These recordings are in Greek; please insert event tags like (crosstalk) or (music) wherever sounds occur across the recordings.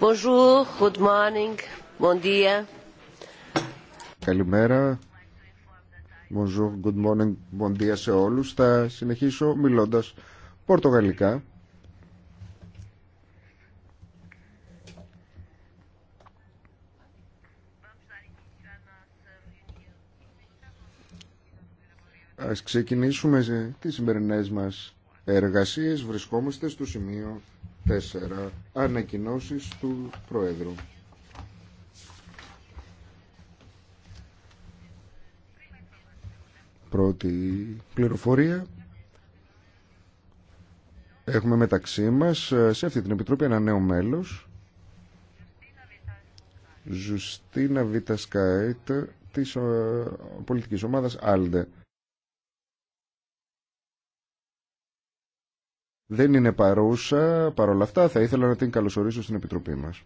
Bonjour, good morning, bon dia. Καλημέρα. Bonjour, good morning, bon dia σε όλους. Θα συνεχίσω μιλώντας πορτογαλικά. Ας ξεκινήσουμε τις σημερινές μας εργασίες βρισκόμαστε στο σημείο 4 ανακοινώσεις του Προέδρου. Πρώτη πληροφορία. Έχουμε μεταξύ μας ε, σε αυτή την Επιτροπή ένα νέο μέλος. Ζουστίνα Βιτασκάιτ της ε, πολιτικής ομάδας Άλντε. δεν είναι παρούσα. Παρ' όλα αυτά θα ήθελα να την καλωσορίσω στην Επιτροπή μας.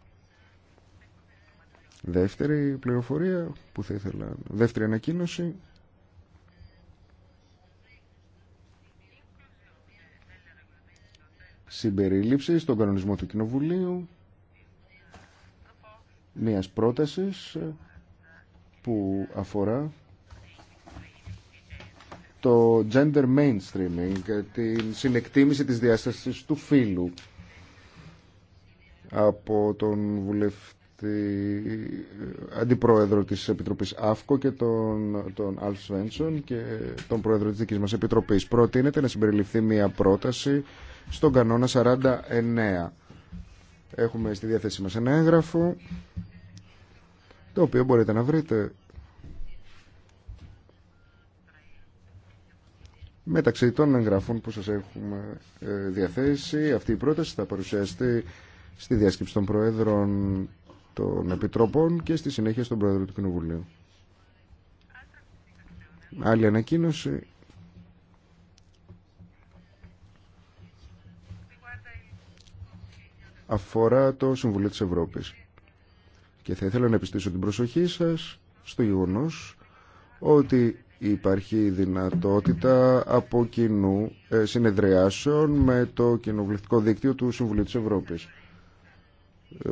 Δεύτερη πληροφορία που θα ήθελα, δεύτερη ανακοίνωση. Συμπερίληψη στον κανονισμό του Κοινοβουλίου μιας πρότασης που αφορά το gender mainstreaming, την συνεκτίμηση της διάστασης του φύλου από τον βουλευτή αντιπρόεδρο της Επιτροπής ΑΦΚΟ και τον, τον Αλφ Σβένσον και τον πρόεδρο της δικής μας Επιτροπής. Προτείνεται να συμπεριληφθεί μια πρόταση στον κανόνα 49. Έχουμε στη διάθεσή μας ένα έγγραφο το οποίο μπορείτε να βρείτε μεταξύ των εγγραφών που σας έχουμε ε, διαθέσει. Αυτή η πρόταση θα παρουσιαστεί στη διάσκεψη των Προέδρων των Επιτρόπων και στη συνέχεια στον Πρόεδρο του Κοινοβουλίου. Άλλη ανακοίνωση. αφορά το Συμβουλίο της Ευρώπης. Και θα ήθελα να επιστήσω την προσοχή σας στο γεγονός ότι Υπάρχει δυνατότητα από κοινού ε, συνεδριάσεων με το κοινοβουλευτικό δίκτυο του Συμβουλίου της Ευρώπης. Ε,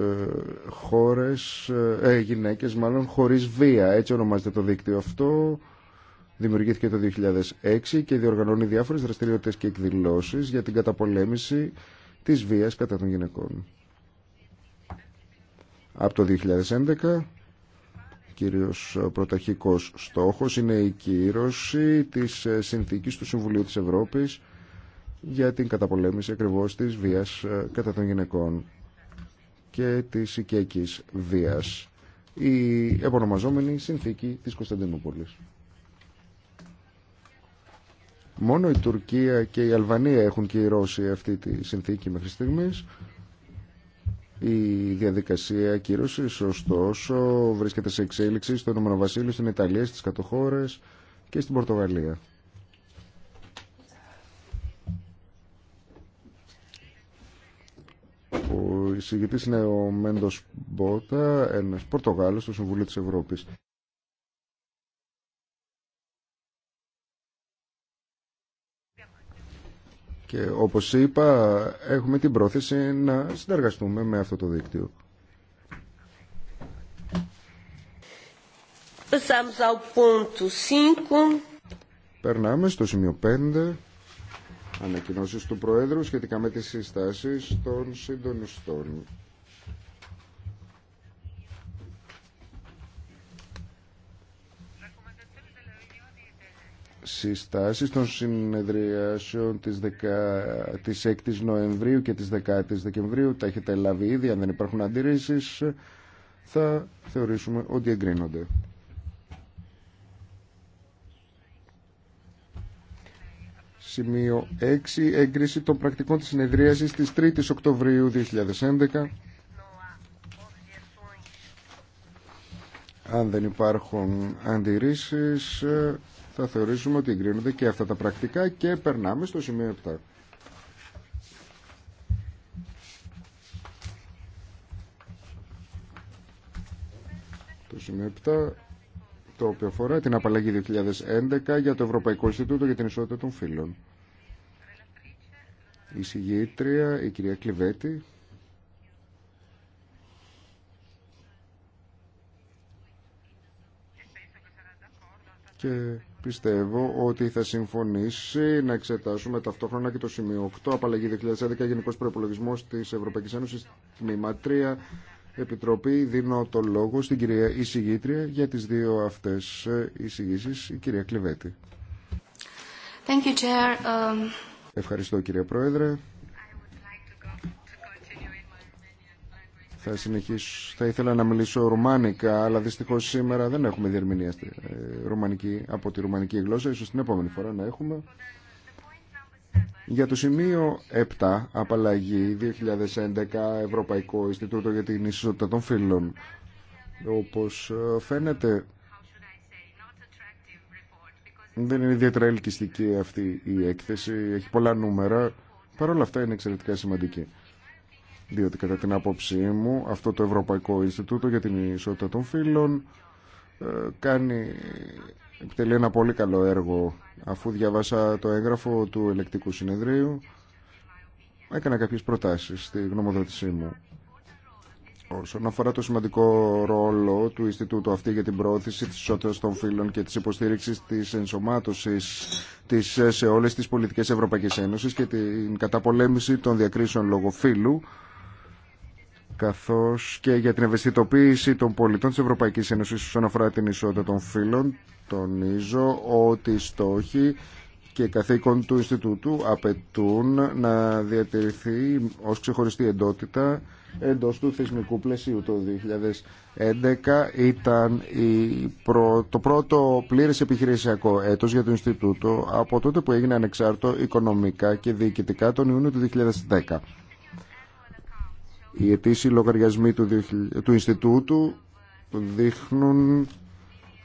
χώρες, ε, ε, γυναίκες μάλλον χωρίς βία, έτσι ονομάζεται το δίκτυο αυτό. Δημιουργήθηκε το 2006 και διοργανώνει διάφορες δραστηριότητες και εκδηλώσεις για την καταπολέμηση της βίας κατά των γυναικών. Από το 2011 κύριος πρωταρχικός στόχος είναι η κύρωση της ε, συνθήκης του Συμβουλίου της Ευρώπης για την καταπολέμηση ακριβώς της βίας ε, κατά των γυναικών και της οικιακής βίας η επωνομαζόμενη συνθήκη της Κωνσταντινούπολης. Μόνο η Τουρκία και η Αλβανία έχουν κυρώσει αυτή τη συνθήκη μέχρι στιγμής η διαδικασία κύρωση, ωστόσο, βρίσκεται σε εξέλιξη στο Ηνωμένο Βασίλειο, στην Ιταλία, στι κατοχώρε και στην Πορτογαλία. Ο εισηγητή είναι ο Μέντο Μπότα, ένα Πορτογάλο στο Συμβουλίο τη Ευρώπη. Και όπως είπα, έχουμε την πρόθεση να συνεργαστούμε με αυτό το δίκτυο. Περνάμε στο σημείο 5, ανακοινώσεις του Προέδρου σχετικά με τις συστάσεις των συντονιστών. συστάσεις των συνεδριάσεων της, της 6ης Νοεμβρίου και της 10ης Δεκεμβρίου. Τα έχετε λάβει ήδη, αν δεν υπάρχουν αντιρρήσεις θα θεωρήσουμε ότι εγκρίνονται. Σημείο 6. Έγκριση των πρακτικών της συνεδρίασης της 3ης Οκτωβρίου 2011. Αν δεν υπάρχουν αντιρρήσεις, θα θεωρήσουμε ότι εγκρίνονται και αυτά τα πρακτικά και περνάμε στο σημείο 7. Το σημείο 7 το οποίο αφορά την απαλλαγή 2011 για το Ευρωπαϊκό Ινστιτούτο για την Ισότητα των Φύλων. Η συγγήτρια, η κυρία Κλειβέτη. Και πιστεύω ότι θα συμφωνήσει να εξετάσουμε ταυτόχρονα και το σημείο 8, απαλλαγή 2011, Γενικός Προϋπολογισμός τη Ευρωπαϊκή Ένωση τμήμα 3, Επιτροπή. Δίνω το λόγο στην κυρία εισηγήτρια για τις δύο αυτές ε, εισηγήσει, η κυρία Κλειβέτη. Thank you, Chair. Um, Ευχαριστώ κύριε Πρόεδρε. Θα, συνεχίσω. θα ήθελα να μιλήσω ρουμάνικα, αλλά δυστυχώς σήμερα δεν έχουμε διερμηνία στη, ε, ρουμανική, από τη ρουμανική γλώσσα. Ίσως την επόμενη φορά να έχουμε. Για το σημείο 7, απαλλαγή 2011, Ευρωπαϊκό Ινστιτούτο για την Ισότητα των φίλων Όπως ε, φαίνεται, δεν είναι ιδιαίτερα ελκυστική αυτή η έκθεση, έχει πολλά νούμερα, όλα αυτά είναι εξαιρετικά σημαντική. Διότι κατά την άποψή μου αυτό το Ευρωπαϊκό Ινστιτούτο για την Ισότητα των Φύλων ε, κάνει, επιτελεί ένα πολύ καλό έργο. Αφού διαβάσα το έγγραφο του ελεκτικού συνεδρίου, έκανα κάποιες προτάσεις στη γνωμοδότησή μου. Όσον αφορά το σημαντικό ρόλο του Ινστιτούτου αυτή για την πρόθεση της ισότητας των φύλων και της υποστήριξης της ενσωμάτωσης σε όλες τις πολιτικές Ευρωπαϊκής Ένωσης και την καταπολέμηση των διακρίσεων λόγω φύλου, καθώς και για την ευαισθητοποίηση των πολιτών της Ευρωπαϊκής Ένωσης όσον αφορά την ισότητα των φύλων. Τονίζω ότι οι στόχοι και οι καθήκον του Ινστιτούτου απαιτούν να διατηρηθεί ως ξεχωριστή εντότητα εντός του θεσμικού πλαισίου. Το 2011 ήταν το πρώτο πλήρες επιχειρησιακό έτος για το Ινστιτούτο από τότε που έγινε ανεξάρτητο οικονομικά και διοικητικά τον Ιούνιο του 2010. Οι ετήσιοι λογαριασμοί του, του Ινστιτούτου δείχνουν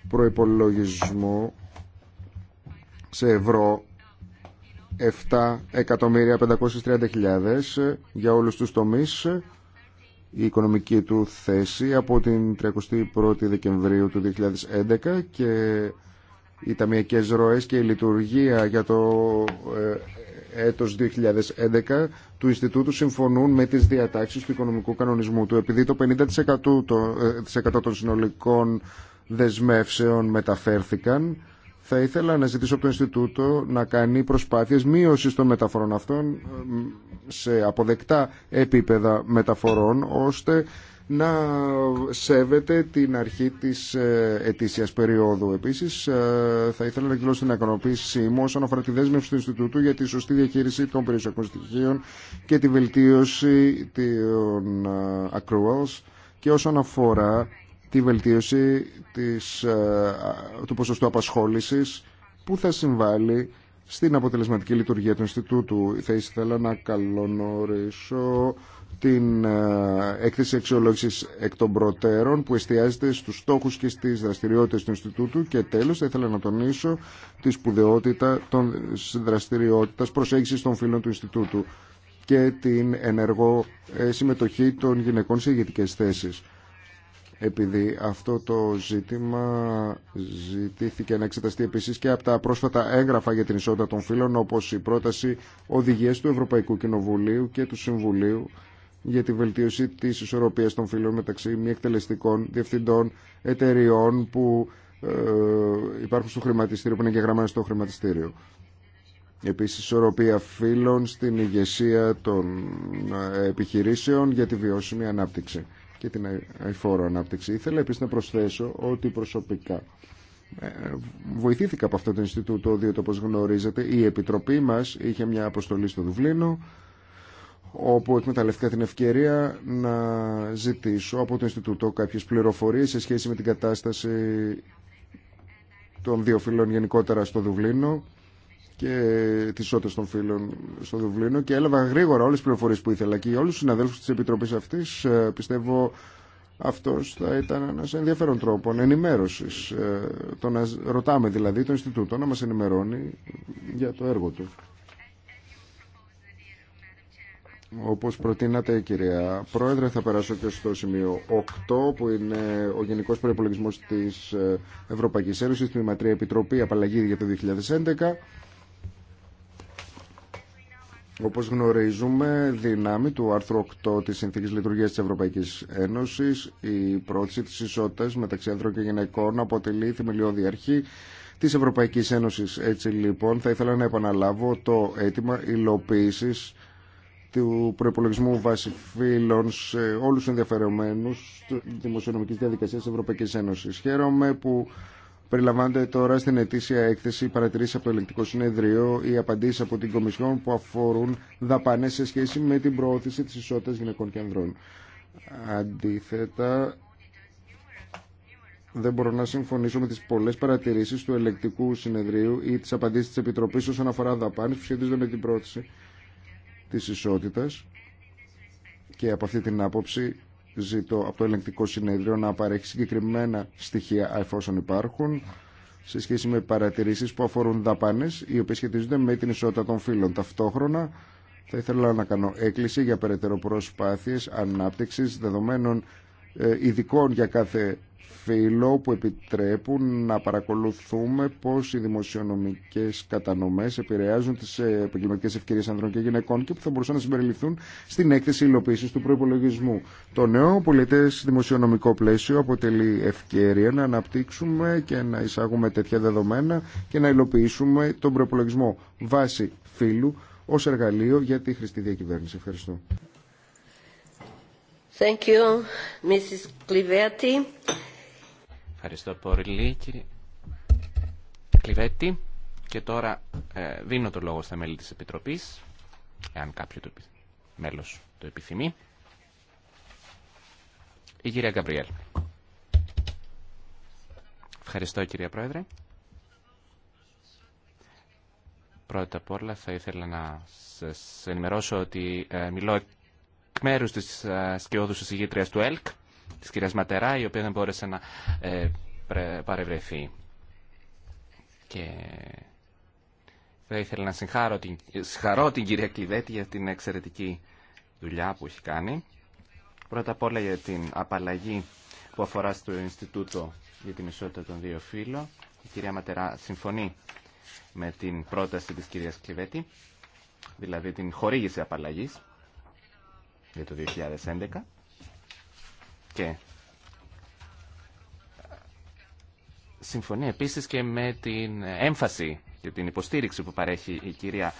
προϋπολογισμό σε ευρώ 7.530.000 για όλους τους τομείς η οικονομική του θέση από την 31η Δεκεμβρίου του 2011 και οι ταμιακές ροές και η λειτουργία για το ε, έτος 2011 του Ινστιτούτου συμφωνούν με τις διατάξεις του οικονομικού κανονισμού του. Επειδή το 50% ε, των συνολικών δεσμεύσεων μεταφέρθηκαν, θα ήθελα να ζητήσω από το Ινστιτούτο να κάνει προσπάθειες μείωσης των μεταφορών αυτών ε, σε αποδεκτά επίπεδα μεταφορών, ώστε να σέβεται την αρχή της ε, ετήσιας περίοδου. Επίσης, ε, θα ήθελα να εκδηλώσω την ικανοποίησή μου όσον αφορά τη δέσμευση του Ινστιτούτου για τη σωστή διαχείριση των περιουσιακών στοιχείων και τη βελτίωση των ε, accruals και όσον αφορά τη βελτίωση της, του ποσοστού απασχόλησης που θα συμβάλλει στην αποτελεσματική λειτουργία του Ινστιτούτου. Θα ήθελα να καλωνορίσω την ε, έκθεση αξιολόγηση εκ των προτέρων που εστιάζεται στους στόχους και στις δραστηριότητες του Ινστιτούτου και τέλος θα ήθελα να τονίσω τη σπουδαιότητα τη δραστηριότητας προσέγγιση των φίλων του Ινστιτούτου και την ενεργό ε, συμμετοχή των γυναικών σε ηγετικέ θέσεις επειδή αυτό το ζήτημα ζητήθηκε να εξεταστεί επίσης και από τα πρόσφατα έγγραφα για την ισότητα των φύλων όπως η πρόταση οδηγίες του Ευρωπαϊκού Κοινοβουλίου και του Συμβουλίου για τη βελτίωση της ισορροπία των φύλων μεταξύ μη εκτελεστικών διευθυντών εταιριών που ε, υπάρχουν στο χρηματιστήριο, που είναι γραμμάρια στο χρηματιστήριο. Επίσης, ισορροπία φύλων στην ηγεσία των ε, επιχειρήσεων για τη βιώσιμη ανάπτυξη και την αηφόρο ανάπτυξη. Ήθελα επίσης να προσθέσω ότι προσωπικά ε, βοηθήθηκα από αυτό το Ινστιτούτο, διότι όπω γνωρίζετε η Επιτροπή μα είχε μια αποστολή στο Δουβλίνο όπου εκμεταλλεύτηκα την ευκαιρία να ζητήσω από το Ινστιτούτο κάποιες πληροφορίες σε σχέση με την κατάσταση των δύο φίλων γενικότερα στο Δουβλίνο και τη ισότητα των φίλων στο Δουβλίνο και έλαβα γρήγορα όλες τις πληροφορίες που ήθελα και για όλους τους συναδέλφους της Επιτροπής αυτής ε, πιστεύω αυτός θα ήταν ένας ενδιαφέρον τρόπο ενημέρωση. Ε, το να ρωτάμε δηλαδή το Ινστιτούτο να μας ενημερώνει για το έργο του όπως προτείνατε κυρία Πρόεδρε θα περάσω και στο σημείο 8 που είναι ο Γενικός Προϋπολογισμός της ε, Ευρωπαϊκής Ένωσης του Ματρία Επιτροπή Απαλλαγή για το 2011 όπως γνωρίζουμε, δυνάμει του άρθρου 8 της Συνθήκης Λειτουργίας της Ευρωπαϊκής Ένωσης, η πρόθεση της ισότητας μεταξύ άνδρων και γυναικών αποτελεί θεμελιώδη αρχή της Ευρωπαϊκής Ένωσης. Έτσι λοιπόν θα ήθελα να επαναλάβω το αίτημα υλοποίησης του προπολογισμού βάση φύλων σε όλου του ενδιαφερομένου δημοσιονομική διαδικασία τη Ευρωπαϊκή Ένωση. Χαίρομαι που περιλαμβάνεται τώρα στην ετήσια έκθεση παρατηρήσει από το Ελεκτικό Συνεδρίο ή απαντήσει από την Κομισιόν που αφορούν δαπανέ σε σχέση με την προώθηση τη ισότητα γυναικών και ανδρών. Αντίθετα, δεν μπορώ να συμφωνήσω με τι πολλέ παρατηρήσει του Ελεκτικού Συνεδρίου ή τι απαντήσει τη Επιτροπή όσον αφορά δαπάνε που σχετίζονται με την πρόθεση της ισότητας και από αυτή την άποψη ζητώ από το ελεγκτικό συνέδριο να παρέχει συγκεκριμένα στοιχεία εφόσον υπάρχουν σε σχέση με παρατηρήσεις που αφορούν δαπάνες οι οποίες σχετίζονται με την ισότητα των φύλων. Ταυτόχρονα θα ήθελα να κάνω έκκληση για περαιτέρω προσπάθειες ανάπτυξης δεδομένων ε, ειδικών για κάθε φύλλο που επιτρέπουν να παρακολουθούμε πώς οι δημοσιονομικές κατανομές επηρεάζουν τις επαγγελματικέ ευκαιρίες ανδρών και γυναικών και που θα μπορούσαν να συμπεριληφθούν στην έκθεση υλοποίηση του προπολογισμού. Το νέο πολιτέ δημοσιονομικό πλαίσιο αποτελεί ευκαιρία να αναπτύξουμε και να εισάγουμε τέτοια δεδομένα και να υλοποιήσουμε τον προπολογισμό βάση φύλου ως εργαλείο για τη χρηστή διακυβέρνηση. Ευχαριστώ. Thank you, Mrs. Ευχαριστώ πολύ κύριε Κλειβέτη. Και τώρα ε, δίνω το λόγο στα μέλη της Επιτροπής, εάν κάποιο το, μέλος το επιθυμεί. Η κυρία Γκαμπριέλ. Ευχαριστώ κυρία Πρόεδρε. Πρώτα απ' όλα θα ήθελα να σας ενημερώσω ότι ε, μιλώ εκ μέρους της ε, σκιώδους του ΕΛΚ της κυρίας Ματερά, η οποία δεν μπόρεσε να ε, παρευρεθεί. Και θα ήθελα να συγχαρώ την, την κυρία Κλειδέτη για την εξαιρετική δουλειά που έχει κάνει. Πρώτα απ' όλα για την απαλλαγή που αφορά στο Ινστιτούτο για την Ισότητα των Δύο Φύλων. Η κυρία Ματερά συμφωνεί με την πρόταση της κυρίας Κλειβέτη, δηλαδή την χορήγηση απαλλαγής για το 2011. Και συμφωνεί επίσης και με την έμφαση και την υποστήριξη που παρέχει η κυρία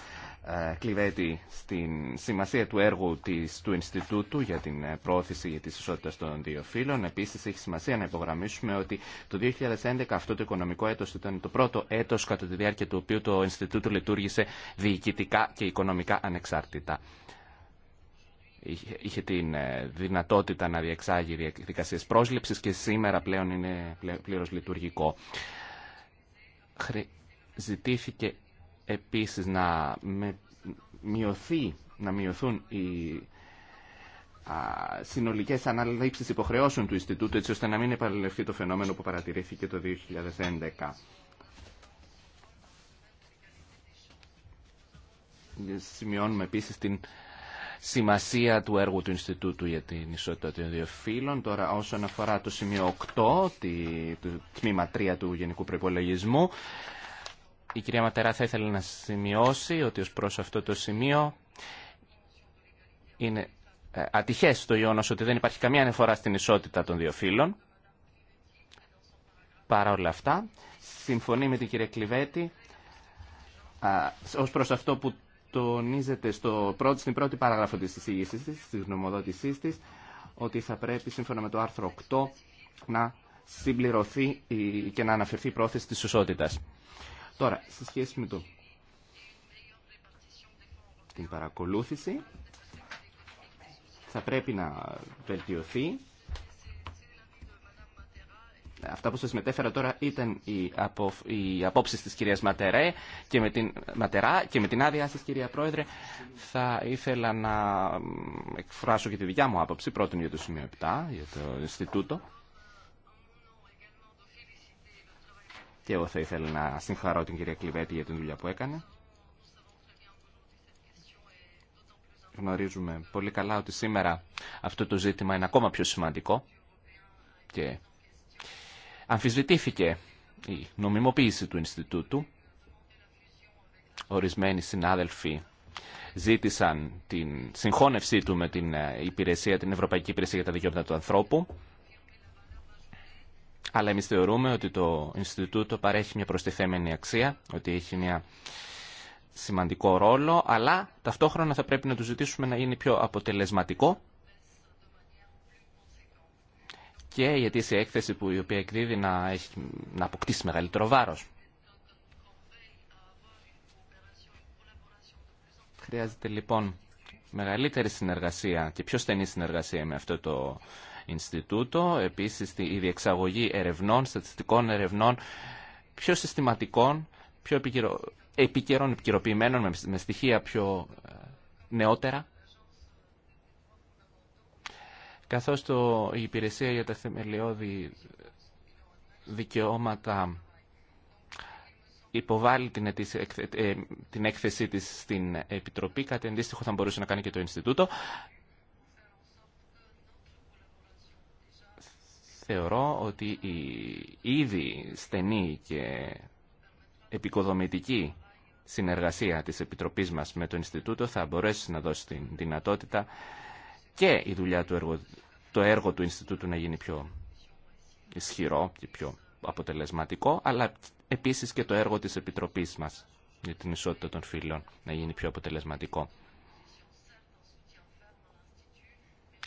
ε, Κλειβέτη στην σημασία του έργου της, του Ινστιτούτου για την ε, πρόθεση της ισότητας των δύο φύλων. Επίσης έχει σημασία να υπογραμμίσουμε ότι το 2011 αυτό το οικονομικό έτος ήταν το πρώτο έτος κατά τη διάρκεια του οποίου το Ινστιτούτο λειτουργήσε διοικητικά και οικονομικά ανεξάρτητα είχε την ε, δυνατότητα να διεξάγει δικασίες πρόσληψης και σήμερα πλέον είναι πλήρως λειτουργικό. Ζητήθηκε επίσης να μειωθεί, να μειωθούν οι συνολικές αναλήψεις υποχρεώσεων του Ινστιτούτου έτσι ώστε να μην επαλληλευτεί το φαινόμενο που παρατηρήθηκε το 2011. Σημειώνουμε επίσης την σημασία του έργου του Ινστιτούτου για την Ισότητα των Δύο Φύλων. Τώρα όσον αφορά το σημείο 8, το τμήμα 3 του Γενικού Προϋπολογισμού, η κυρία Ματερά θα ήθελε να σημειώσει ότι ως προς αυτό το σημείο είναι ε, ατυχές το γεγονό ότι δεν υπάρχει καμία αναφορά στην ισότητα των δύο φύλων. Παρά όλα αυτά, συμφωνεί με την κυρία Κλειβέτη ως προς αυτό που τονίζεται στο πρώτο, στην πρώτη παράγραφο της εισηγήσης της, της γνωμοδότησής της, ότι θα πρέπει σύμφωνα με το άρθρο 8 να συμπληρωθεί και να αναφερθεί η πρόθεση της ισότητας. Τώρα, σε σχέση με το... την παρακολούθηση, θα πρέπει να βελτιωθεί αυτά που σας μετέφερα τώρα ήταν οι, απο, οι απόψεις της κυρίας και με την, Ματερά και με την άδειά σας κυρία Πρόεδρε θα ήθελα να εκφράσω και τη δικιά μου άποψη πρώτον για το σημείο 7, για το Ινστιτούτο και εγώ θα ήθελα να συγχαρώ την κυρία κλιβέτη για την δουλειά που έκανε γνωρίζουμε πολύ καλά ότι σήμερα αυτό το ζήτημα είναι ακόμα πιο σημαντικό και Αμφισβητήθηκε η νομιμοποίηση του Ινστιτούτου. Ορισμένοι συνάδελφοι ζήτησαν την συγχώνευσή του με την, ε, υπηρεσία, την Ευρωπαϊκή Υπηρεσία για τα Δικαιώματα του Ανθρώπου. Αλλά εμείς θεωρούμε ότι το Ινστιτούτο παρέχει μια προστιθέμενη αξία, ότι έχει μια σημαντικό ρόλο, αλλά ταυτόχρονα θα πρέπει να του ζητήσουμε να είναι πιο αποτελεσματικό και η ετήσια έκθεση που η οποία εκδίδει να, έχει, να αποκτήσει μεγαλύτερο βάρος. Χρειάζεται λοιπόν μεγαλύτερη συνεργασία και πιο στενή συνεργασία με αυτό το Ινστιτούτο. Επίσης η διεξαγωγή ερευνών, στατιστικών ερευνών πιο συστηματικών, πιο επικαιρο... επικαιρών επικαιροποιημένων με στοιχεία πιο ε, νεότερα καθώς το, η υπηρεσία για τα θεμελιώδη δικαιώματα υποβάλλει ε, την, έκθεσή της στην Επιτροπή, κάτι αντίστοιχο θα μπορούσε να κάνει και το Ινστιτούτο. Θεωρώ ότι η ήδη στενή και επικοδομητική συνεργασία της Επιτροπής μας με το Ινστιτούτο θα μπορέσει να δώσει την δυνατότητα και η δουλειά του έργο, το έργο του Ινστιτούτου να γίνει πιο ισχυρό και πιο αποτελεσματικό, αλλά επίσης και το έργο της Επιτροπής μας για την ισότητα των φύλων να γίνει πιο αποτελεσματικό.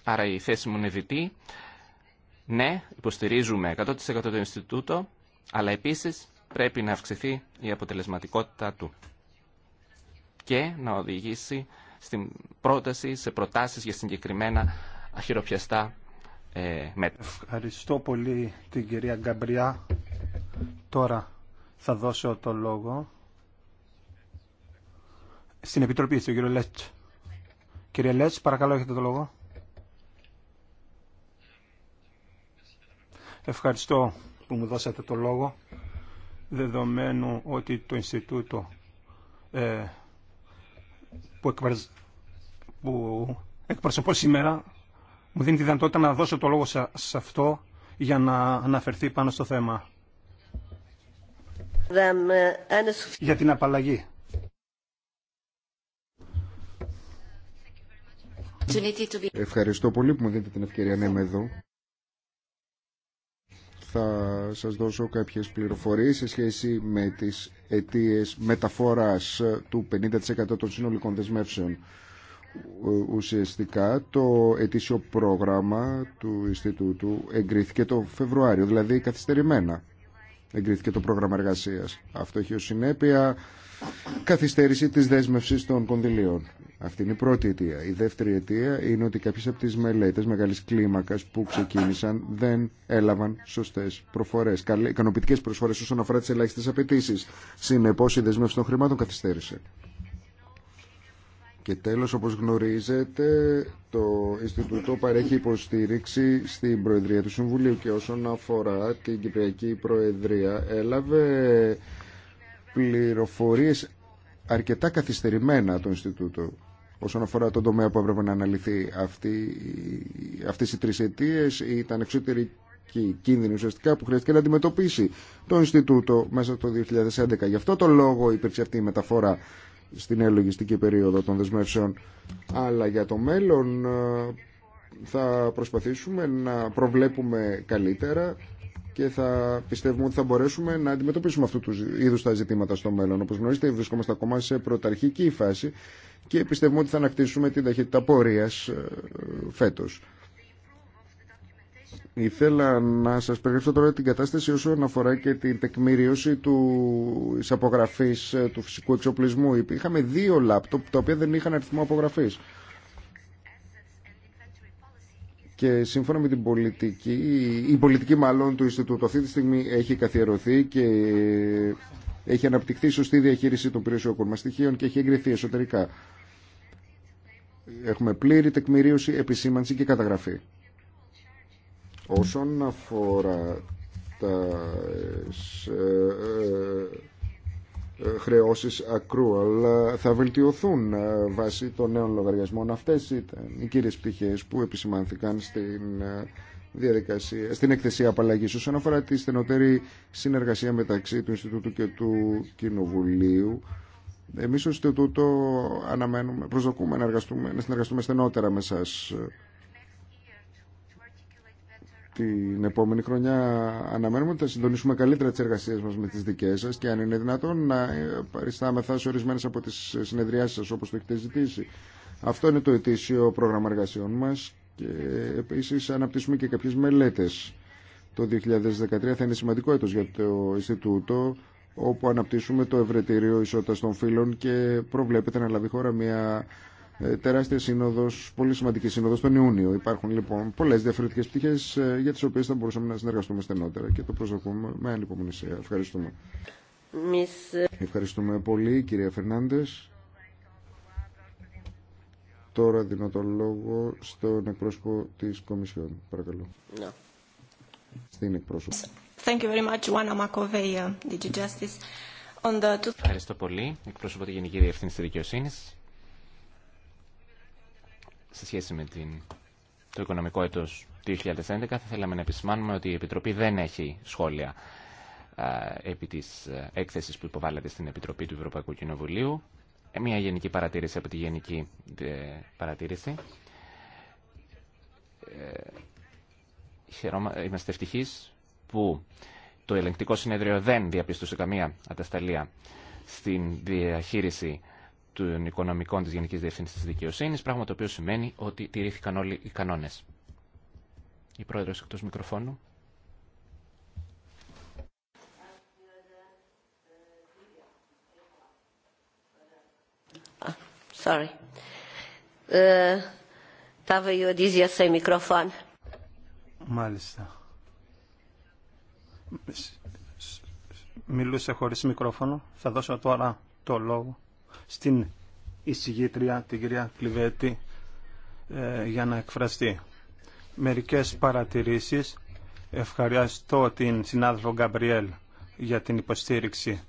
Άρα η θέση μου είναι βητή. Ναι, υποστηρίζουμε 100% το Ινστιτούτο, αλλά επίσης πρέπει να αυξηθεί η αποτελεσματικότητά του και να οδηγήσει στην πρόταση, σε προτάσεις για συγκεκριμένα αχυροπιαστά ε, μέτρα. Ευχαριστώ πολύ την κυρία Γκαμπριά. Τώρα θα δώσω το λόγο στην Επιτροπή, στον κύριο Λέτ. Κύριε Λέτ, παρακαλώ έχετε το λόγο. Ευχαριστώ που μου δώσατε το λόγο, δεδομένου ότι το Ινστιτούτο ε, που εκπροσωπώ σήμερα μου δίνει τη δυνατότητα να δώσω το λόγο σε αυτό για να αναφερθεί πάνω στο θέμα. Για την απαλλαγή. Ευχαριστώ πολύ που μου δίνετε την ευκαιρία να είμαι εδώ θα σας δώσω κάποιες πληροφορίες σε σχέση με τις αιτίες μεταφοράς του 50% των συνολικών δεσμεύσεων. Ουσιαστικά το ετήσιο πρόγραμμα του Ινστιτούτου εγκρίθηκε το Φεβρουάριο, δηλαδή καθυστερημένα εγκρίθηκε το πρόγραμμα εργασίας. Αυτό έχει ως συνέπεια καθυστέρηση της δέσμευσης των κονδυλίων. Αυτή είναι η πρώτη αιτία. Η δεύτερη αιτία είναι ότι κάποιες από τις μελέτες μεγάλης κλίμακας που ξεκίνησαν δεν έλαβαν σωστές προφορές, ικανοποιητικές προσφορές όσον αφορά τις ελάχιστες απαιτήσει. Συνεπώς η δεσμεύση των χρημάτων καθυστέρησε. Και τέλος, όπως γνωρίζετε, το Ινστιτούτο παρέχει υποστήριξη στην Προεδρία του Συμβουλίου και όσον αφορά την Κυπριακή Προεδρία έλαβε πληροφορίες αρκετά καθυστερημένα το Ινστιτούτο όσον αφορά τον τομέα που έπρεπε να αναλυθεί. Αυτή, αυτές οι τρεις αιτίες ήταν εξωτερική κίνδυνη ουσιαστικά που χρειάστηκε να αντιμετωπίσει το Ινστιτούτο μέσα το 2011. Γι' αυτό το λόγο υπήρξε αυτή η μεταφορά στην λογιστική περίοδο των δεσμεύσεων. Αλλά για το μέλλον ε, θα προσπαθήσουμε να προβλέπουμε καλύτερα και θα πιστεύουμε ότι θα μπορέσουμε να αντιμετωπίσουμε αυτού του είδου τα ζητήματα στο μέλλον. Όπω γνωρίζετε, βρισκόμαστε ακόμα σε πρωταρχική φάση και πιστεύουμε ότι θα ανακτήσουμε την ταχύτητα πορεία ε, φέτο. Ήθελα να σα περιγράψω τώρα την κατάσταση όσον αφορά και την τεκμηρίωση τη απογραφή ε, του φυσικού εξοπλισμού. Είχαμε δύο λάπτοπ τα οποία δεν είχαν αριθμό απογραφή και σύμφωνα με την πολιτική, η πολιτική μάλλον του Ινστιτούτου αυτή τη στιγμή έχει καθιερωθεί και έχει αναπτυχθεί σωστή διαχείριση των περιουσιακών μας στοιχείων και έχει εγκριθεί εσωτερικά. Έχουμε πλήρη τεκμηρίωση, επισήμανση και καταγραφή. Όσον αφορά τα ε, ε, χρεώσεις ακρού, ε, θα βελτιωθούν ε, βάσει των νέων λογαριασμών. Αυτές ήταν οι κύριες πτυχές που επισημάνθηκαν στην ε, διαδικασία, στην εκθεσία απαλλαγή όσον αφορά τη στενότερη συνεργασία μεταξύ του Ινστιτούτου και του Κοινοβουλίου. Εμείς ως Ινστιτούτο αναμένουμε, προσδοκούμε να, εργαστούμε, να συνεργαστούμε στενότερα με σας την επόμενη χρονιά αναμένουμε ότι θα συντονίσουμε καλύτερα τις εργασίες μας με τις δικές σας και αν είναι δυνατόν να παριστάμεθα σε ορισμένες από τις συνεδριάσεις σας όπως το έχετε ζητήσει. Αυτό είναι το ετήσιο πρόγραμμα εργασιών μας και επίσης αναπτύσσουμε και κάποιες μελέτες. Το 2013 θα είναι σημαντικό έτος για το Ινστιτούτο όπου αναπτύσσουμε το ευρετήριο ισότητα των φύλων και προβλέπεται να λάβει χώρα μια ε, τεράστια σύνοδος, πολύ σημαντική σύνοδος τον Ιούνιο. Υπάρχουν λοιπόν πολλές διαφορετικές πτυχές ε, για τις οποίες θα μπορούσαμε να συνεργαστούμε στενότερα και το προσδοκούμε με ανυπομονησία. Ευχαριστούμε. Ε, Ευχαριστούμε πολύ κυρία Φερνάντες. Τώρα δίνω το λόγο στον εκπρόσωπο της Κομισιόν. Παρακαλώ. Ναι. Στην εκπρόσωπο. Thank you very much, Juana uh, Justice. Ευχαριστώ πολύ. Εκπρόσωπο τη Γενική Διευθύνση δικαιοσύνη σε σχέση με την, το οικονομικό έτος 2011 θα θέλαμε να επισημάνουμε ότι η Επιτροπή δεν έχει σχόλια επί της ε, έκθεσης που υποβάλλεται στην Επιτροπή του Ευρωπαϊκού Κοινοβουλίου. Ε, μια γενική παρατήρηση από τη γενική ε, παρατήρηση. Είμαστε ευτυχείς που το ελεγκτικό συνέδριο δεν διαπίστωσε καμία ατασταλία στην διαχείριση των οικονομικών Γενική Γενικής τη δικαιοσύνη, πράγμα το οποίο σημαίνει ότι τηρήθηκαν όλοι οι κανόνες. Η πρόεδρος εκτός μικροφώνου. Ah, sorry. Uh, Μάλιστα. Μιλούσε χωρίς μικρόφωνο. Θα δώσω τώρα το λόγο στην εισηγήτρια, την κυρία Κλειβέτη, ε, για να εκφραστεί. Μερικές παρατηρήσεις. Ευχαριστώ την συνάδελφο Γκαμπριέλ για την υποστήριξη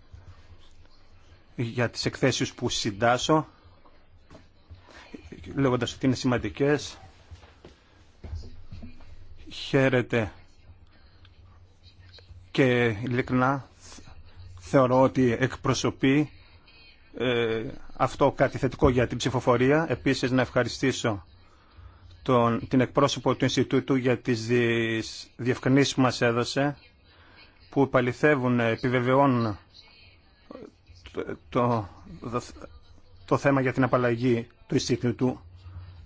για τις εκθέσεις που συντάσω, λέγοντας ότι είναι σημαντικές. Χαίρετε και ειλικρινά θεωρώ ότι εκπροσωπεί ε, αυτό κάτι θετικό για την ψηφοφορία. Επίσης να ευχαριστήσω τον, την εκπρόσωπο του Ινστιτούτου για τις διευκρινήσεις που μας έδωσε που παληθεύουν, επιβεβαιώνουν το, το, θέμα για την απαλλαγή του Ινστιτούτου.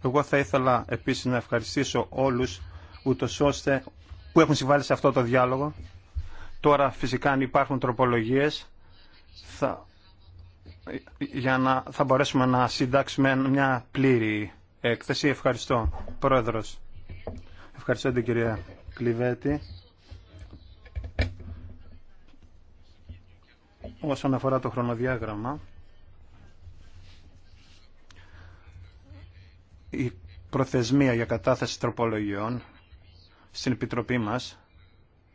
Εγώ θα ήθελα επίσης να ευχαριστήσω όλους ώστε που έχουν συμβάλει σε αυτό το διάλογο. Τώρα φυσικά αν υπάρχουν τροπολογίες θα για να θα μπορέσουμε να συντάξουμε μια πλήρη έκθεση. Ευχαριστώ, Πρόεδρος. Ευχαριστώ την κυρία Κλειβέτη. Όσον αφορά το χρονοδιάγραμμα, η προθεσμία για κατάθεση τροπολογιών στην Επιτροπή μας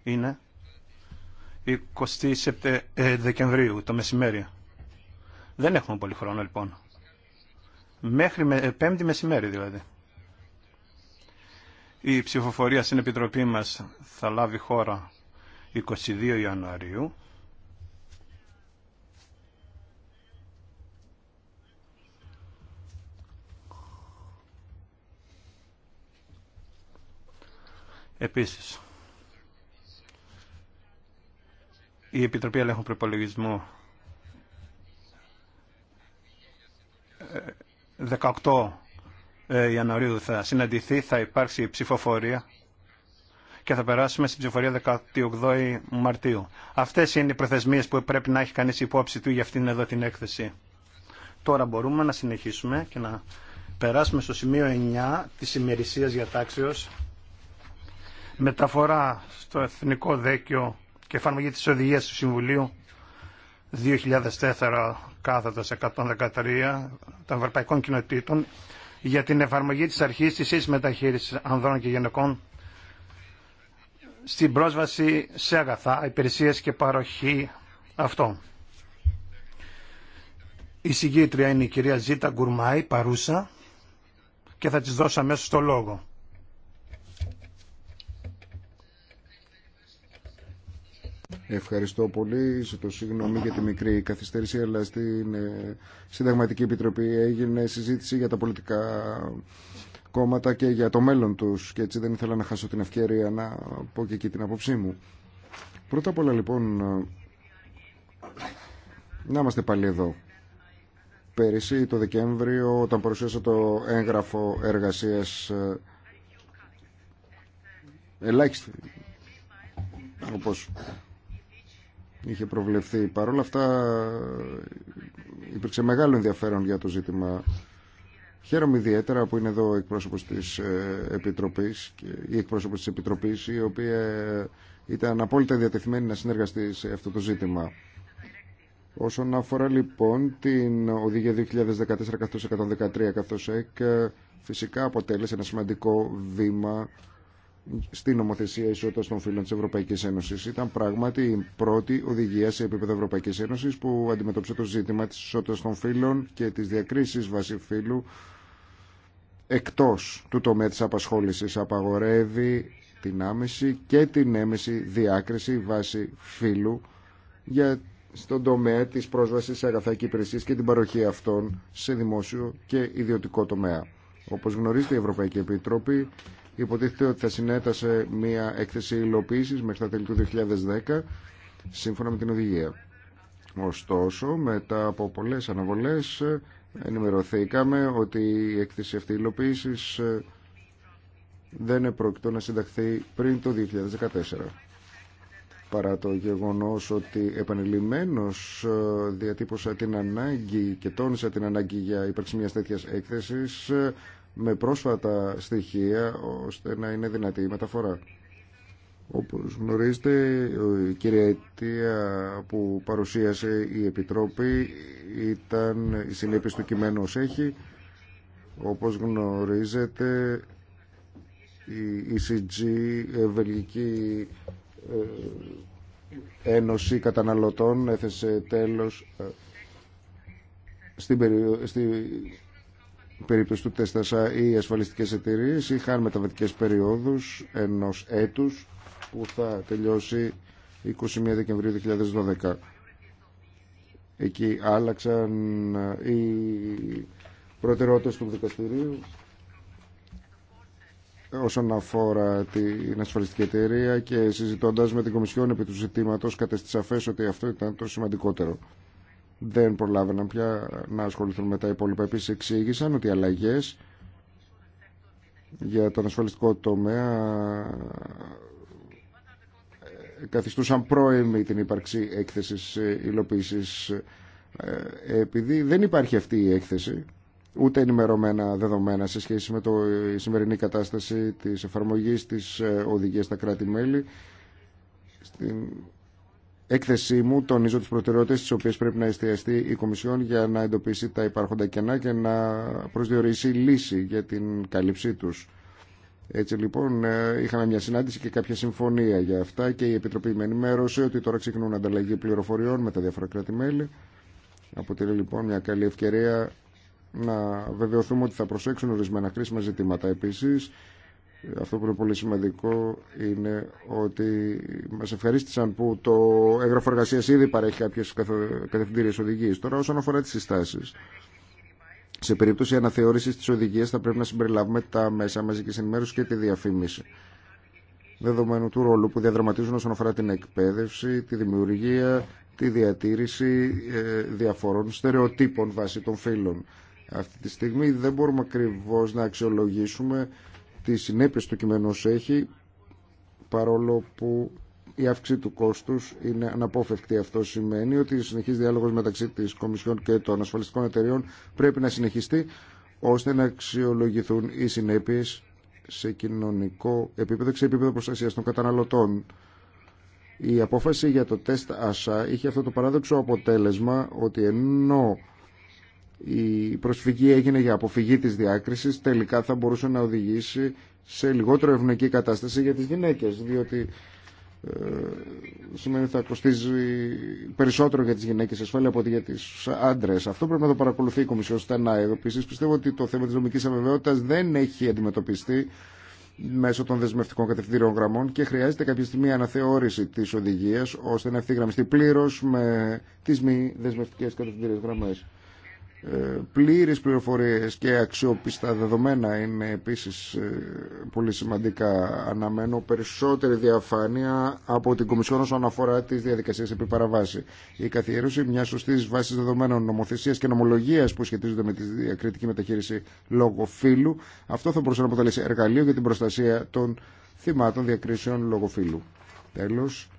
είναι 27 ε, Δεκεμβρίου, το μεσημέρι. Δεν έχουμε πολύ χρόνο λοιπόν. Μέχρι με, πέμπτη μεσημέρι δηλαδή. Η ψηφοφορία στην Επιτροπή μας θα λάβει χώρα 22 Ιανουαρίου. Επίσης, η Επιτροπή Ελέγχου Προπολογισμού 18 ε, Ιανουαρίου θα συναντηθεί, θα υπάρξει ψηφοφορία και θα περάσουμε στην ψηφοφορία 18 Μαρτίου. Αυτές είναι οι προθεσμίες που πρέπει να έχει κάνει υπόψη του για αυτήν εδώ την έκθεση. Τώρα μπορούμε να συνεχίσουμε και να περάσουμε στο σημείο 9 της για τάξεως μεταφορά στο Εθνικό Δέκιο και εφαρμογή της οδηγίας του Συμβουλίου 2004 κάθετος 113 των Ευρωπαϊκών Κοινοτήτων για την εφαρμογή της αρχής της ίσης μεταχείρισης ανδρών και γυναικών στην πρόσβαση σε αγαθά, υπηρεσίες και παροχή αυτό. Η συγκίτρια είναι η κυρία Ζήτα Γκουρμάη, παρούσα, και θα της δώσω αμέσως το λόγο. Ευχαριστώ πολύ. Σε το συγγνώμη για τη μικρή καθυστέρηση, αλλά στην ε, Συνταγματική Επιτροπή έγινε συζήτηση για τα πολιτικά κόμματα και για το μέλλον τους και έτσι δεν ήθελα να χάσω την ευκαιρία να πω και εκεί την απόψή μου. Πρώτα απ' όλα λοιπόν, ε, να είμαστε πάλι εδώ. Πέρυσι το Δεκέμβριο όταν παρουσίασα το έγγραφο εργασίας ε, ελάχιστη όπως είχε προβλεφθεί. Παρ' όλα αυτά υπήρξε μεγάλο ενδιαφέρον για το ζήτημα. Χαίρομαι ιδιαίτερα που είναι εδώ ο εκπρόσωπος της ε, Επιτροπής, η εκπρόσωπος της Επιτροπής, η οποία ήταν απόλυτα διατεθειμένη να συνεργαστεί σε αυτό το ζήτημα. Όσον αφορά λοιπόν την οδηγία 2014-113 καθώς ΕΚ, φυσικά αποτέλεσε ένα σημαντικό βήμα στην νομοθεσία ισότητα των φύλων τη Ευρωπαϊκή Ένωση Ήταν πράγματι η πρώτη οδηγία σε επίπεδο Ευρωπαϊκή Ένωση που αντιμετώπισε το ζήτημα τη ισότητα των φύλων και τη διακρίση βάση φύλου εκτό του τομέα τη απασχόληση, Απαγορεύει την άμεση και την έμεση διάκριση βάση φύλου για στον τομέα της πρόσβασης σε αγαθά και υπηρεσίες και την παροχή αυτών σε δημόσιο και ιδιωτικό τομέα. Όπως γνωρίζετε η Ευρωπαϊκή Επιτροπή υποτίθεται ότι θα συνέτασε μια έκθεση υλοποίηση μέχρι τα τέλη του 2010 σύμφωνα με την οδηγία. Ωστόσο, μετά από πολλές αναβολές ενημερωθήκαμε ότι η έκθεση αυτή υλοποίηση ε, δεν επρόκειτο να συνταχθεί πριν το 2014 παρά το γεγονός ότι επανειλημμένω ε, διατύπωσα την ανάγκη και τόνισα την ανάγκη για ύπαρξη μιας τέτοιας έκθεσης ε, με πρόσφατα στοιχεία ώστε να είναι δυνατή η μεταφορά. Όπως γνωρίζετε, η αιτία που παρουσίασε η Επιτρόπη ήταν η συνέπειση του κειμένου ως έχει. Όπως γνωρίζετε, η ECG, η ε, ε, Ένωση Καταναλωτών, έθεσε τέλος ε, στην, περίοδο, στη, περίπτωση του τέστασα οι ασφαλιστικές εταιρείες είχαν μεταβατικές περιόδους ενός έτους που θα τελειώσει 21 Δεκεμβρίου 2012. Εκεί άλλαξαν ε, οι προτεραιότητες του δικαστηρίου όσον αφορά την ασφαλιστική εταιρεία και συζητώντας με την Κομισιόν επί του ζητήματος κατέστησε ότι αυτό ήταν το σημαντικότερο δεν προλάβαιναν πια να ασχοληθούν με τα υπόλοιπα. επίση εξήγησαν ότι οι αλλαγές για τον ασφαλιστικό τομέα ε, καθιστούσαν πρόεμοι την ύπαρξη έκθεσης ε, υλοποίηση ε, επειδή δεν υπάρχει αυτή η έκθεση ούτε ενημερωμένα δεδομένα σε σχέση με το, σημερινή κατάσταση της εφαρμογής της οδηγίας στα κράτη-μέλη στην έκθεσή μου τονίζω τι προτεραιότητε τι οποίε πρέπει να εστιαστεί η Κομισιόν για να εντοπίσει τα υπάρχοντα κενά και να προσδιορίσει λύση για την κάλυψή του. Έτσι λοιπόν ε, είχαμε μια συνάντηση και κάποια συμφωνία για αυτά και η Επιτροπή με ενημέρωσε ότι τώρα ξεκινούν ανταλλαγή πληροφοριών με τα διάφορα κράτη-μέλη. Αποτελεί λοιπόν μια καλή ευκαιρία να βεβαιωθούμε ότι θα προσέξουν ορισμένα κρίσιμα ζητήματα. επίση. Αυτό που είναι πολύ σημαντικό είναι ότι μα ευχαρίστησαν που το έγγραφο εργασία ήδη παρέχει κάποιε κατευθυντήριε οδηγίε. Τώρα, όσον αφορά τι συστάσει, σε περίπτωση αναθεώρηση τη οδηγία θα πρέπει να συμπεριλάβουμε τα μέσα μαζική ενημέρωση και τη διαφήμιση. Δεδομένου του ρόλου που διαδραματίζουν όσον αφορά την εκπαίδευση, τη δημιουργία, τη διατήρηση ε, διαφορών στερεοτύπων βάσει των φύλων. Αυτή τη στιγμή δεν μπορούμε ακριβώ να αξιολογήσουμε τι συνέπειες του κειμένου έχει παρόλο που η αύξηση του κόστους είναι αναπόφευκτη. Αυτό σημαίνει ότι η συνεχής διάλογος μεταξύ της Κομισιόν και των ασφαλιστικών εταιριών πρέπει να συνεχιστεί ώστε να αξιολογηθούν οι συνέπειες σε κοινωνικό επίπεδο και σε επίπεδο προστασίας των καταναλωτών. Η απόφαση για το τεστ ΑΣΑ είχε αυτό το παράδοξο αποτέλεσμα ότι ενώ η προσφυγή έγινε για αποφυγή της διάκρισης τελικά θα μπορούσε να οδηγήσει σε λιγότερο ευνοϊκή κατάσταση για τις γυναίκες διότι ε, σημαίνει θα κοστίζει περισσότερο για τις γυναίκες ασφάλεια από ότι για τις άντρες. Αυτό πρέπει να το παρακολουθεί η Κομισιόν στενά. Επίση, πιστεύω ότι το θέμα της νομικής αβεβαιότητας δεν έχει αντιμετωπιστεί μέσω των δεσμευτικών κατευθυντήριων γραμμών και χρειάζεται κάποια στιγμή αναθεώρηση της οδηγίας ώστε να ευθυγραμμιστεί πλήρως με τις μη δεσμευτικές κατευθυντήριες γραμμές. Ε, πλήρες πληροφορίες και αξιόπιστα δεδομένα είναι επίσης ε, πολύ σημαντικά. Αναμένω περισσότερη διαφάνεια από την Κομισιόν όσον αφορά τις διαδικασίες επί παραβάση. Η καθιέρωση μιας σωστής βάσης δεδομένων νομοθεσίας και νομολογίας που σχετίζονται με τη διακριτική μεταχείριση λόγω φύλου, αυτό θα μπορούσε να αποτελέσει εργαλείο για την προστασία των θυμάτων διακρίσεων λόγω φύλου. Τέλος,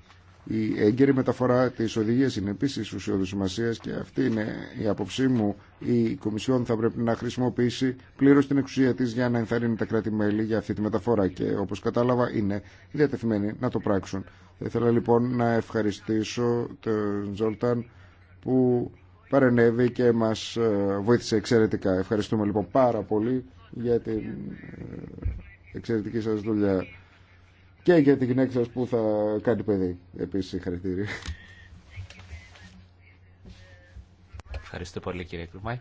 η έγκαιρη μεταφορά τη οδηγία είναι επίση ουσιώδη σημασία και αυτή είναι η άποψή μου. Η Κομισιόν θα πρέπει να χρησιμοποιήσει πλήρω την εξουσία τη για να ενθαρρύνει τα κράτη-μέλη για αυτή τη μεταφορά και όπω κατάλαβα είναι διατεθειμένοι να το πράξουν. Θα ήθελα λοιπόν να ευχαριστήσω τον Ζόλταν που παρενέβη και μα ε, βοήθησε εξαιρετικά. Ευχαριστούμε λοιπόν πάρα πολύ για την ε, εξαιρετική σα δουλειά και για τη γυναίκα σας που θα κάνει παιδί. Επίσης συγχαρητήρια. Ευχαριστώ πολύ κύριε Κρουμάη.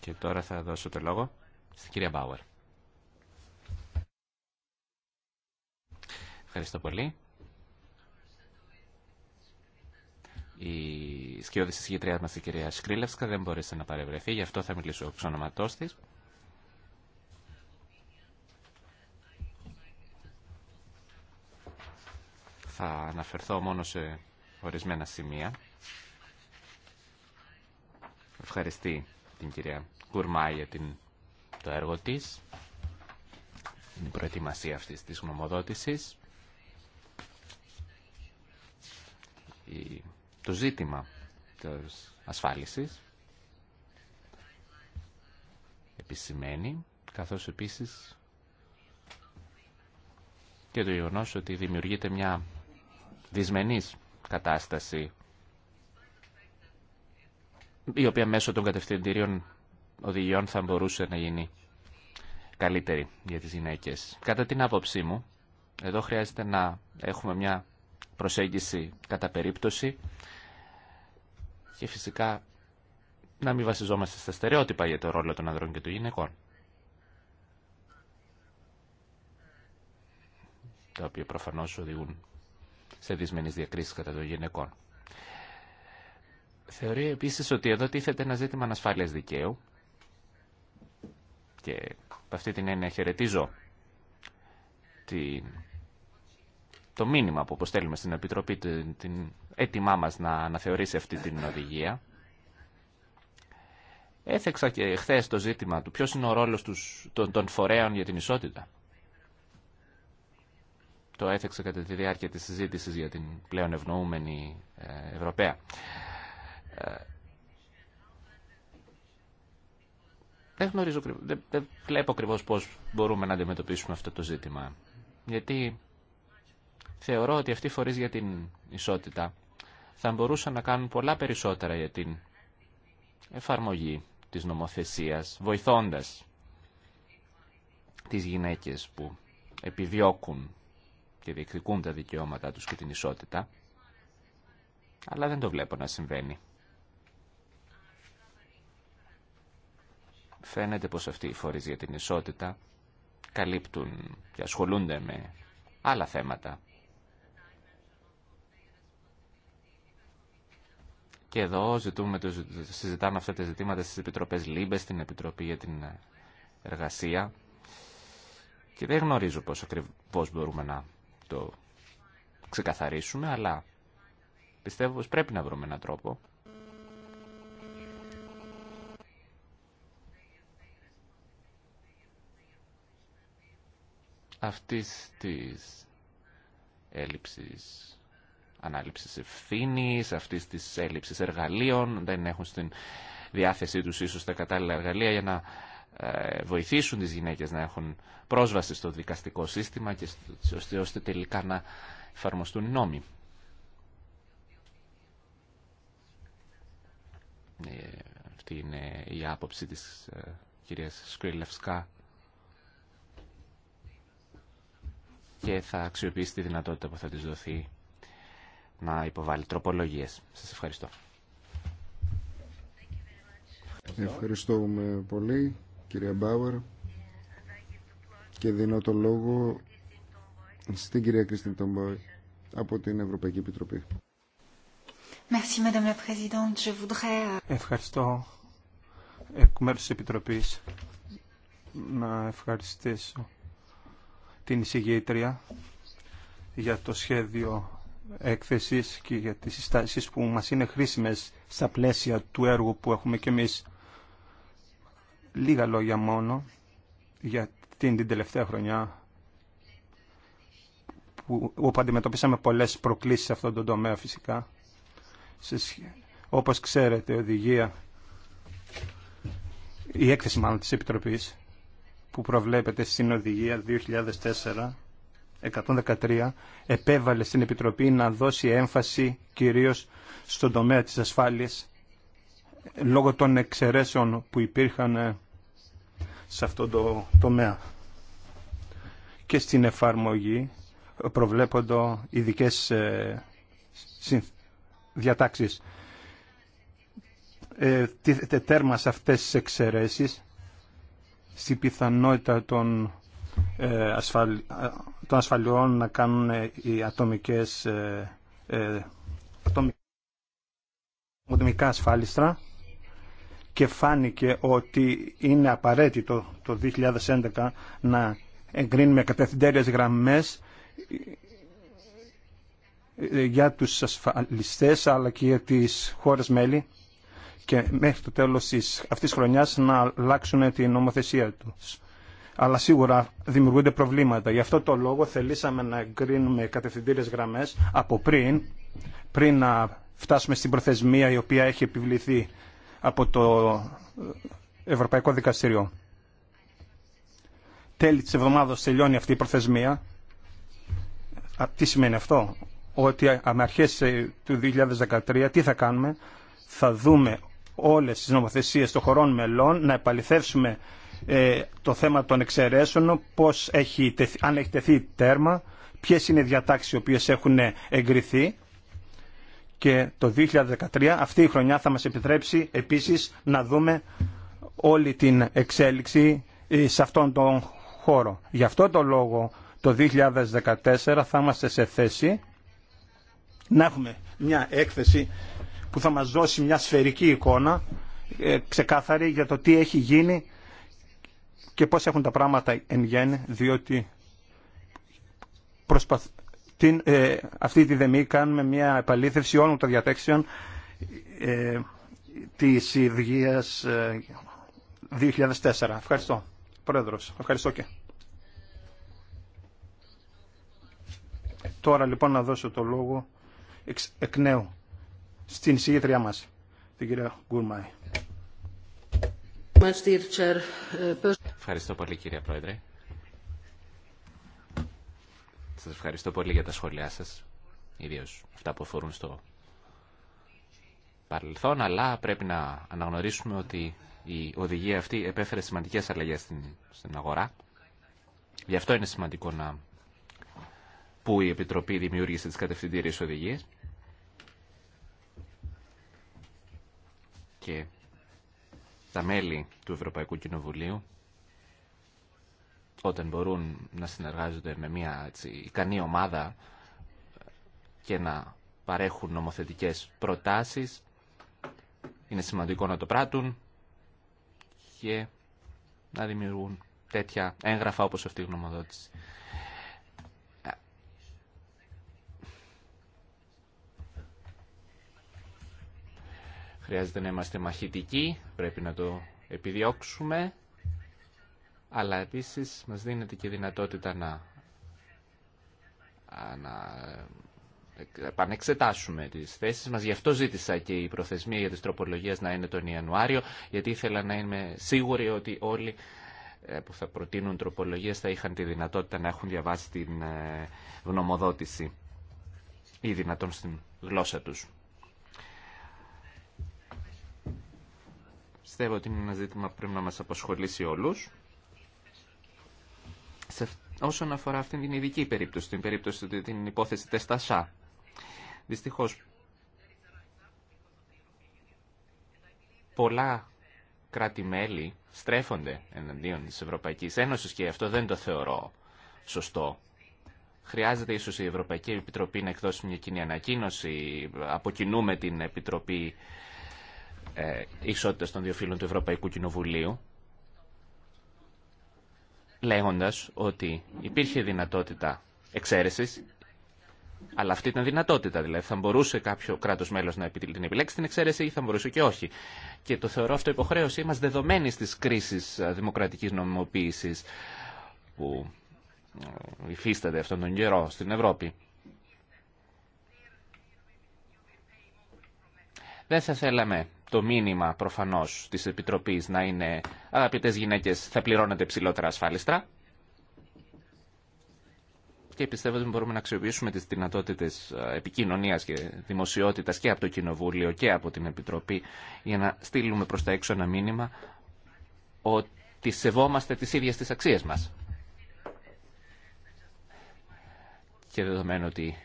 Και τώρα θα δώσω το λόγο στην κυρία Μπάουερ. Ευχαριστώ πολύ. Η σκιώδη γητριά μα η κυρία Σκρίλευσκα δεν μπόρεσε να παρευρεθεί, γι' αυτό θα μιλήσω εξ ονοματό τη. θα αναφερθώ μόνο σε ορισμένα σημεία. Ευχαριστή την κυρία Κουρμά για την, το έργο της, την προετοιμασία αυτής της γνωμοδότησης. το ζήτημα της ασφάλισης επισημαίνει, καθώς επίσης και το γεγονό ότι δημιουργείται μια δυσμενής κατάσταση η οποία μέσω των κατευθυντηρίων οδηγιών θα μπορούσε να γίνει καλύτερη για τις γυναίκες. Κατά την άποψή μου, εδώ χρειάζεται να έχουμε μια προσέγγιση κατά περίπτωση και φυσικά να μην βασιζόμαστε στα στερεότυπα για το ρόλο των ανδρών και των γυναικών. Τα οποία προφανώς οδηγούν σε δυσμενείς διακρίσεις κατά των γυναικών. Θεωρεί επίσης ότι εδώ τίθεται ένα ζήτημα ανασφάλεια δικαίου και από αυτή την έννοια χαιρετίζω την... το μήνυμα που αποστέλουμε στην Επιτροπή, την, την έτοιμά μας να αναθεωρήσει αυτή την οδηγία. Έθεξα και χθε το ζήτημα του ποιο είναι ο ρόλο των φορέων για την ισότητα το έθεξα κατά τη διάρκεια της συζήτησης για την πλέον ευνοούμενη ε, Ευρωπαία. Ε, δεν, δεν βλέπω ακριβώ πώς μπορούμε να αντιμετωπίσουμε αυτό το ζήτημα. Γιατί θεωρώ ότι αυτοί οι φορείς για την ισότητα θα μπορούσαν να κάνουν πολλά περισσότερα για την εφαρμογή της νομοθεσίας, βοηθώντας τις γυναίκες που επιδιώκουν και διεκδικούν τα δικαιώματά τους και την ισότητα, αλλά δεν το βλέπω να συμβαίνει. Φαίνεται πως αυτοί οι φορείς για την ισότητα καλύπτουν και ασχολούνται με άλλα θέματα. Και εδώ ζητούμε, συζητάμε αυτά τα ζητήματα στις Επιτροπές Λίμπες, στην Επιτροπή για την Εργασία. Και δεν γνωρίζω πώς ακριβώς μπορούμε να το ξεκαθαρίσουμε, αλλά πιστεύω πως πρέπει να βρούμε έναν τρόπο Αυτή της έλλειψη ανάληψη ευθύνη, αυτής τη έλλειψη εργαλείων, δεν έχουν στην διάθεσή τους ίσως τα κατάλληλα εργαλεία για να ε, βοηθήσουν τις γυναίκες να έχουν πρόσβαση στο δικαστικό σύστημα και ώστε, ώστε τελικά να εφαρμοστούν νόμοι. Ε, αυτή είναι η άποψη της ε, κυρίας Σκριλευσκά και θα αξιοποιήσει τη δυνατότητα που θα της δοθεί να υποβάλει τροπολογίες. Σας ευχαριστώ. Ευχαριστούμε πολύ κυρία Μπάουερ και δίνω το λόγο στην κυρία Κριστίν Τομπόη από την Ευρωπαϊκή Επιτροπή. Euh, Ευχαριστώ εκ μέρους της Επιτροπής να ευχαριστήσω την εισηγήτρια για το σχέδιο έκθεσης και για τις συστάσεις που μας είναι χρήσιμες στα πλαίσια του έργου που έχουμε και εμείς Λίγα λόγια μόνο για την, τελευταία χρονιά που, όπου αντιμετωπίσαμε πολλές προκλήσεις σε αυτόν τον τομέα φυσικά. Σε, όπως ξέρετε, η οδηγία, η έκθεση μάλλον της Επιτροπής που προβλέπεται στην οδηγία 2004-113 επέβαλε στην Επιτροπή να δώσει έμφαση κυρίως στον τομέα της ασφάλειας λόγω των εξαιρέσεων που υπήρχαν ε, σε αυτό το τομέα. Και στην εφαρμογή προβλέπονται ειδικέ ε, διατάξεις. Ε, τίθεται τέρμα σε αυτές τις εξαιρέσεις στη πιθανότητα των, ε, των ασφαλιών να κάνουν ε, οι ατομικές ε, ατομικά ασφάλιστρα και φάνηκε ότι είναι απαραίτητο το 2011 να εγκρίνουμε κατευθυντέρειες γραμμές για τους ασφαλιστές αλλά και για τις χώρες μέλη και μέχρι το τέλος της, αυτής της χρονιάς να αλλάξουν την νομοθεσία τους. Αλλά σίγουρα δημιουργούνται προβλήματα. Γι' αυτό το λόγο θελήσαμε να εγκρίνουμε κατευθυντήριες γραμμές από πριν, πριν να φτάσουμε στην προθεσμία η οποία έχει επιβληθεί από το ε, Ευρωπαϊκό Δικαστήριο. Τέλη της εβδομάδας τελειώνει αυτή η προθεσμία. Τι σημαίνει αυτό? Ότι με αρχές ε, του 2013 τι θα κάνουμε? Θα δούμε όλες τις νομοθεσίες των χωρών μελών, να επαληθεύσουμε ε, το θέμα των εξαιρέσεων, πώς έχει, αν έχει τεθεί τέρμα, ποιες είναι οι διατάξεις οι οποίες έχουν εγκριθεί και το 2013. Αυτή η χρονιά θα μας επιτρέψει επίσης να δούμε όλη την εξέλιξη ε, σε αυτόν τον χώρο. Γι' αυτό το λόγο το 2014 θα είμαστε σε θέση να έχουμε μια έκθεση που θα μας δώσει μια σφαιρική εικόνα ε, ξεκάθαρη για το τι έχει γίνει και πώς έχουν τα πράγματα εν γέννη, διότι προσπαθ την, ε, αυτή τη δεμή κάνουμε μια επαλήθευση όλων των διατέξεων ε, της ε, 2004. Ευχαριστώ. Πρόεδρος, ευχαριστώ και. Τώρα λοιπόν να δώσω το λόγο εκ νέου στην συγγετριά μας, την κυρία Γκουρμάη. Ευχαριστώ πολύ κύριε Πρόεδρε. Σας ευχαριστώ πολύ για τα σχόλιά σας, ιδίως αυτά που αφορούν στο παρελθόν, αλλά πρέπει να αναγνωρίσουμε ότι η οδηγία αυτή επέφερε σημαντικές αλλαγές στην, στην αγορά. Γι' αυτό είναι σημαντικό να που η Επιτροπή δημιούργησε τις κατευθυντήριες οδηγίες. Και τα μέλη του Ευρωπαϊκού Κοινοβουλίου όταν μπορούν να συνεργάζονται με μια έτσι, ικανή ομάδα και να παρέχουν νομοθετικές προτάσεις. Είναι σημαντικό να το πράττουν και να δημιουργούν τέτοια έγγραφα όπως αυτή η γνωμοδότηση. Χρειάζεται να είμαστε μαχητικοί, πρέπει να το επιδιώξουμε αλλά επίσης μας δίνεται και δυνατότητα να, να επανεξετάσουμε τις θέσεις μας. Γι' αυτό ζήτησα και η προθεσμία για τις τροπολογίες να είναι τον Ιανουάριο, γιατί ήθελα να είμαι σίγουρη ότι όλοι ε, που θα προτείνουν τροπολογίες θα είχαν τη δυνατότητα να έχουν διαβάσει την ε, γνωμοδότηση ή δυνατόν στην γλώσσα τους. Πιστεύω ότι είναι ένα ζήτημα που πρέπει να μας απασχολήσει όλους σε, όσον αφορά αυτήν την ειδική περίπτωση, την περίπτωση την υπόθεση Τεστασά. Δυστυχώς, πολλά κράτη-μέλη στρέφονται εναντίον της Ευρωπαϊκής Ένωσης και αυτό δεν το θεωρώ σωστό. Χρειάζεται ίσως η Ευρωπαϊκή Επιτροπή να εκδώσει μια κοινή ανακοίνωση. Αποκινούμε την Επιτροπή ε, Ισότητας των Δύο του Ευρωπαϊκού Κοινοβουλίου λέγοντας ότι υπήρχε δυνατότητα εξαίρεσης, αλλά αυτή ήταν δυνατότητα. Δηλαδή θα μπορούσε κάποιο κράτος μέλος να την επιλέξει την εξαίρεση ή θα μπορούσε και όχι. Και το θεωρώ αυτό υποχρέωσή μας δεδομένη στις κρίσεις δημοκρατικής νομιμοποίησης που ε, υφίσταται αυτόν τον καιρό στην Ευρώπη. Δεν θα θέλαμε το μήνυμα προφανώς της Επιτροπής να είναι αγαπητέ γυναίκες θα πληρώνετε ψηλότερα ασφάλιστρα και πιστεύω ότι μπορούμε να αξιοποιήσουμε τις δυνατότητε ε, επικοινωνίας και δημοσιότητας και από το Κοινοβούλιο και από την Επιτροπή για να στείλουμε προ τα έξω ένα μήνυμα ότι σεβόμαστε τις ίδιες τι αξίες μα. Και δεδομένου ότι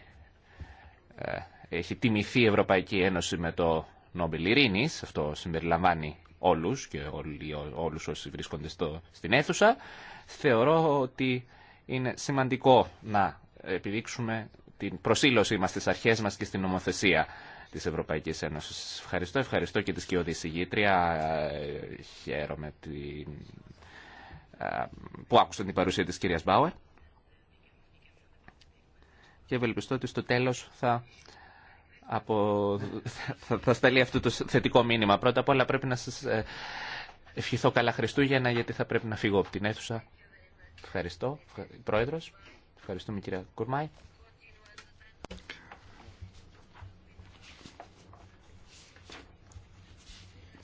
ε, έχει τιμηθεί η Ευρωπαϊκή Ένωση με το Νόμπελ Ειρήνη, αυτό συμπεριλαμβάνει όλους και όλοι, όλους όσοι βρίσκονται στο, στην αίθουσα, θεωρώ ότι είναι σημαντικό να επιδείξουμε την προσήλωσή μας στις αρχές μας και στην νομοθεσία της Ευρωπαϊκής Ένωσης. Ευχαριστώ, ευχαριστώ και τη σκιώδη συγγήτρια. Χαίρομαι την... που άκουσαν την παρουσία της κυρίας Μπάουερ. Και ευελπιστώ ότι στο τέλος θα από... θα, θα σταλεί αυτό το θετικό μήνυμα. Πρώτα απ' όλα πρέπει να σα ε, ευχηθώ καλά Χριστούγεννα γιατί θα πρέπει να φύγω από την αίθουσα. Ευχαριστώ, Πρόεδρος. Ευχαριστούμε κυρία Κουρμάη.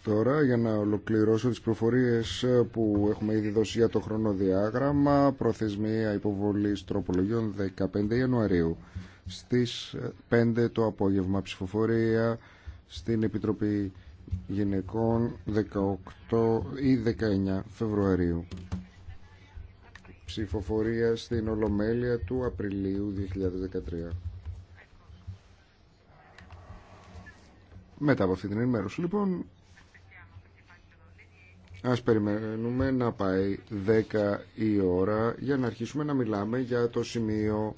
Τώρα για να ολοκληρώσω τις προφορίες ε, που έχουμε ήδη δώσει για το χρονοδιάγραμμα προθεσμία υποβολής τροπολογιών 15 Ιανουαρίου στις 5 ε, το απόγευμα ψηφοφορία στην Επιτροπή Γυναικών 18 ή 19 Φεβρουαρίου. Ψηφοφορία στην Ολομέλεια του Απριλίου 2013. Μετά από αυτή την ενημέρωση λοιπόν Ας περιμένουμε να πάει 10 η ώρα για να αρχίσουμε να μιλάμε για το σημείο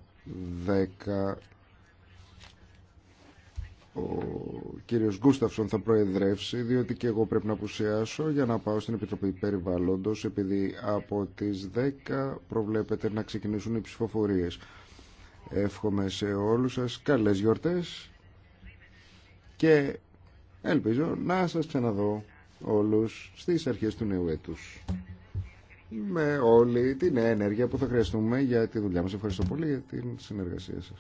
10 ο κύριος Γκούσταυσον θα προεδρεύσει διότι και εγώ πρέπει να απουσιάσω για να πάω στην Επιτροπή Περιβάλλοντος επειδή από τις 10 προβλέπεται να ξεκινήσουν οι ψηφοφορίες. Εύχομαι σε όλους σας καλές γιορτές και ελπίζω να σας ξαναδώ όλους στις αρχές του νέου έτους με όλη την ενέργεια που θα χρειαστούμε για τη δουλειά μας. Ευχαριστώ πολύ για την συνεργασία σας.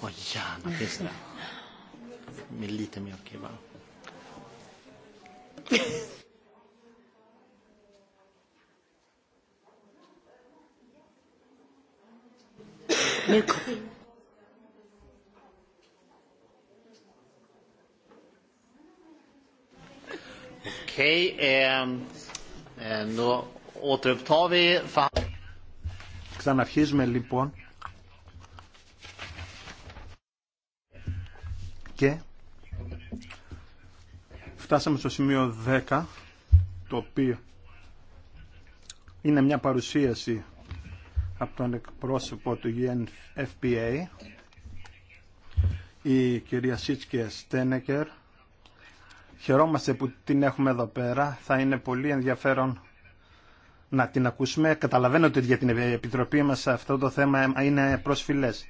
Åh, gärna finns det. Med lite mjölk i bara. Nu kommer Okej, då återupptar vi ξαναρχίζουμε αρχίζουμε λοιπόν και φτάσαμε στο σημείο 10 το οποίο είναι μια παρουσίαση από τον εκπρόσωπο του UNFPA η κυρία Σίτσκε Στένεκερ Χαιρόμαστε που την έχουμε εδώ πέρα. Θα είναι πολύ ενδιαφέρον να την ακούσουμε. Καταλαβαίνω ότι για την Επιτροπή μας αυτό το θέμα είναι προσφυλές.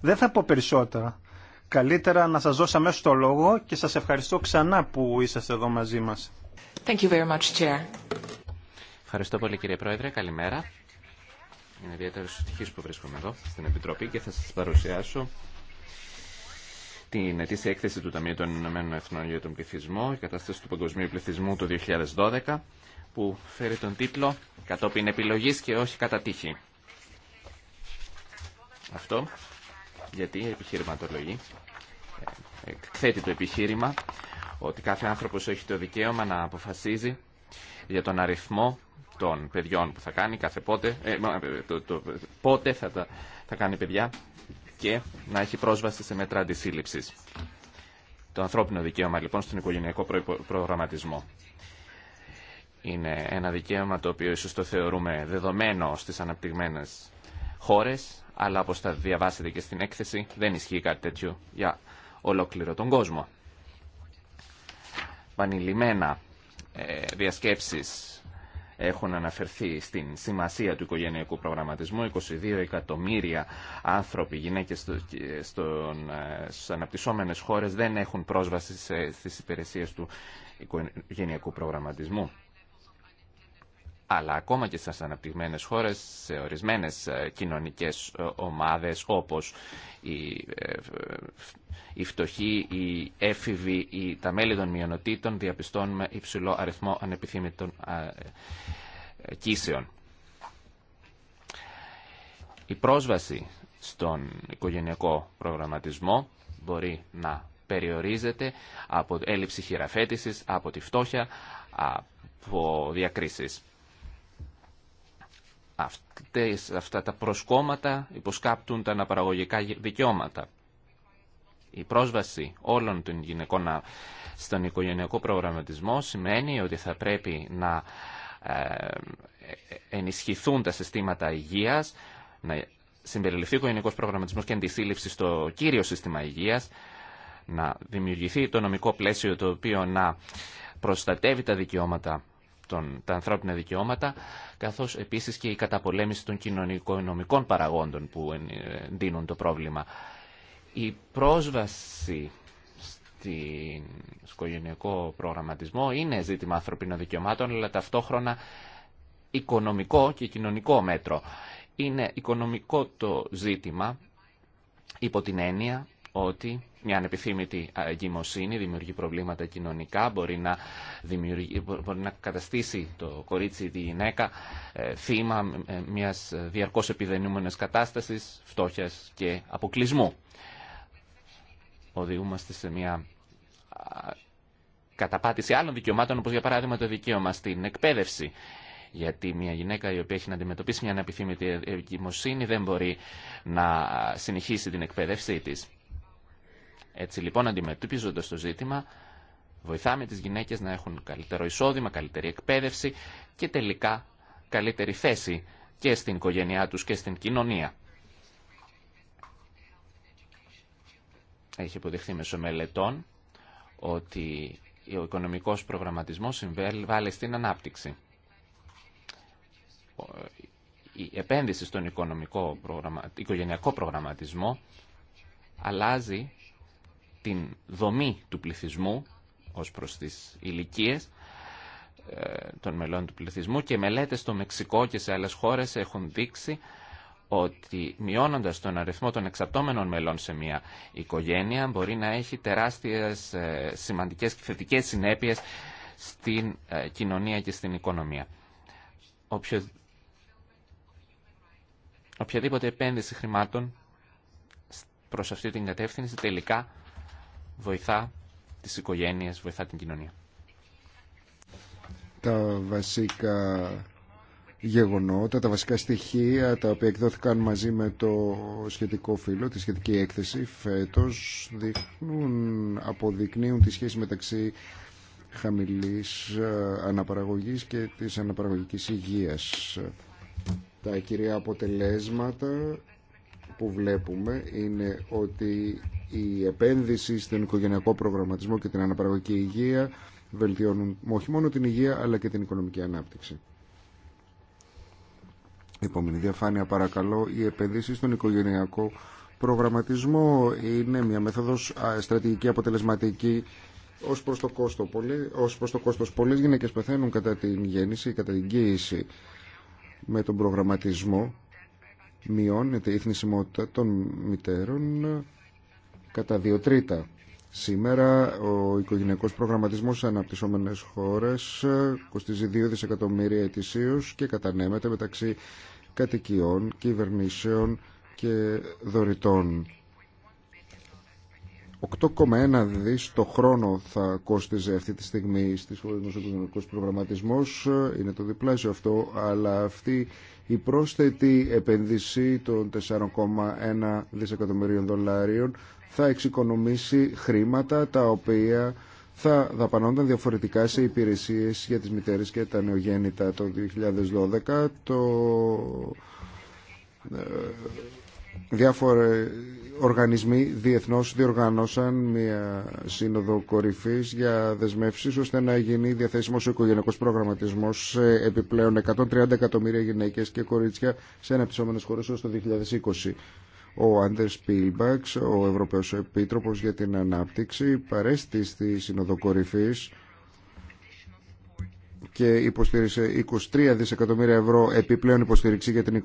Δεν θα πω περισσότερα. Καλύτερα να σας δώσω αμέσως το λόγο και σας ευχαριστώ ξανά που είσαστε εδώ μαζί μας. Thank you very much, Chair. Ευχαριστώ πολύ κύριε Πρόεδρε. Καλημέρα. Είναι ιδιαίτερο ευτυχή που βρίσκομαι εδώ στην Επιτροπή και θα σας παρουσιάσω την ετήσια έκθεση του Ταμείου των Ηνωμένων Εθνών για τον Πληθυσμό, η κατάσταση του παγκοσμίου πληθυσμού το 2012 που φέρει τον τίτλο «Κατόπιν επιλογής και όχι κατά τύχη». Αυτό γιατί επιχειρηματολογεί, εκθέτει το επιχείρημα ότι κάθε άνθρωπος έχει το δικαίωμα να αποφασίζει για τον αριθμό των παιδιών που θα κάνει κάθε πότε, ε, το, πότε θα, τα, θα κάνει παιδιά και να έχει πρόσβαση σε μέτρα αντισύλληψης. Το ανθρώπινο δικαίωμα λοιπόν στον οικογενειακό προγραμματισμό είναι ένα δικαίωμα το οποίο ίσως το θεωρούμε δεδομένο στις αναπτυγμένες χώρες, αλλά όπως θα διαβάσετε και στην έκθεση δεν ισχύει κάτι τέτοιο για ολόκληρο τον κόσμο. Πανηλημένα ε, διασκέψεις έχουν αναφερθεί στην σημασία του οικογενειακού προγραμματισμού. 22 εκατομμύρια άνθρωποι, γυναίκες στο, στον, ε, στις αναπτυσσόμενες χώρες δεν έχουν πρόσβαση σε, στις υπηρεσίες του οικογενειακού προγραμματισμού αλλά ακόμα και στις αναπτυγμένες χώρες, σε ορισμένες ε, κοινωνικές ε, ομάδες όπως η οι ε, φτωχοί, οι έφηβοι, η τα μέλη των μειονοτήτων διαπιστώνουμε υψηλό αριθμό ανεπιθύμητων κήσεων. Η πρόσβαση στον οικογενειακό προγραμματισμό μπορεί να περιορίζεται από έλλειψη χειραφέτησης, από τη φτώχεια, από διακρίσεις. Αυτές, αυτά τα προσκόμματα υποσκάπτουν τα αναπαραγωγικά δικαιώματα. Η πρόσβαση όλων των γυναικών στον οικογενειακό προγραμματισμό σημαίνει ότι θα πρέπει να ε, ενισχυθούν τα συστήματα υγείας, να συμπεριληφθεί ο οικογενειακός προγραμματισμός και αντισύλληψη στο κύριο σύστημα υγείας, να δημιουργηθεί το νομικό πλαίσιο το οποίο να προστατεύει τα δικαιώματα των, τα ανθρώπινα δικαιώματα, καθώς επίσης και η καταπολέμηση των κοινωνικο παραγόντων που δίνουν το πρόβλημα. Η πρόσβαση στην οικογενειακό προγραμματισμό είναι ζήτημα ανθρωπίνων δικαιωμάτων, αλλά ταυτόχρονα οικονομικό και κοινωνικό μέτρο. Είναι οικονομικό το ζήτημα υπό την έννοια ότι μια ανεπιθύμητη εγκυμοσύνη δημιουργεί προβλήματα κοινωνικά, μπορεί να, μπορεί να καταστήσει το κορίτσι, ή τη γυναίκα ε, θύμα ε, μιας ε, διαρκώς επιδενούμενης κατάστασης, φτώχειας και αποκλεισμού. Οδηγούμαστε σε μια καταπάτηση άλλων δικαιωμάτων, όπως για παράδειγμα το δικαίωμα στην εκπαίδευση. Γιατί μια γυναίκα η οποία έχει να αντιμετωπίσει μια ανεπιθύμητη εγκυμοσύνη δεν μπορεί να συνεχίσει την εκπαίδευσή της. Έτσι λοιπόν αντιμετωπίζοντας το ζήτημα βοηθάμε τις γυναίκες να έχουν καλύτερο εισόδημα, καλύτερη εκπαίδευση και τελικά καλύτερη θέση και στην οικογένειά τους και στην κοινωνία. Έχει υποδειχθεί μέσω μελετών ότι ο οικονομικός προγραμματισμός συμβάλλει στην ανάπτυξη. Η επένδυση στον οικονομικό προγραμμα... οικογενειακό προγραμματισμό αλλάζει την δομή του πληθυσμού ως προς τις ηλικίε ε, των μελών του πληθυσμού και μελέτες στο Μεξικό και σε άλλες χώρες έχουν δείξει ότι μειώνοντας τον αριθμό των εξατόμενων μελών σε μια οικογένεια μπορεί να έχει τεράστιες ε, σημαντικές και θετικές συνέπειες στην ε, κοινωνία και στην οικονομία. Οποιαδήποτε επένδυση χρημάτων προς αυτή την κατεύθυνση τελικά βοηθά τις οικογένειες, βοηθά την κοινωνία. Τα βασικά γεγονότα, τα βασικά στοιχεία τα οποία εκδόθηκαν μαζί με το σχετικό φύλλο, τη σχετική έκθεση φέτος δείχνουν, αποδεικνύουν τη σχέση μεταξύ χαμηλής ε, αναπαραγωγής και της αναπαραγωγικής υγείας. Τα κυρία αποτελέσματα που βλέπουμε είναι ότι η επένδυση στον οικογενειακό προγραμματισμό και την αναπαραγωγική υγεία βελτιώνουν όχι μόνο την υγεία αλλά και την οικονομική ανάπτυξη. Επόμενη διαφάνεια παρακαλώ. Η επενδύση στον οικογενειακό προγραμματισμό είναι μια μέθοδος στρατηγική αποτελεσματική ως προς το, κόστο. Ως προς το κόστος. Πολλές γυναίκες πεθαίνουν κατά την γέννηση, κατά την κοίηση με τον προγραμματισμό μειώνεται η θνησιμότητα των μητέρων κατά δύο τρίτα. Σήμερα ο οικογενειακός προγραμματισμός σε αναπτυσσόμενες χώρες κοστίζει δύο δισεκατομμύρια ετησίως και κατανέμεται μεταξύ κατοικιών, κυβερνήσεων και δωρητών. 8,1 δις το χρόνο θα κόστιζε αυτή τη στιγμή στις χώρες ο οικογενειακός προγραμματισμός, είναι το διπλάσιο αυτό, αλλά αυτή η πρόσθετη επένδυση των 4,1 δισεκατομμυρίων δολάριων θα εξοικονομήσει χρήματα τα οποία θα δαπανώνταν διαφορετικά σε υπηρεσίες για τις μητέρες και τα νεογέννητα το 2012. Το ε, διάφοροι οργανισμοί διεθνώς διοργάνωσαν μια σύνοδο κορυφής για δεσμεύσεις ώστε να γίνει διαθέσιμος ο οικογενειακός προγραμματισμός σε επιπλέον 130 εκατομμύρια γυναίκες και κορίτσια σε αναπτυσσόμενες χώρες ως το 2020. Ο Άντερ Σπίλμπαξ, ο Ευρωπαίος Επίτροπος για την Ανάπτυξη, παρέστη στη Σύνοδο και υποστήριξε 23 δισεκατομμύρια ευρώ επιπλέον υποστήριξη για, την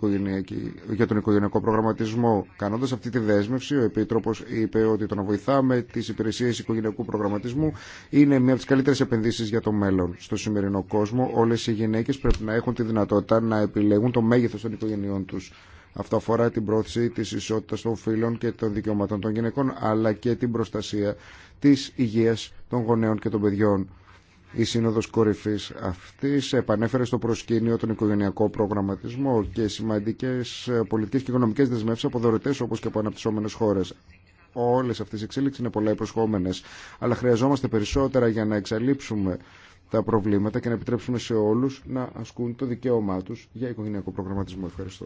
για τον οικογενειακό προγραμματισμό. Κάνοντας αυτή τη δέσμευση, ο Επίτροπος είπε ότι το να βοηθάμε τις υπηρεσίες οικογενειακού προγραμματισμού είναι μια από τις καλύτερες επενδύσεις για το μέλλον. Στο σημερινό κόσμο όλες οι γυναίκες πρέπει να έχουν τη δυνατότητα να επιλέγουν το μέγεθος των οικογενειών τους. Αυτό αφορά την πρόθεση της ισότητας των φύλων και των δικαιωμάτων των γυναικών, αλλά και την προστασία της υγείας των γονέων και των παιδιών. Η Σύνοδο Κορυφή αυτή επανέφερε στο προσκήνιο τον οικογενειακό προγραμματισμό και σημαντικέ πολιτικέ και οικονομικέ δεσμεύσει από δωρετέ όπως και από αναπτυσσόμενες χώρε. Όλε αυτέ οι εξέλιξει είναι πολλά υποσχόμενε, αλλά χρειαζόμαστε περισσότερα για να εξαλείψουμε τα προβλήματα και να επιτρέψουμε σε όλου να ασκούν το δικαίωμά του για οικογενειακό προγραμματισμό. Ευχαριστώ.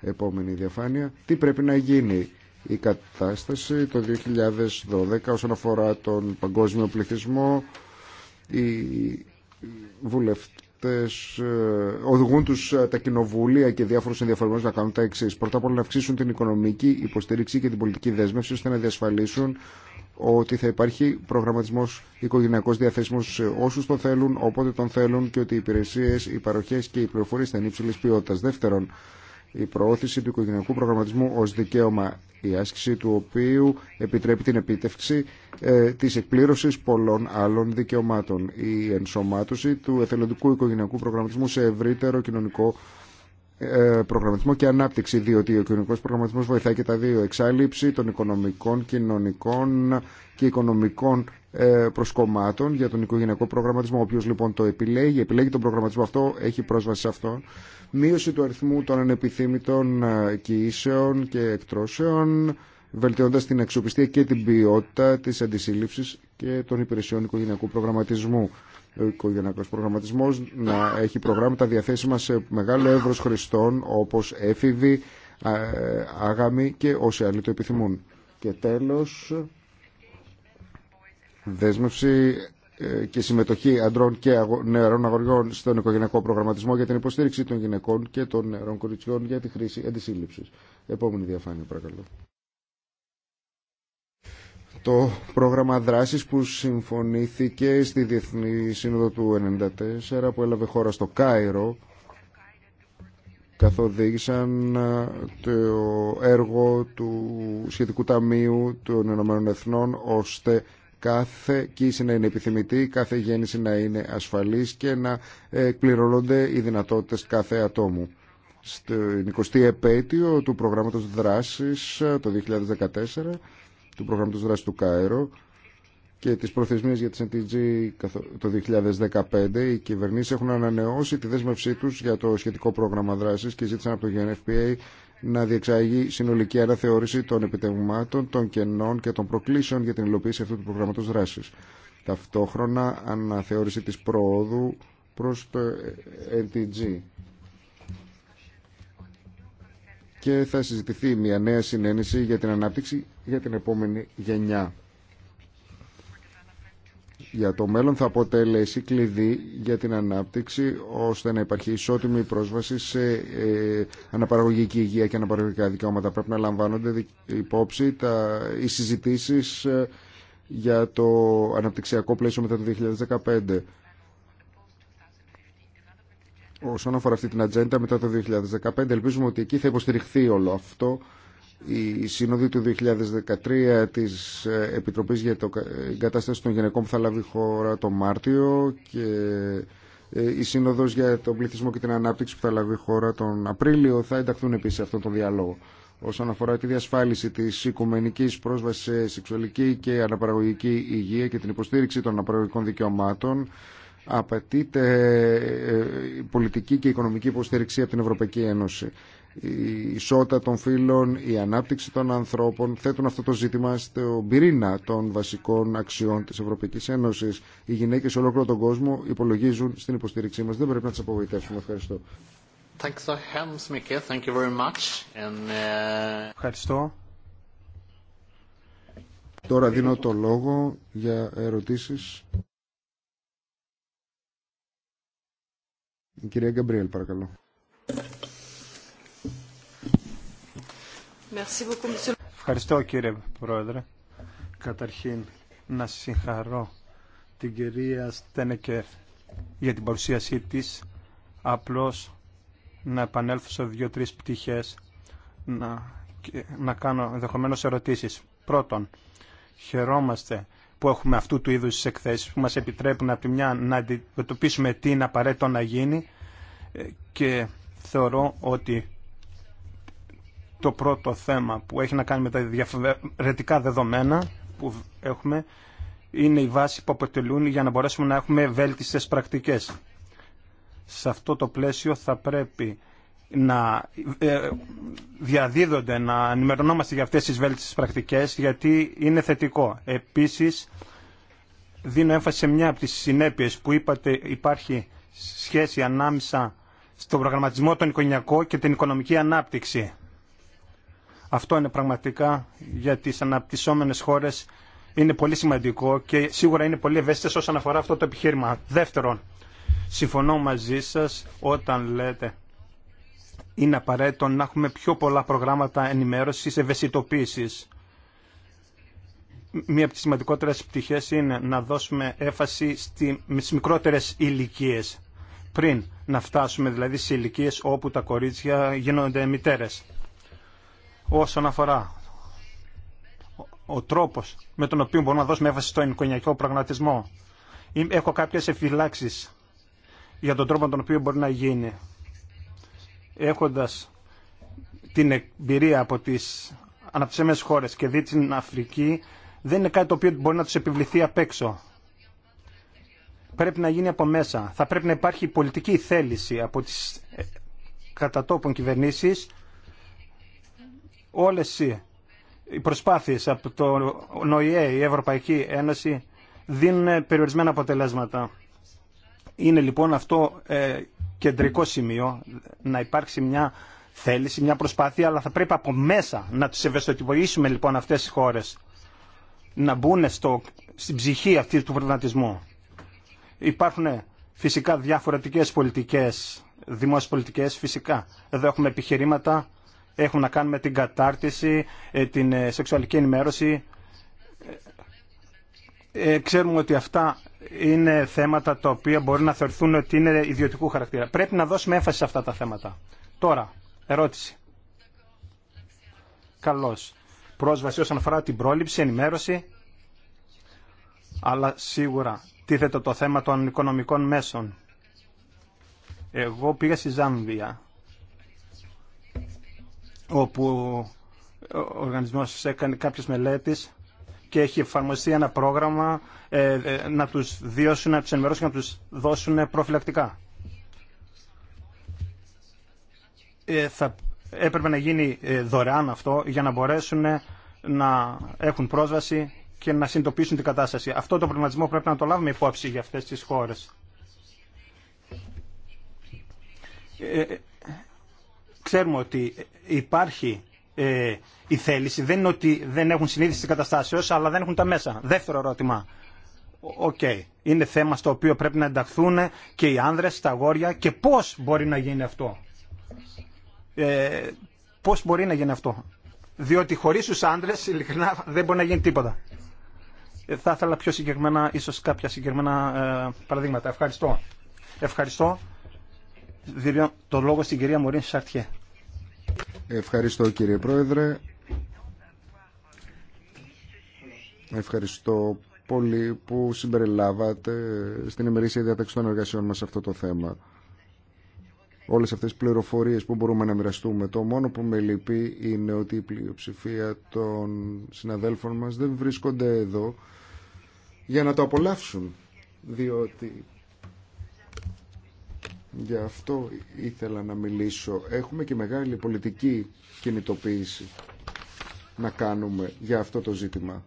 Επόμενη διαφάνεια. Τι πρέπει να γίνει η κατάσταση το 2012 όσον αφορά τον παγκόσμιο πληθυσμό οι βουλευτές ε, οδηγούν τους ε, τα κοινοβούλια και διάφορους ενδιαφορεμένους να κάνουν τα εξή. Πρώτα απ' όλα να αυξήσουν την οικονομική υποστήριξη και την πολιτική δέσμευση ώστε να διασφαλίσουν ότι θα υπάρχει προγραμματισμός οικογενειακός διαθέσιμος σε όσους τον θέλουν, όποτε τον θέλουν και ότι οι υπηρεσίες, οι παροχές και οι πληροφορίες θα είναι υψηλής ποιότητας. Δεύτερον, η προώθηση του οικογενειακού προγραμματισμού ως δικαίωμα η άσκηση του οποίου επιτρέπει την επίτευξη ε, της εκπλήρωσης πολλών άλλων δικαιωμάτων. Η ενσωμάτωση του εθελοντικού οικογενειακού προγραμματισμού σε ευρύτερο κοινωνικό ε, προγραμματισμό και ανάπτυξη, διότι ο κοινωνικό προγραμματισμό βοηθάει και τα δύο, εξάλληψη των οικονομικών, κοινωνικών και οικονομικών ε, προσκομμάτων για τον οικογενειακό προγραμματισμό. Όποιο λοιπόν το επιλέγει, επιλέγει τον προγραμματισμό αυτό, έχει πρόσβαση σε αυτό. Μείωση του αριθμού των ανεπιθύμητων ε, κοιήσεων και εκτρώσεων, βελτιώντα την αξιοπιστία και την ποιότητα τη αντισύλληψη και των υπηρεσιών οικογενειακού προγραμματισμού οικογενειακό προγραμματισμό να έχει προγράμματα διαθέσιμα σε μεγάλο εύρος χρηστών όπως έφηβοι, άγαμοι και όσοι άλλοι το επιθυμούν. Και τέλος, δέσμευση ε, και συμμετοχή αντρών και νεαρών αγοριών στον οικογενειακό προγραμματισμό για την υποστήριξη των γυναικών και των νεαρών κοριτσιών για τη χρήση αντισύλληψη. Επόμενη διαφάνεια, παρακαλώ το πρόγραμμα δράσης που συμφωνήθηκε στη Διεθνή Σύνοδο του 1994 που έλαβε χώρα στο Κάιρο καθοδήγησαν ε, το έργο του Σχετικού Ταμείου των Ηνωμένων Εθνών ώστε κάθε κοίηση να είναι επιθυμητή, κάθε γέννηση να είναι ασφαλής και να εκπληρώνονται οι δυνατότητες κάθε ατόμου. Στην 20η επέτειο του προγράμματος δράσης ε, το 2014 του προγράμματος δράσης του ΚΑΕΡΟ και τις προθεσμίες για τις NTG το 2015, οι κυβερνήσεις έχουν ανανεώσει τη δέσμευσή τους για το σχετικό πρόγραμμα δράσης και ζήτησαν από το UNFPA να διεξάγει συνολική αναθεώρηση των επιτευγμάτων, των κενών και των προκλήσεων για την υλοποίηση αυτού του προγράμματος δράσης. Ταυτόχρονα αναθεώρηση της προόδου προς το NTG και θα συζητηθεί μια νέα συνένεση για την ανάπτυξη για την επόμενη γενιά. Για το μέλλον θα αποτελέσει κλειδί για την ανάπτυξη ώστε να υπάρχει ισότιμη πρόσβαση σε ε, αναπαραγωγική υγεία και αναπαραγωγικά δικαιώματα. Πρέπει να λαμβάνονται υπόψη τα, οι συζητήσεις ε, για το αναπτυξιακό πλαίσιο μετά το 2015 όσον αφορά αυτή την ατζέντα μετά το 2015. Ελπίζουμε ότι εκεί θα υποστηριχθεί όλο αυτό. Η σύνοδη του 2013 της ε, Επιτροπής για την ε, κατάσταση των γυναικών που θα λάβει χώρα το Μάρτιο και ε, η Σύνοδος για τον πληθυσμό και την ανάπτυξη που θα λάβει χώρα τον Απρίλιο θα ενταχθούν επίσης σε αυτόν τον διάλογο. Όσον αφορά τη διασφάλιση της οικουμενικής πρόσβασης σε σεξουαλική και αναπαραγωγική υγεία και την υποστήριξη των αναπαραγωγικών δικαιωμάτων, απαιτείται ε, ε, πολιτική και οικονομική υποστήριξη από την Ευρωπαϊκή Ένωση. Η ισότητα των φύλων, η ανάπτυξη των ανθρώπων θέτουν αυτό το ζήτημα στον πυρήνα των βασικών αξιών της Ευρωπαϊκής Ένωση. Οι γυναίκε σε ολόκληρο τον κόσμο υπολογίζουν στην υποστήριξή μας. Δεν πρέπει να τι απογοητεύσουμε. Ευχαριστώ. Uh, Ευχαριστώ. Τώρα δίνω το λόγο για ερωτήσεις. Η κυρία Γκαμπριέλ, παρακαλώ. Ευχαριστώ κύριε Πρόεδρε. Καταρχήν να συγχαρώ την κυρία Στένεκερ για την παρουσίασή της. Απλώς να επανέλθω σε δύο-τρεις πτυχές να, να κάνω ενδεχομένω ερωτήσεις. Πρώτον, χαιρόμαστε που έχουμε αυτού του είδους τις εκθέσεις που μας επιτρέπουν από τη μια να αντιμετωπίσουμε τι είναι απαραίτητο να γίνει ε, και θεωρώ ότι το πρώτο θέμα που έχει να κάνει με τα διαφορετικά δεδομένα που έχουμε είναι η βάση που αποτελούν για να μπορέσουμε να έχουμε βέλτιστες πρακτικές. Σε αυτό το πλαίσιο θα πρέπει να ε, διαδίδονται, να ενημερωνόμαστε για αυτές τις βέλτιστες πρακτικές, γιατί είναι θετικό. Επίσης, δίνω έμφαση σε μια από τις συνέπειες που είπατε υπάρχει σχέση ανάμεσα στον προγραμματισμό των οικογενειακό και την οικονομική ανάπτυξη. Αυτό είναι πραγματικά για τις αναπτυσσόμενες χώρες είναι πολύ σημαντικό και σίγουρα είναι πολύ ευαίσθητες όσον αφορά αυτό το επιχείρημα. Δεύτερον, συμφωνώ μαζί σας όταν λέτε είναι απαραίτητο να έχουμε πιο πολλά προγράμματα ενημέρωσης, ευαισθητοποίησης. Μία από τις σημαντικότερες πτυχές είναι να δώσουμε έφαση στις μικρότερες ηλικίε. πριν να φτάσουμε δηλαδή σε ηλικίε όπου τα κορίτσια γίνονται μητέρες. Όσον αφορά ο τρόπος με τον οποίο μπορούμε να δώσουμε έφαση στον εικονιακό πραγματισμό, έχω κάποιες εφυλάξεις για τον τρόπο τον οποίο μπορεί να γίνει έχοντας την εμπειρία από τις αναπτυσσέμενες χώρες και δει την Αφρική, δεν είναι κάτι το οποίο μπορεί να τους επιβληθεί απ' έξω. Πρέπει να γίνει από μέσα. Θα πρέπει να υπάρχει πολιτική θέληση από τις ε, κατατόπων κυβερνήσεις. Όλες οι προσπάθειες από το ΝΟΙΕ, η Ευρωπαϊκή Ένωση, δίνουν περιορισμένα αποτελέσματα. Είναι λοιπόν αυτό ε, κεντρικό σημείο να υπάρξει μια θέληση, μια προσπάθεια, αλλά θα πρέπει από μέσα να τους ευαισθητοποιήσουμε λοιπόν αυτές τις χώρες να μπουν στο, στην ψυχή αυτή του προβληματισμού. Υπάρχουν ε, φυσικά διαφορετικές πολιτικές, δημόσιες πολιτικές φυσικά. Εδώ έχουμε επιχειρήματα, έχουν να κάνουν με την κατάρτιση, ε, την ε, σεξουαλική ενημέρωση, ε, ξέρουμε ότι αυτά είναι θέματα τα οποία μπορεί να θεωρηθούν ότι είναι ιδιωτικού χαρακτήρα. Πρέπει να δώσουμε έμφαση σε αυτά τα θέματα. Τώρα, ερώτηση. Καλώς. Πρόσβαση όσον αφορά την πρόληψη, ενημέρωση, αλλά σίγουρα τίθεται το θέμα των οικονομικών μέσων. Εγώ πήγα στη Ζάμβια, όπου ο οργανισμός έκανε κάποιες μελέτες και έχει εφαρμοστεί ένα πρόγραμμα ε, ε, να τους διώσουν, να τους ενημερώσουν, να τους δώσουν προφυλακτικά. Ε, θα έπρεπε να γίνει δωρεάν αυτό για να μπορέσουν να έχουν πρόσβαση και να συνειδητοποιήσουν την κατάσταση. Αυτό το προβληματισμό πρέπει να το λάβουμε υπόψη για αυτές τις χώρες. ξέρουμε ότι υπάρχει ε, η θέληση. Δεν είναι ότι δεν έχουν συνείδηση τη καταστάσεω, αλλά δεν έχουν τα μέσα. Δεύτερο ερώτημα. Οκ. Είναι θέμα στο οποίο πρέπει να ενταχθούν και οι άνδρες, τα αγόρια και πώς μπορεί να γίνει αυτό. Ε, πώς μπορεί να γίνει αυτό. Διότι χωρίς τους άνδρες, ειλικρινά, δεν μπορεί να γίνει τίποτα. Ε, θα ήθελα πιο συγκεκριμένα, ίσως κάποια συγκεκριμένα ε, παραδείγματα. Ευχαριστώ. Ευχαριστώ. το λόγο στην κυρία Μωρή Σαρτιέ. Ευχαριστώ κύριε Πρόεδρε. Ευχαριστώ πολύ που συμπεριλάβατε στην ημερήσια διάταξη εργασιών μας αυτό το θέμα. Όλες αυτές τις πληροφορίες που μπορούμε να μοιραστούμε. Το μόνο που με λυπεί είναι ότι η πλειοψηφία των συναδέλφων μας δεν βρίσκονται εδώ για να το απολαύσουν. Διότι Γι' αυτό ήθελα να μιλήσω. Έχουμε και μεγάλη πολιτική κινητοποίηση να κάνουμε για αυτό το ζήτημα.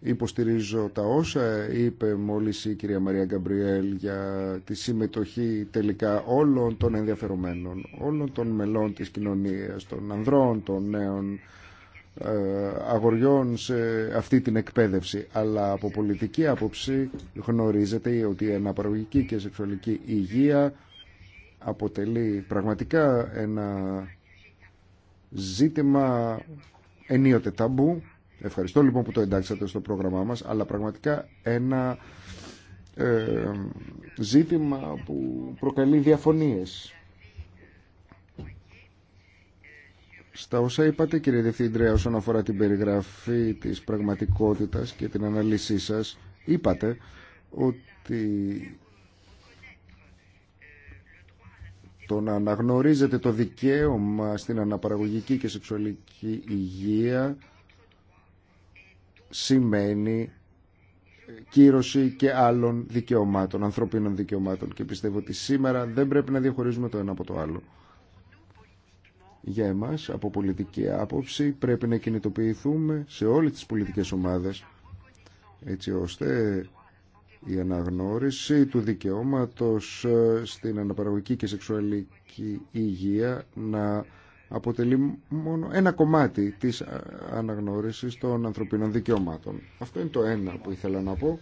Υποστηρίζω τα όσα είπε μόλις η κυρία Μαρία Γκαμπριέλ για τη συμμετοχή τελικά όλων των ενδιαφερομένων, όλων των μελών της κοινωνίας, των ανδρών, των νέων, ε, αγοριών σε αυτή την εκπαίδευση. Αλλά από πολιτική άποψη γνωρίζετε ότι η αναπαραγωγική και σεξουαλική υγεία αποτελεί πραγματικά ένα ζήτημα ενίοτε ταμπού. Ευχαριστώ λοιπόν που το εντάξατε στο πρόγραμμά μας, αλλά πραγματικά ένα ε, ζήτημα που προκαλεί διαφωνίες Στα όσα είπατε κύριε Διευθύντρια όσον αφορά την περιγραφή της πραγματικότητας και την αναλύσή σας είπατε ότι το να αναγνωρίζετε το δικαίωμα στην αναπαραγωγική και σεξουαλική υγεία σημαίνει κύρωση και άλλων δικαιωμάτων, ανθρωπίνων δικαιωμάτων και πιστεύω ότι σήμερα δεν πρέπει να διαχωρίζουμε το ένα από το άλλο. Για εμάς, από πολιτική άποψη, πρέπει να κινητοποιηθούμε σε όλες τις πολιτικές ομάδες, έτσι ώστε η αναγνώριση του δικαιώματος ε, στην αναπαραγωγική και σεξουαλική υγεία να αποτελεί μόνο ένα κομμάτι της ε, αναγνώρισης των ανθρωπίνων δικαιωμάτων. Αυτό είναι το ένα που ήθελα να πω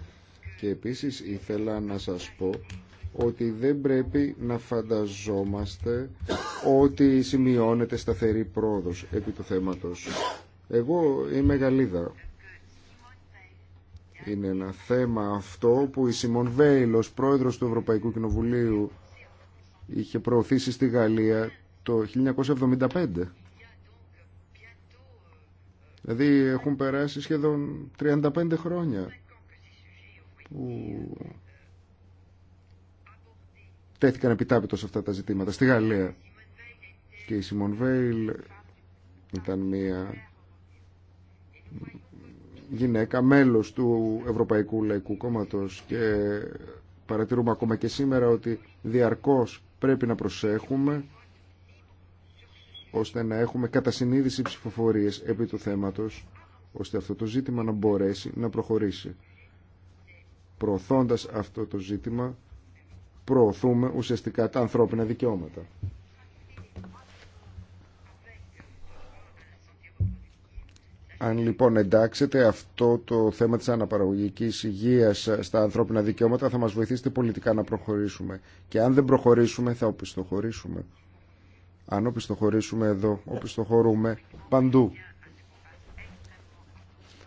και επίσης ήθελα να σας πω ότι δεν πρέπει να φανταζόμαστε ότι σημειώνεται σταθερή πρόοδος επί του θέματος. Εγώ είμαι Γαλλίδα. Είναι ένα θέμα αυτό που η Σιμών Βέιλος, πρόεδρος του Ευρωπαϊκού Κοινοβουλίου, είχε προωθήσει στη Γαλλία το 1975. Δηλαδή έχουν περάσει σχεδόν 35 χρόνια που τέθηκαν σε αυτά τα ζητήματα στη Γαλλία. Και η Σιμών Βέιλ ήταν μια γυναίκα μέλος του Ευρωπαϊκού Λαϊκού Κόμματος και παρατηρούμε ακόμα και σήμερα ότι διαρκώς πρέπει να προσέχουμε ώστε να έχουμε κατά συνείδηση ψηφοφορίες επί του θέματος ώστε αυτό το ζήτημα να μπορέσει να προχωρήσει. Προωθώντας αυτό το ζήτημα προωθούμε ουσιαστικά τα ανθρώπινα δικαιώματα. Αν λοιπόν εντάξετε αυτό το θέμα της αναπαραγωγικής υγείας στα ανθρώπινα δικαιώματα θα μας βοηθήσετε πολιτικά να προχωρήσουμε. Και αν δεν προχωρήσουμε θα οπισθοχωρήσουμε. Αν οπισθοχωρήσουμε εδώ, οπισθοχωρούμε παντού.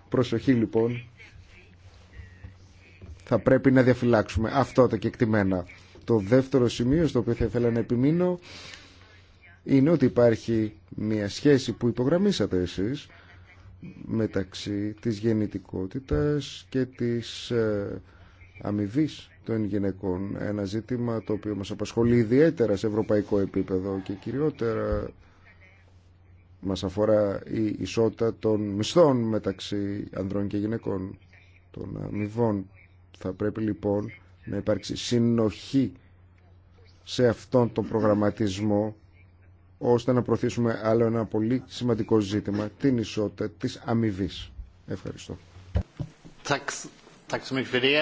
Προσοχή λοιπόν. Θα πρέπει να διαφυλάξουμε αυτό τα κεκτημένα. Το δεύτερο σημείο στο οποίο θα ήθελα να επιμείνω είναι ότι υπάρχει μια σχέση που υπογραμμίσατε εσείς μεταξύ της γεννητικότητας και της ε, αμοιβή των γυναικών. Ένα ζήτημα το οποίο μας απασχολεί ιδιαίτερα σε ευρωπαϊκό επίπεδο και κυριότερα μας αφορά η ισότητα των μισθών μεταξύ ανδρών και γυναικών, των αμοιβών. Θα πρέπει λοιπόν να υπάρξει συνοχή σε αυτόν τον προγραμματισμό ώστε να προωθήσουμε άλλο ένα πολύ σημαντικό ζήτημα, την ισότητα της αμοιβή. Ευχαριστώ.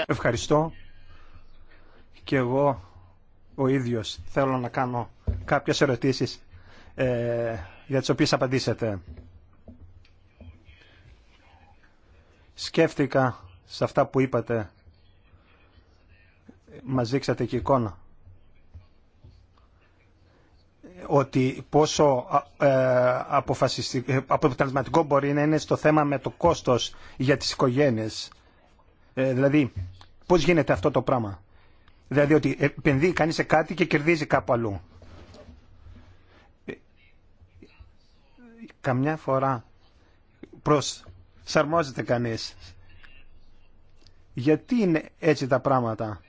Ευχαριστώ. Και εγώ ο ίδιος θέλω να κάνω κάποιες ερωτήσεις ε, για τις οποίες απαντήσετε. Σκέφτηκα σε αυτά που είπατε μας δείξατε και εικόνα ότι πόσο ε, ε, αποτελεσματικό μπορεί να είναι στο θέμα με το κόστος για τις οικογένειες. Ε, δηλαδή, πώς γίνεται αυτό το πράγμα. Δηλαδή ότι επενδύει κανείς σε κάτι και κερδίζει κάπου αλλού. Καμιά φορά προσαρμόζεται κανείς. Γιατί είναι έτσι τα πράγματα.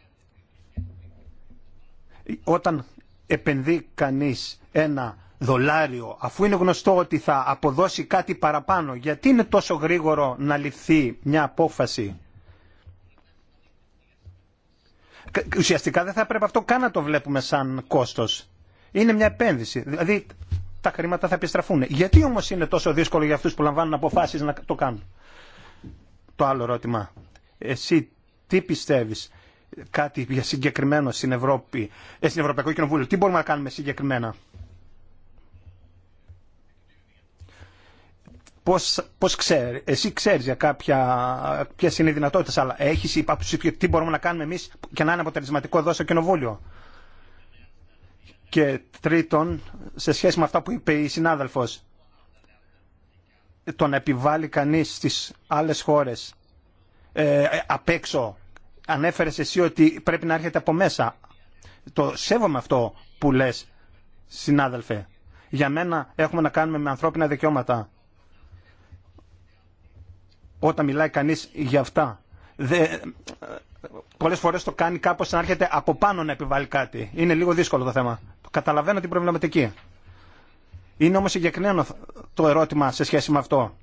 Όταν επενδύει κανείς ένα δολάριο, αφού είναι γνωστό ότι θα αποδώσει κάτι παραπάνω, γιατί είναι τόσο γρήγορο να ληφθεί μια απόφαση. Ουσιαστικά δεν θα έπρεπε αυτό καν να το βλέπουμε σαν κόστος. Είναι μια επένδυση. Δηλαδή τα χρήματα θα επιστραφούν. Γιατί όμως είναι τόσο δύσκολο για αυτούς που λαμβάνουν αποφάσεις να το κάνουν. Το άλλο ερώτημα. Εσύ τι πιστεύεις κάτι για συγκεκριμένο στην Ευρώπη, ε, στην Ευρωπαϊκό Κοινοβούλιο. Τι μπορούμε να κάνουμε συγκεκριμένα. Πώς, πώς ξέρει, εσύ ξέρεις για κάποια, ποιες είναι οι δυνατότητες, αλλά έχεις υπάψη τι μπορούμε να κάνουμε εμείς και να είναι αποτελεσματικό εδώ στο Κοινοβούλιο. Και τρίτον, σε σχέση με αυτά που είπε η συνάδελφος, το να επιβάλλει κανείς στις άλλες χώρες ε, απ' έξω Ανέφερε εσύ ότι πρέπει να έρχεται από μέσα. Το σέβομαι αυτό που λες, συνάδελφε. Για μένα έχουμε να κάνουμε με ανθρώπινα δικαιώματα. Όταν μιλάει κανείς για αυτά. Δε, πολλές φορές το κάνει κάπω να έρχεται από πάνω να επιβάλλει κάτι. Είναι λίγο δύσκολο το θέμα. Καταλαβαίνω την προβληματική. Είναι όμω συγκεκριμένο το ερώτημα σε σχέση με αυτό.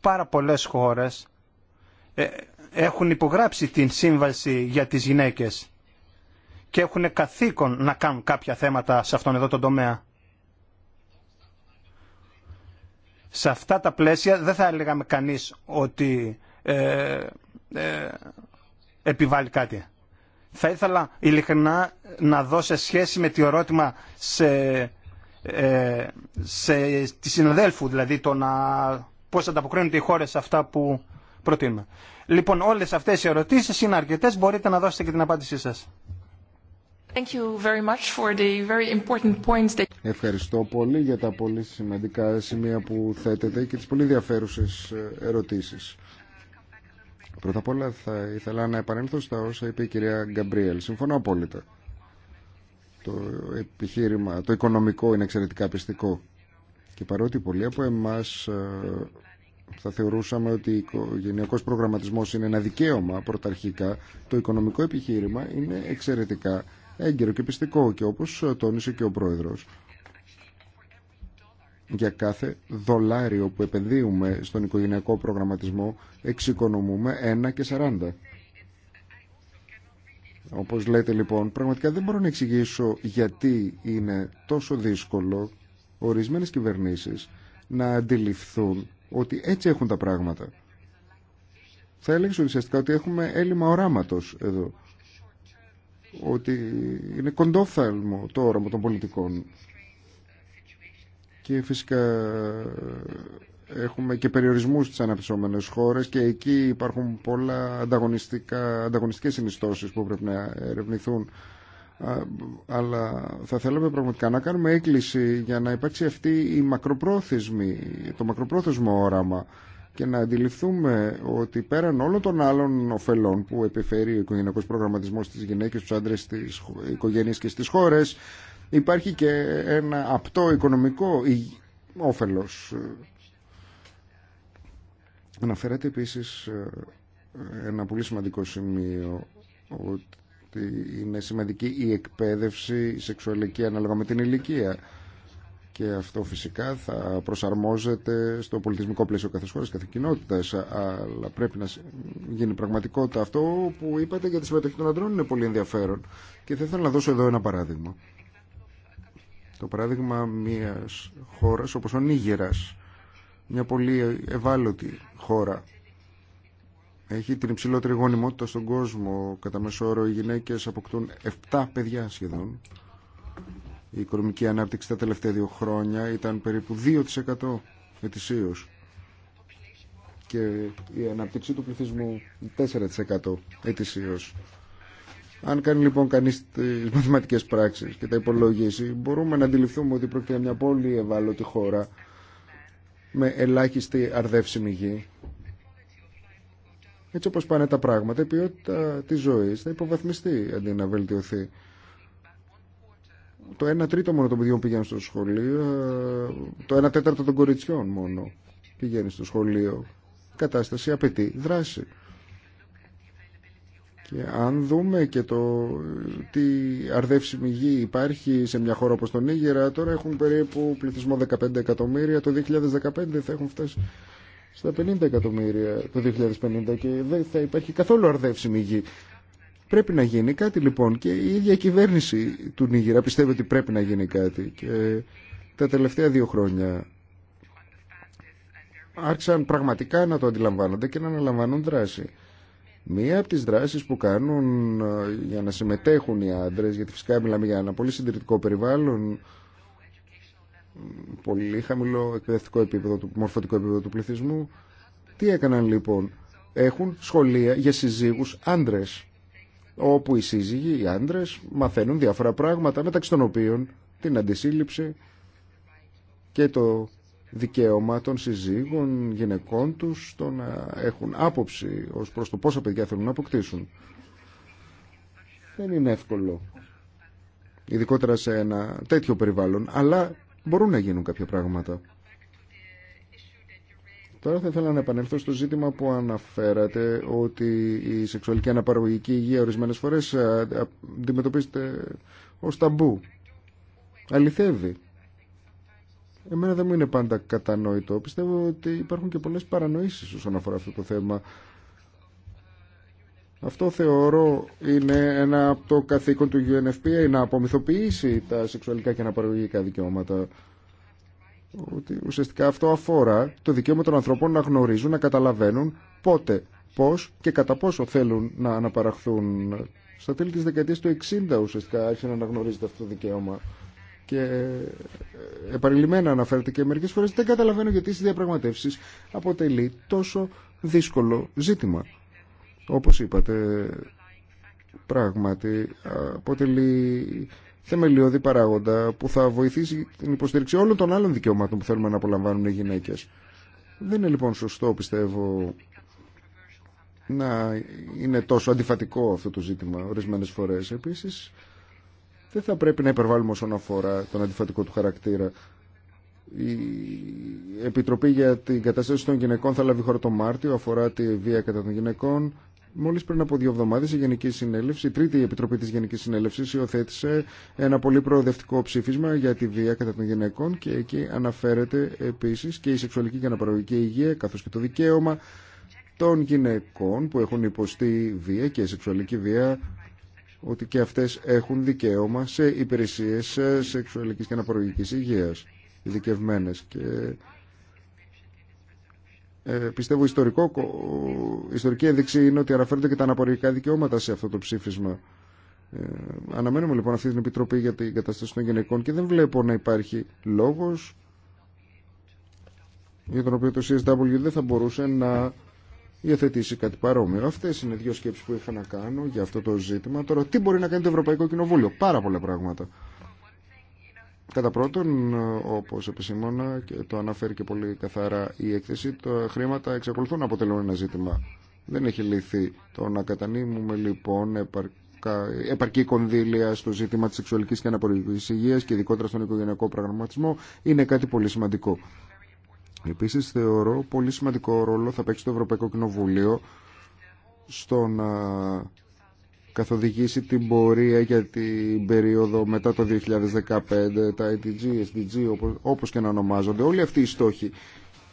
Πάρα πολλέ χώρε. Ε, έχουν υπογράψει την σύμβαση για τις γυναίκες και έχουν καθήκον να κάνουν κάποια θέματα σε αυτόν εδώ τον τομέα. Σε αυτά τα πλαίσια δεν θα έλεγαμε κανείς ότι ε, ε επιβάλλει κάτι. Θα ήθελα ειλικρινά να δω σε σχέση με το ερώτημα σε, ε, σε, τη συναδέλφου, δηλαδή το να, πώς ανταποκρίνονται οι χώρες σε αυτά που προτείνουμε. Λοιπόν, όλε αυτέ οι ερωτήσει είναι αρκετέ. Μπορείτε να δώσετε και την απάντησή σα. Ευχαριστώ πολύ για τα πολύ σημαντικά σημεία που θέτετε και τις πολύ ενδιαφέρουσε ε, ερωτήσεις. Πρώτα απ' όλα θα ήθελα να επανέλθω στα όσα είπε η κυρία Γκαμπρίελ. Συμφωνώ απόλυτα. Το επιχείρημα, το οικονομικό είναι εξαιρετικά πιστικό. Και παρότι πολλοί από εμάς ε, θα θεωρούσαμε ότι ο οικογενειακό προγραμματισμό είναι ένα δικαίωμα πρωταρχικά, το οικονομικό επιχείρημα είναι εξαιρετικά έγκυρο και πιστικό και όπως τόνισε και ο πρόεδρο. Για κάθε δολάριο που επενδύουμε στον οικογενειακό προγραμματισμό εξοικονομούμε 1,40. και Όπως λέτε λοιπόν, πραγματικά δεν μπορώ να εξηγήσω γιατί είναι τόσο δύσκολο ορισμένες κυβερνήσεις να αντιληφθούν ότι έτσι έχουν τα πράγματα. Θα έλεγε ουσιαστικά ότι έχουμε έλλειμμα οράματος εδώ. Ότι είναι κοντόφθαλμο το όραμα των πολιτικών. Και φυσικά έχουμε και περιορισμούς στις αναπτυσσόμενες χώρες και εκεί υπάρχουν πολλά ανταγωνιστικά, ανταγωνιστικές συνιστώσεις που πρέπει να ερευνηθούν αλλά θα θέλαμε πραγματικά να κάνουμε έκκληση για να υπάρξει αυτή η μακροπρόθεσμη, το μακροπρόθεσμο όραμα και να αντιληφθούμε ότι πέραν όλων των άλλων ωφελών που επιφέρει ο οικογενειακός προγραμματισμός στις γυναίκες, στους άντρες, στις οικογένειες και στις χώρες υπάρχει και ένα απτό οικονομικό όφελος. Αναφέρατε επίσης ε, ένα πολύ σημαντικό σημείο ότι είναι σημαντική η εκπαίδευση σεξουαλική ανάλογα με την ηλικία και αυτό φυσικά θα προσαρμόζεται στο πολιτισμικό πλαίσιο κάθε χώρα, κάθε κοινότητα. Αλλά πρέπει να γίνει πραγματικότητα. Αυτό που είπατε για τη συμμετοχή των αντρών είναι πολύ ενδιαφέρον. Και θα ήθελα να δώσω εδώ ένα παράδειγμα. Το παράδειγμα μια χώρα όπω ο Νίγερα. Μια πολύ ευάλωτη χώρα έχει την υψηλότερη γονιμότητα στον κόσμο. Κατά μέσο όρο οι γυναίκες αποκτούν 7 παιδιά σχεδόν. Η οικονομική ανάπτυξη τα τελευταία δύο χρόνια ήταν περίπου 2% ετησίως και η ανάπτυξη του πληθυσμού 4% ετησίως. Αν κάνει λοιπόν κανεί τι μαθηματικέ πράξει και τα υπολογίσει, μπορούμε να αντιληφθούμε ότι πρόκειται για μια πολύ ευάλωτη χώρα με ελάχιστη αρδεύσιμη γη έτσι όπως πάνε τα πράγματα, η ποιότητα της ζωής θα υποβαθμιστεί αντί να βελτιωθεί. Το 1 τρίτο μόνο των παιδιών πηγαίνουν στο σχολείο, το 1 τέταρτο των κοριτσιών μόνο πηγαίνει στο σχολείο. Η κατάσταση απαιτεί δράση. Και αν δούμε και το τι αρδεύσιμη γη υπάρχει σε μια χώρα όπως τον Νίγηρα, τώρα έχουν περίπου πληθυσμό 15 εκατομμύρια, το 2015 θα έχουν φτάσει στα 50 εκατομμύρια το 2050 και δεν θα υπάρχει καθόλου αρδεύσιμη γη. Πρέπει να γίνει κάτι λοιπόν και η ίδια κυβέρνηση του Νίγηρα πιστεύει ότι πρέπει να γίνει κάτι και τα τελευταία δύο χρόνια άρχισαν πραγματικά να το αντιλαμβάνονται και να αναλαμβάνουν δράση. Μία από τις δράσεις που κάνουν ε, για να συμμετέχουν οι άντρες, γιατί φυσικά μιλάμε για ένα πολύ συντηρητικό περιβάλλον, πολύ χαμηλό εκπαιδευτικό επίπεδο, μορφωτικό επίπεδο του πληθυσμού. Τι έκαναν λοιπόν. Έχουν σχολεία για συζύγους άντρες, όπου οι σύζυγοι, οι άντρες, μαθαίνουν διάφορα πράγματα, μεταξύ των οποίων την αντισύλληψη και το δικαίωμα των συζύγων, γυναικών τους, στο να έχουν άποψη ως προς το πόσα παιδιά θέλουν να αποκτήσουν. Δεν είναι εύκολο, ειδικότερα σε ένα τέτοιο περιβάλλον, αλλά μπορούν να γίνουν κάποια πράγματα. Τώρα θα ήθελα να επανέλθω στο ζήτημα που αναφέρατε ότι η σεξουαλική αναπαραγωγική υγεία ορισμένες φορές ε, ε, αντιμετωπίζεται ως ταμπού. Αληθεύει. Εμένα δεν μου είναι πάντα κατανόητο. Πιστεύω ότι υπάρχουν και πολλές παρανοήσεις όσον αφορά αυτό το θέμα. Αυτό θεωρώ είναι ένα από το καθήκον του UNFPA να απομυθοποιήσει τα σεξουαλικά και αναπαραγωγικά δικαιώματα. Ότι ουσιαστικά αυτό αφορά το δικαίωμα των ανθρώπων να γνωρίζουν, να καταλαβαίνουν πότε, πώς και κατά πόσο θέλουν να αναπαραχθούν. Στα τέλη της δεκαετίας του 60 ουσιαστικά άρχισε να αναγνωρίζεται αυτό το δικαίωμα. Και ε, επαρελειμμένα αναφέρεται και μερικές φορές δεν καταλαβαίνω γιατί στις διαπραγματεύσεις αποτελεί τόσο δύσκολο ζήτημα όπως είπατε, πράγματι αποτελεί θεμελιώδη παράγοντα που θα βοηθήσει την υποστήριξη όλων των άλλων δικαιωμάτων που θέλουμε να απολαμβάνουν οι γυναίκες. Δεν είναι λοιπόν σωστό, πιστεύω, να είναι τόσο αντιφατικό αυτό το ζήτημα ορισμένες φορές. Επίσης, δεν θα πρέπει να υπερβάλλουμε όσον αφορά τον αντιφατικό του χαρακτήρα. Η Επιτροπή για την Κατάσταση των Γυναικών θα λάβει χώρα το Μάρτιο, αφορά τη βία κατά των γυναικών. Μόλις πριν από δύο εβδομάδες η Γενική Συνέλευση, η τρίτη Επιτροπή της Γενικής συνέλευση υιοθέτησε ένα πολύ προοδευτικό ψήφισμα για τη βία κατά των γυναικών και εκεί αναφέρεται επίσης και η σεξουαλική και αναπαραγωγική υγεία καθώς και το δικαίωμα των γυναικών που έχουν υποστεί βία και σεξουαλική βία ότι και αυτές έχουν δικαίωμα σε υπηρεσίες ε, σεξουαλικής και αναπαραγωγικής υγείας ειδικευμένε. και ε, πιστεύω ιστορικό, ιστορική ένδειξη είναι ότι αναφέρονται και τα αναπορικά δικαιώματα σε αυτό το ψήφισμα. Ε, αναμένουμε λοιπόν αυτή την Επιτροπή για την κατάσταση των γυναικών και δεν βλέπω να υπάρχει λόγος για τον οποίο το CSW δεν θα μπορούσε να υιοθετήσει κάτι παρόμοιο. Αυτέ είναι δύο σκέψει που είχα να κάνω για αυτό το ζήτημα. Τώρα, τι μπορεί να κάνει το Ευρωπαϊκό Κοινοβούλιο. Πάρα πολλά πράγματα. Κατά πρώτον, όπως επισήμωνα και το αναφέρει και πολύ καθαρά η έκθεση, τα χρήματα εξακολουθούν να αποτελούν ένα ζήτημα. Δεν έχει λυθεί το να κατανείμουμε λοιπόν επαρκα... επαρκή κονδύλια στο ζήτημα της σεξουαλικής και αναπορικής υγείας και ειδικότερα στον οικογενειακό προγραμματισμό είναι κάτι πολύ σημαντικό. Επίσης θεωρώ πολύ σημαντικό ρόλο θα παίξει το Ευρωπαϊκό Κοινοβούλιο στο να καθοδηγήσει την πορεία για την περίοδο μετά το 2015, τα ETG, SDG, όπως και να ονομάζονται. Όλοι αυτοί οι στόχοι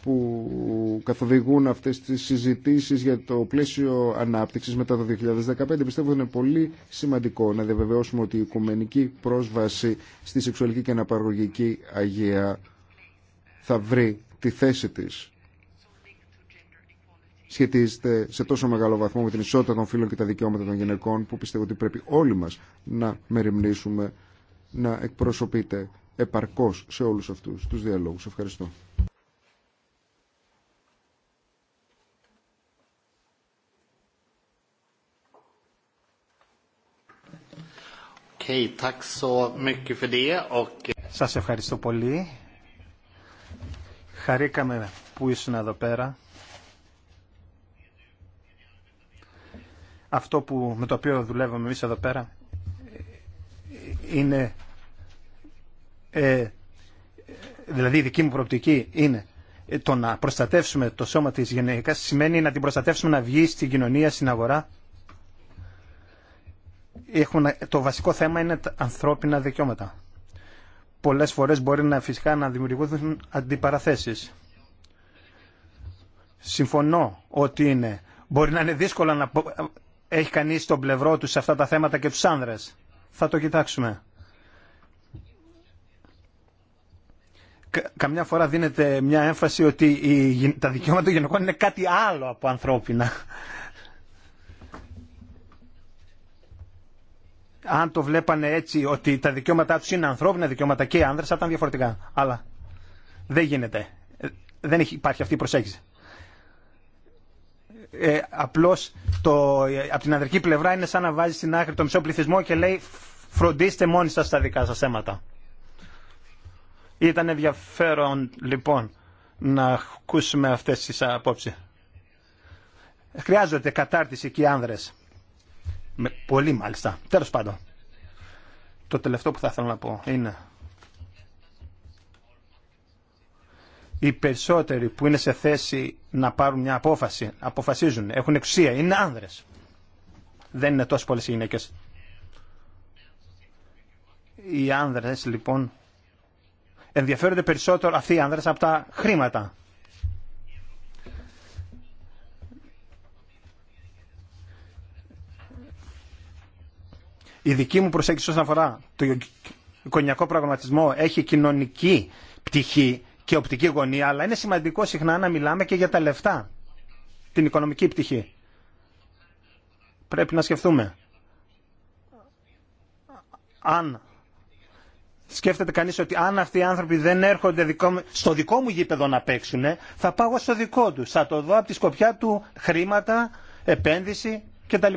που καθοδηγούν αυτές τις συζητήσεις για το πλαίσιο ανάπτυξης μετά το 2015 πιστεύω ότι είναι πολύ σημαντικό να διαβεβαιώσουμε ότι η οικουμενική πρόσβαση στη σεξουαλική και αναπαραγωγική αγία θα βρει τη θέση της σχετίζεται σε τόσο μεγάλο βαθμό με την ισότητα των φίλων και τα δικαιώματα των γυναικών που πιστεύω ότι πρέπει όλοι μας να μεριμνήσουμε να εκπροσωπείτε επαρκώς σε όλους αυτούς τους διαλόγους. Ευχαριστώ. Σας ευχαριστώ πολύ. Χαρήκαμε που ήσουν εδώ πέρα. αυτό που, με το οποίο δουλεύουμε εμείς εδώ πέρα είναι ε, δηλαδή η δική μου προοπτική είναι ε, το να προστατεύσουμε το σώμα της γενεϊκάς σημαίνει να την προστατεύσουμε να βγει στην κοινωνία, στην αγορά. Έχουν, το βασικό θέμα είναι τα ανθρώπινα δικαιώματα. Πολλές φορές μπορεί να φυσικά να δημιουργούν αντιπαραθέσεις. Συμφωνώ ότι είναι. Μπορεί να είναι δύσκολο να έχει κανείς τον πλευρό του σε αυτά τα θέματα και τους άνδρες. Θα το κοιτάξουμε. Καμιά φορά δίνεται μια έμφαση ότι η, τα δικαιώματα των γυναικών είναι κάτι άλλο από ανθρώπινα. Αν το βλέπανε έτσι ότι τα δικαιώματά τους είναι ανθρώπινα δικαιώματα και οι άνδρες θα ήταν διαφορετικά. Αλλά δεν γίνεται. Ε, δεν υπάρχει αυτή η προσέγγιση ε, απλώς από την ανδρική πλευρά είναι σαν να βάζει στην άκρη το μισό πληθυσμό και λέει φροντίστε μόνοι σα τα δικά σας θέματα. Ήταν ενδιαφέρον λοιπόν να ακούσουμε αυτές τις απόψει. Χρειάζονται κατάρτιση και οι άνδρες. πολύ μάλιστα. Τέλο πάντων. Το τελευταίο που θα ήθελα να πω είναι οι περισσότεροι που είναι σε θέση να πάρουν μια απόφαση, αποφασίζουν, έχουν εξουσία, είναι άνδρες. Δεν είναι τόσο πολλές οι γυναίκες. Οι άνδρες λοιπόν ενδιαφέρονται περισσότερο αυτοί οι άνδρες από τα χρήματα. Η δική μου προσέγγιση όσον αφορά το οικογενειακό πραγματισμό έχει κοινωνική πτυχή και οπτική γωνία, αλλά είναι σημαντικό συχνά να μιλάμε και για τα λεφτά, την οικονομική πτυχή. Πρέπει να σκεφτούμε. Αν σκέφτεται κανείς ότι αν αυτοί οι άνθρωποι δεν έρχονται στο δικό μου γήπεδο να παίξουν, ε, θα πάω στο δικό του, Θα το δω από τη σκοπιά του χρήματα, επένδυση κτλ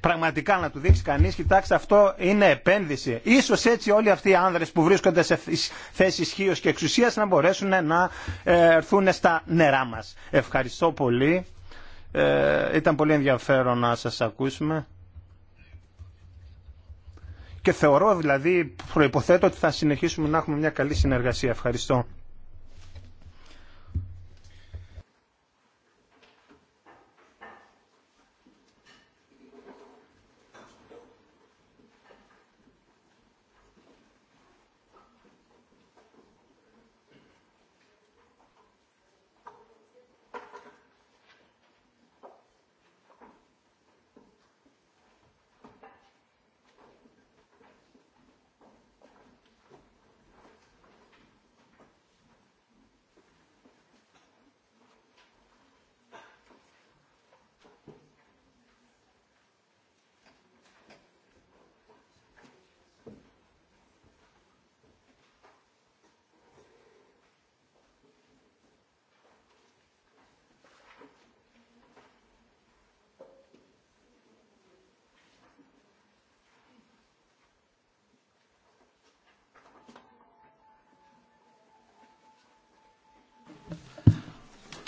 πραγματικά να του δείξει κανεί, κοιτάξτε αυτό είναι επένδυση. Ίσως έτσι όλοι αυτοί οι άνδρες που βρίσκονται σε θέση ισχύω και εξουσία να μπορέσουν να ε, έρθουν στα νερά μα. Ευχαριστώ πολύ. Ε, ήταν πολύ ενδιαφέρον να σας ακούσουμε. Και θεωρώ δηλαδή, προϋποθέτω ότι θα συνεχίσουμε να έχουμε μια καλή συνεργασία. Ευχαριστώ.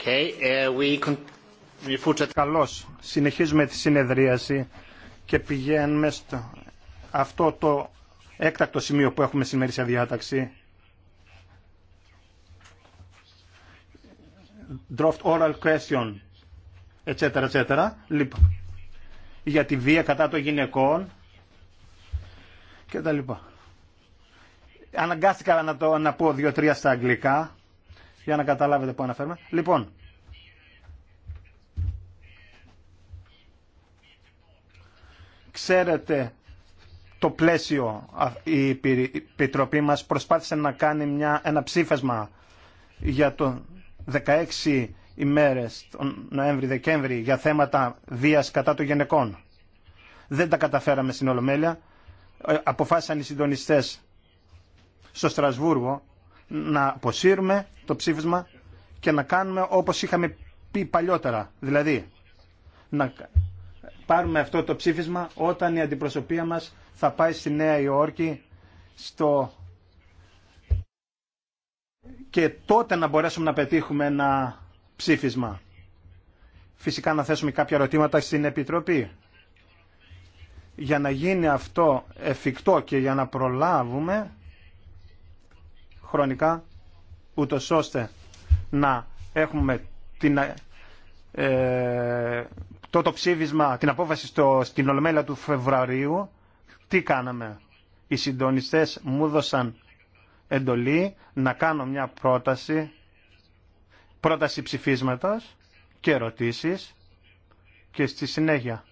Καλώ uh, Καλώς. Συνεχίζουμε τη συνεδρίαση και πηγαίνουμε στο αυτό το έκτακτο σημείο που έχουμε σήμερα σε διάταξη. Draft oral question, etc. etc. Λοιπόν, για τη βία κατά των γυναικών και τα λοιπά. Αναγκάστηκα να, το, να πω δύο-τρία στα αγγλικά για να καταλάβετε που αναφέρουμε. Λοιπόν, ξέρετε το πλαίσιο η Επιτροπή μας προσπάθησε να κάνει μια, ένα ψήφισμα για το 16 ημέρες τον Νοέμβρη-Δεκέμβρη για θέματα βίας κατά των γυναικών. Δεν τα καταφέραμε στην Ολομέλεια. Ε, αποφάσισαν οι συντονιστές στο Στρασβούργο να αποσύρουμε το ψήφισμα και να κάνουμε όπως είχαμε πει παλιότερα. Δηλαδή, να πάρουμε αυτό το ψήφισμα όταν η αντιπροσωπεία μας θα πάει στη Νέα Υόρκη στο... και τότε να μπορέσουμε να πετύχουμε ένα ψήφισμα. Φυσικά να θέσουμε κάποια ερωτήματα στην Επιτροπή. Για να γίνει αυτό εφικτό και για να προλάβουμε χρονικά ούτω ώστε να έχουμε την, ε, το, το ψήφισμα, την απόφαση στο, στην Ολομέλεια του Φεβρουαρίου. Τι κάναμε. Οι συντονιστές μου δώσαν εντολή να κάνω μια πρόταση, πρόταση ψηφίσματος και ερωτήσεις και στη συνέχεια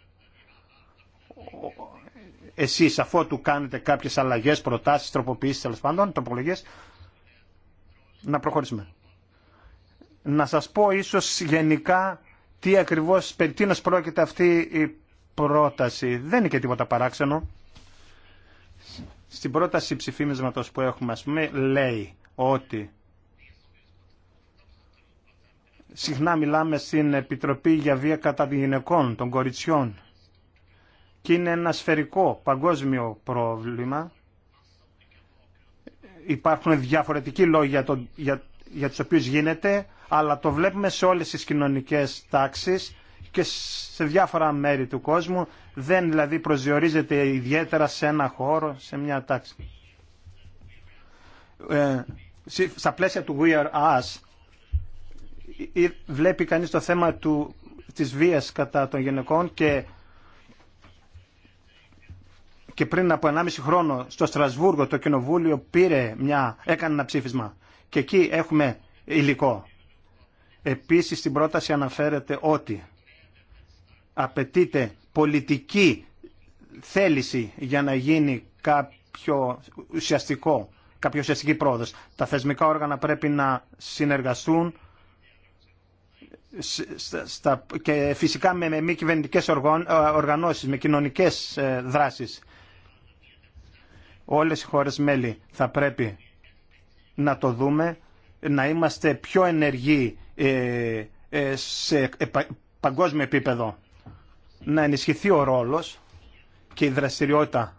εσείς αφού του κάνετε κάποιες αλλαγές, προτάσεις, τροποποιήσεις τέλο πάντων, τροπολογίες, να προχωρήσουμε. Να σας πω ίσως γενικά τι ακριβώς, περί πρόκειται αυτή η πρόταση. Δεν είναι και τίποτα παράξενο. Στην πρόταση ψηφίμισματος που έχουμε, ας πούμε, λέει ότι συχνά μιλάμε στην Επιτροπή για Βία κατά των γυναικών, των κοριτσιών και είναι ένα σφαιρικό παγκόσμιο πρόβλημα υπάρχουν διαφορετικοί λόγοι για, το, για, για τους οποίους γίνεται, αλλά το βλέπουμε σε όλες τις κοινωνικές τάξεις και σε διάφορα μέρη του κόσμου. Δεν δηλαδή προσδιορίζεται ιδιαίτερα σε ένα χώρο, σε μια τάξη. Ε, στα πλαίσια του We Are Us ε, ε, βλέπει κανείς το θέμα του, της βίας κατά των γυναικών και και πριν από 1,5 χρόνο στο Στρασβούργο το Κοινοβούλιο πήρε μια, έκανε ένα ψήφισμα και εκεί έχουμε υλικό. Επίσης στην πρόταση αναφέρεται ότι απαιτείται πολιτική θέληση για να γίνει κάποιο ουσιαστικό, κάποιο ουσιαστική πρόοδος. Τα θεσμικά όργανα πρέπει να συνεργαστούν και φυσικά με μη κυβερνητικέ ε, οργανώσεις, με κοινωνικές ε, δράσεις όλες οι χώρες μέλη θα πρέπει να το δούμε, να είμαστε πιο ενεργοί ε, ε, σε παγκόσμιο επίπεδο, να ενισχυθεί ο ρόλος και η δραστηριότητα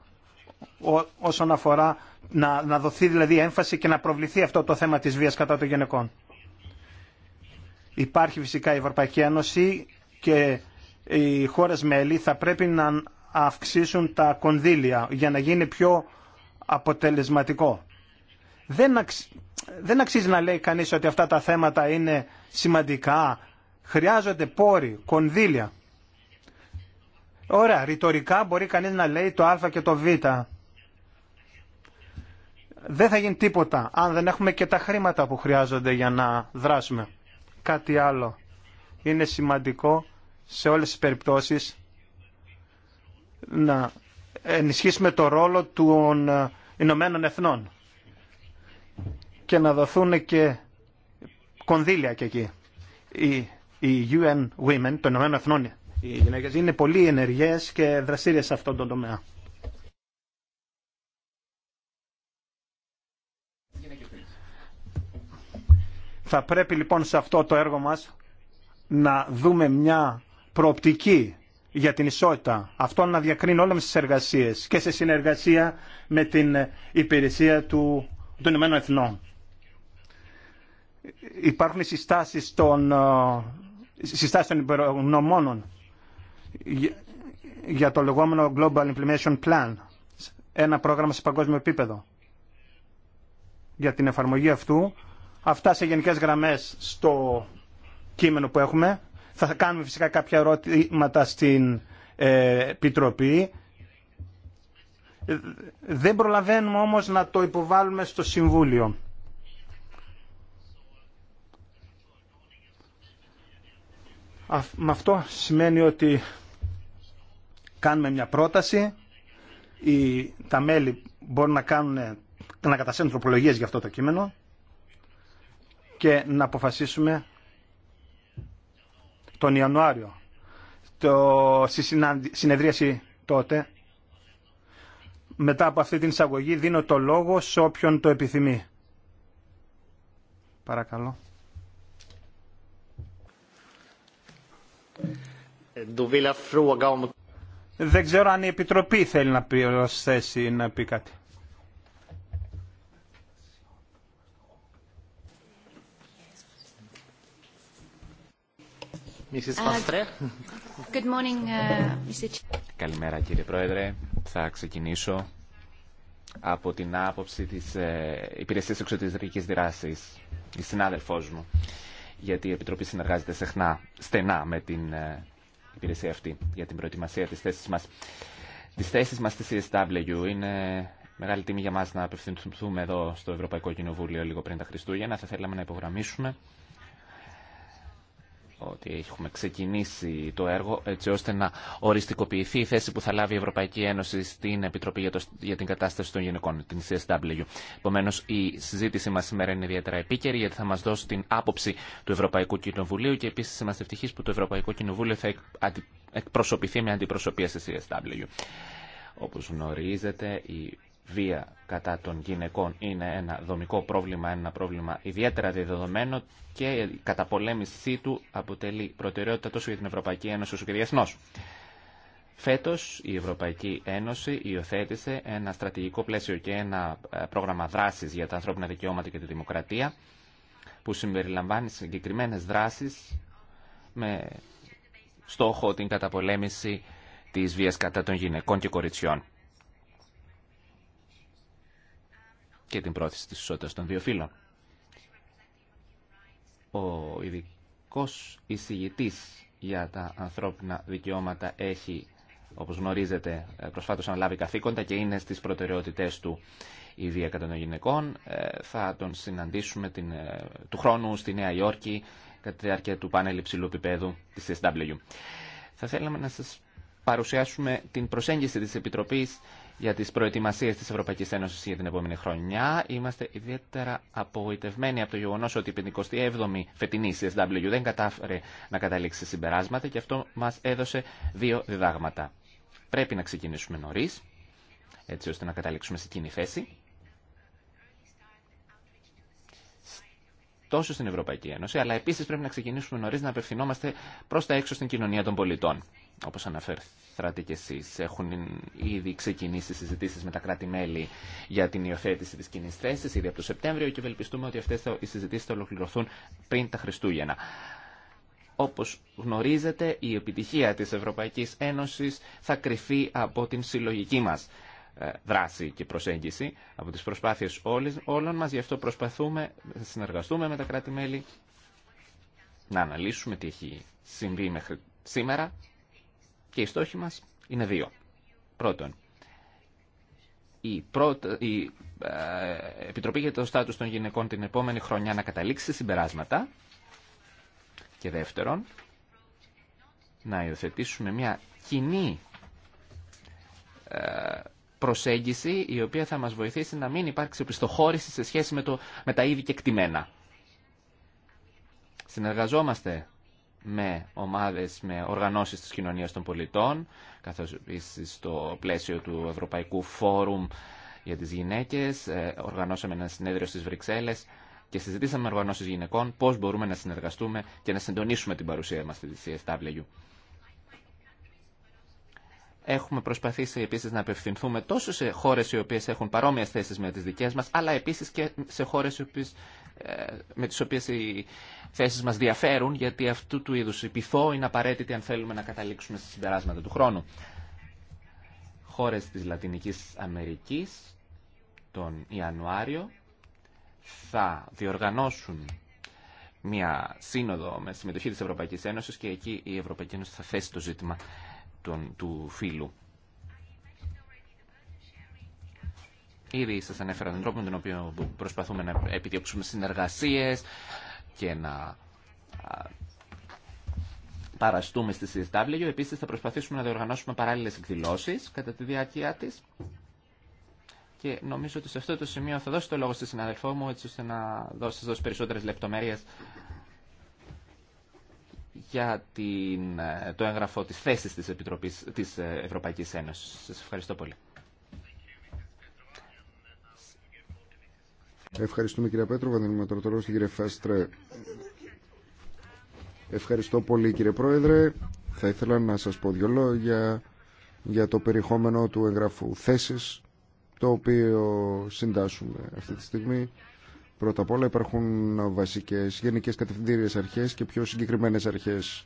όσον αφορά να, να δοθεί δηλαδή έμφαση και να προβληθεί αυτό το θέμα της βίας κατά των γυναικών. Υπάρχει φυσικά η Ευρωπαϊκή Ένωση και οι χώρες μέλη θα πρέπει να αυξήσουν τα κονδύλια για να γίνει πιο αποτελεσματικό. Δεν, δεν αξίζει να λέει κανείς ότι αυτά τα θέματα είναι σημαντικά, χρειάζονται πόροι, κονδύλια. Ωραία, ρητορικά μπορεί κανείς να λέει το α και το β. Δεν θα γίνει τίποτα αν δεν έχουμε και τα χρήματα που χρειάζονται για να δράσουμε. Κάτι άλλο είναι σημαντικό σε όλες τις περιπτώσεις να ενισχύσουμε το ρόλο των Ηνωμένων Εθνών και να δοθούν και κονδύλια και εκεί. Οι, οι UN Women το Ηνωμένων Εθνών οι γυναίκες είναι πολύ ενεργές και δραστήριες σε αυτόν τον τομέα. Θα πρέπει λοιπόν σε αυτό το έργο μας να δούμε μια προοπτική για την ισότητα. Αυτό να διακρίνει όλες τις εργασίες και σε συνεργασία με την υπηρεσία του, των Ηνωμένων Εθνών. Υπάρχουν συστάσεις των, ε, συστάσεις των υπερογνωμόνων για το λεγόμενο Global Implementation Plan, ένα πρόγραμμα σε παγκόσμιο επίπεδο. Για την εφαρμογή αυτού, αυτά σε γενικές γραμμές στο κείμενο που έχουμε. Θα κάνουμε φυσικά κάποια ερώτηματα στην ε, Επιτροπή. Δεν προλαβαίνουμε όμως να το υποβάλουμε στο Συμβούλιο. Με αυτό σημαίνει ότι κάνουμε μια πρόταση, η τα μέλη μπορούν να, κάνουν, να κατασένουν τροπολογίες για αυτό το κείμενο και να αποφασίσουμε τον Ιανουάριο το, στη συνεδρίαση τότε μετά από αυτή την εισαγωγή δίνω το λόγο σε όποιον το επιθυμεί. Παρακαλώ. Δεν ξέρω αν η Επιτροπή θέλει να πει, θέσει, να πει κάτι. Uh, Καλημέρα κύριε Πρόεδρε. Θα ξεκινήσω από την άποψη της ε, Υπηρεσίας Εξωτερικής Δράσης, η συνάδελφός μου, γιατί η Επιτροπή συνεργάζεται συχνά, στενά με την ε, υπηρεσία αυτή για την προετοιμασία της θέσης μας. Της θέσης μας της CSW είναι μεγάλη τιμή για μας να απευθυνθούμε εδώ στο Ευρωπαϊκό Κοινοβούλιο λίγο πριν τα Χριστούγεννα. Θα θέλαμε να υπογραμμίσουμε ότι έχουμε ξεκινήσει το έργο έτσι ώστε να οριστικοποιηθεί η θέση που θα λάβει η Ευρωπαϊκή Ένωση στην Επιτροπή για, το, για την Κατάσταση των Γυναικών, την CSW. Επομένω, η συζήτηση μα σήμερα είναι ιδιαίτερα επίκαιρη γιατί θα μα δώσει την άποψη του Ευρωπαϊκού Κοινοβουλίου και επίση είμαστε ευτυχεί που το Ευρωπαϊκό Κοινοβούλιο θα εκπροσωπηθεί με αντιπροσωπεία στη CSW. Όπω γνωρίζετε, η βία κατά των γυναικών είναι ένα δομικό πρόβλημα, ένα πρόβλημα ιδιαίτερα δεδομένο και η καταπολέμησή του αποτελεί προτεραιότητα τόσο για την Ευρωπαϊκή Ένωση όσο και διεθνώ. Φέτος η Ευρωπαϊκή Ένωση υιοθέτησε ένα στρατηγικό πλαίσιο και ένα ε, πρόγραμμα δράση για τα ανθρώπινα δικαιώματα και τη δημοκρατία που συμπεριλαμβάνει συγκεκριμένε δράσει με στόχο την καταπολέμηση της βίας κατά των γυναικών και κοριτσιών. και την πρόθεση της ισότητας των δύο φύλων. Ο ειδικό εισηγητής για τα ανθρώπινα δικαιώματα έχει, όπως γνωρίζετε, προσφάτως αναλάβει καθήκοντα και είναι στις προτεραιότητές του η βία κατά των γυναικών. Ε, θα τον συναντήσουμε την, ε, του χρόνου στη Νέα Υόρκη κατά τη διάρκεια του πάνελ υψηλού επίπεδου της SW. Θα θέλαμε να σας παρουσιάσουμε την προσέγγιση της Επιτροπής για τις προετοιμασίες της Ευρωπαϊκής Ένωσης για την επόμενη χρονιά. Είμαστε ιδιαίτερα απογοητευμένοι από το γεγονός ότι η 57η φετινή CSW δεν κατάφερε να καταλήξει συμπεράσματα και αυτό μας έδωσε δύο διδάγματα. Πρέπει να ξεκινήσουμε νωρί, έτσι ώστε να καταλήξουμε σε κοινή θέση. τόσο στην Ευρωπαϊκή Ένωση, αλλά επίση πρέπει να ξεκινήσουμε νωρί να απευθυνόμαστε προ τα έξω στην κοινωνία των πολιτών. Όπω αναφέρατε κι εσεί, έχουν ήδη ξεκινήσει συζητήσει με τα κράτη-μέλη για την υιοθέτηση τη κοινή θέση, ήδη από το Σεπτέμβριο, και ευελπιστούμε ότι αυτέ οι συζητήσει θα ολοκληρωθούν πριν τα Χριστούγεννα. Όπω γνωρίζετε, η επιτυχία τη Ευρωπαϊκή Ένωση θα κρυφεί από την συλλογική μα ε, δράση και προσέγγιση από τις προσπάθειες όλων μας. Γι' αυτό προσπαθούμε να συνεργαστούμε με τα κράτη-μέλη, να αναλύσουμε τι έχει συμβεί μέχρι σήμερα και οι στόχοι μας είναι δύο. Πρώτον, η, η ε, Επιτροπή για το Στάτους των Γυναικών την επόμενη χρονιά να καταλήξει συμπεράσματα και δεύτερον, να υιοθετήσουμε μια κοινή ε, προσέγγιση η οποία θα μας βοηθήσει να μην υπάρξει οπισθοχώρηση σε σχέση με, το, με τα ήδη κεκτημένα. Συνεργαζόμαστε με ομάδες, με οργανώσεις της κοινωνίας των πολιτών, καθώς επίσης στο πλαίσιο του Ευρωπαϊκού Φόρουμ για τις Γυναίκες, ε, οργανώσαμε ένα συνέδριο στις Βρυξέλλες και συζητήσαμε με οργανώσεις γυναικών πώς μπορούμε να συνεργαστούμε και να συντονίσουμε την παρουσία μας στη CSW. Έχουμε προσπαθήσει επίσης να απευθυνθούμε τόσο σε χώρες οι οποίες έχουν παρόμοιες θέσεις με τις δικές μας, αλλά επίσης και σε χώρες ε, με τις οποίες οι θέσεις μας διαφέρουν, γιατί αυτού του είδους η πυθό είναι απαραίτητη αν θέλουμε να καταλήξουμε στα συμπεράσματα του χρόνου. Χώρες της Λατινικής Αμερικής τον Ιανουάριο θα διοργανώσουν μια σύνοδο με συμμετοχή της Ευρωπαϊκής Ένωσης και εκεί η Ευρωπαϊκή Ένωση θα θέσει το ζήτημα του φίλου. Ήδη σα ανέφερα τον τρόπο με τον οποίο προσπαθούμε να επιδιώξουμε συνεργασίες και να παραστούμε στη CSW. Επίση θα προσπαθήσουμε να διοργανώσουμε παράλληλε εκδηλώσεις κατά τη διάρκεια της. Και νομίζω ότι σε αυτό το σημείο θα δώσω το λόγο στη συναδελφό μου έτσι ώστε να δώσει, δώσει περισσότερες λεπτομέρειες για την, ε, το έγγραφο της θέσης της, Επιτροπής, της ε, Ευρωπαϊκής Ένωσης. Σας ευχαριστώ πολύ. Ευχαριστούμε κύριε Πέτρο. Βαδίνουμε τώρα το λόγο στην κύριε Φέστρε. Ευχαριστώ πολύ κύριε Πρόεδρε. Θα ήθελα να σας πω δυο λόγια για το περιεχόμενο του εγγραφού θέσης το οποίο συντάσσουμε αυτή τη στιγμή. Πρώτα απ' όλα υπάρχουν βασικές γενικές κατευθυντήριες αρχές και πιο συγκεκριμένες αρχές.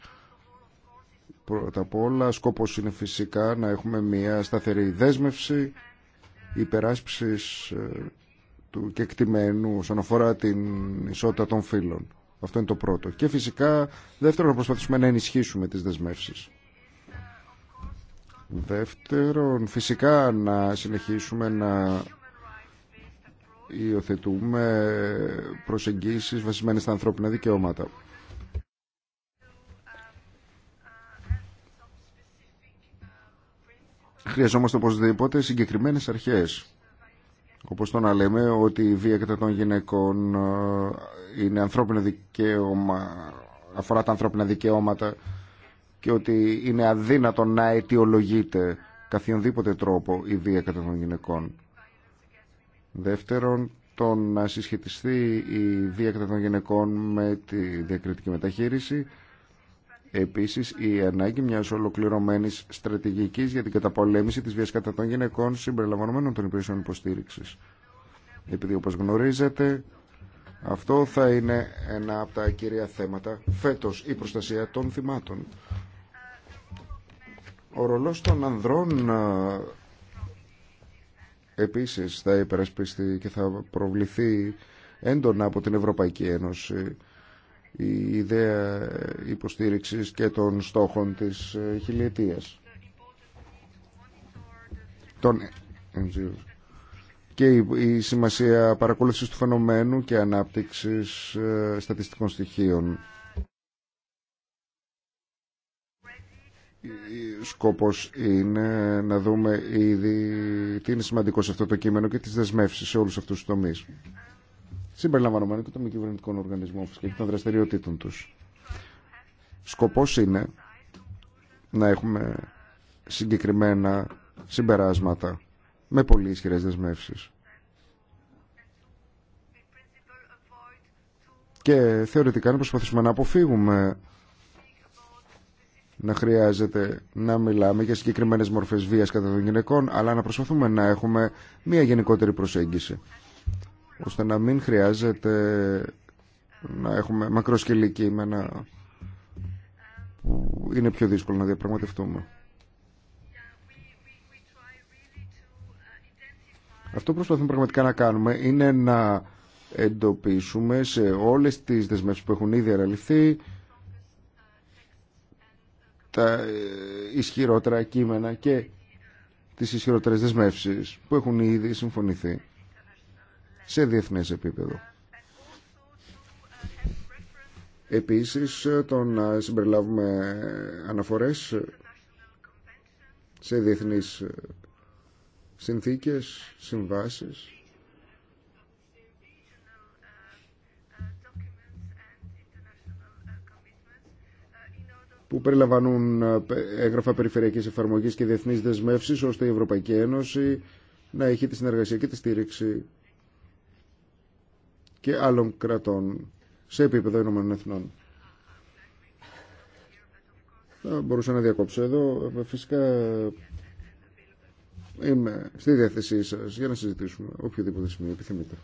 Πρώτα απ' όλα σκόπος είναι φυσικά να έχουμε μια σταθερή δέσμευση υπεράσπισης ε, του κεκτημένου όσον αφορά την ισότητα των φύλων. Αυτό είναι το πρώτο. Και φυσικά δεύτερον να προσπαθήσουμε να ενισχύσουμε τις δεσμεύσεις. Δεύτερον, φυσικά να συνεχίσουμε να υιοθετούμε προσεγγίσεις βασισμένες στα ανθρώπινα δικαιώματα. Χρειαζόμαστε οπωσδήποτε συγκεκριμένες αρχές. Όπως το να λέμε ότι η βία κατά των γυναικών ε, είναι ανθρώπινο δικαίωμα, αφορά τα ανθρώπινα δικαιώματα και ότι είναι αδύνατο να αιτιολογείται καθιονδήποτε τρόπο η βία κατά των γυναικών. Δεύτερον, το να συσχετιστεί η βία των γυναικών με τη διακριτική μεταχείριση. Επίσης, η ανάγκη μιας ολοκληρωμένης στρατηγικής για την καταπολέμηση της βίας κατά των γυναικών συμπεριλαμβανομένων των υπηρεσιών υποστήριξης. Επειδή, όπως γνωρίζετε, αυτό θα είναι ένα από τα κυρία θέματα φέτος, η προστασία των θυμάτων. Ο ρολός των ανδρών Επίσης θα υπερασπιστεί και θα προβληθεί έντονα από την Ευρωπαϊκή Ένωση η ιδέα υποστήριξης και των στόχων της ε, χιλιετίας. Των και η σημασία παρακολούθησης του φαινομένου και ανάπτυξης ε, στατιστικών στοιχείων. σκόπος είναι να δούμε ήδη τι είναι σημαντικό σε αυτό το κείμενο και τις δεσμεύσεις σε όλους αυτούς τους τομείς. Συμπεριλαμβανομένου και των μη κυβερνητικών οργανισμών και των δραστηριοτήτων τους. Σκοπός είναι να έχουμε συγκεκριμένα συμπεράσματα με πολύ ισχυρέ δεσμεύσει. Και θεωρητικά να προσπαθήσουμε να αποφύγουμε να χρειάζεται να μιλάμε για συγκεκριμένες μορφές βίας κατά των γυναικών, αλλά να προσπαθούμε να έχουμε μια γενικότερη προσέγγιση, ώστε να μην χρειάζεται να έχουμε μακροσκελή κείμενα που είναι πιο δύσκολο να διαπραγματευτούμε. Αυτό που προσπαθούμε πραγματικά να κάνουμε είναι να εντοπίσουμε σε όλες τις δεσμεύσεις που έχουν ήδη τα ε, ισχυρότερα κείμενα και τις ισχυρότερες δεσμεύσεις που έχουν ήδη συμφωνηθεί σε διεθνές επίπεδο. Επίσης, το να συμπεριλάβουμε αναφορές σε διεθνείς συνθήκες, συμβάσεις που περιλαμβάνουν έγγραφα περιφερειακής εφαρμογής και διεθνείς δεσμεύσεις ώστε η Ευρωπαϊκή Ένωση να έχει τη συνεργασία και τη στήριξη και άλλων κρατών σε επίπεδο Ηνωμένων Εθνών. Θα μπορούσα να διακόψω εδώ. Φυσικά είμαι στη διάθεσή σας για να συζητήσουμε οποιοδήποτε σημείο επιθυμείτε.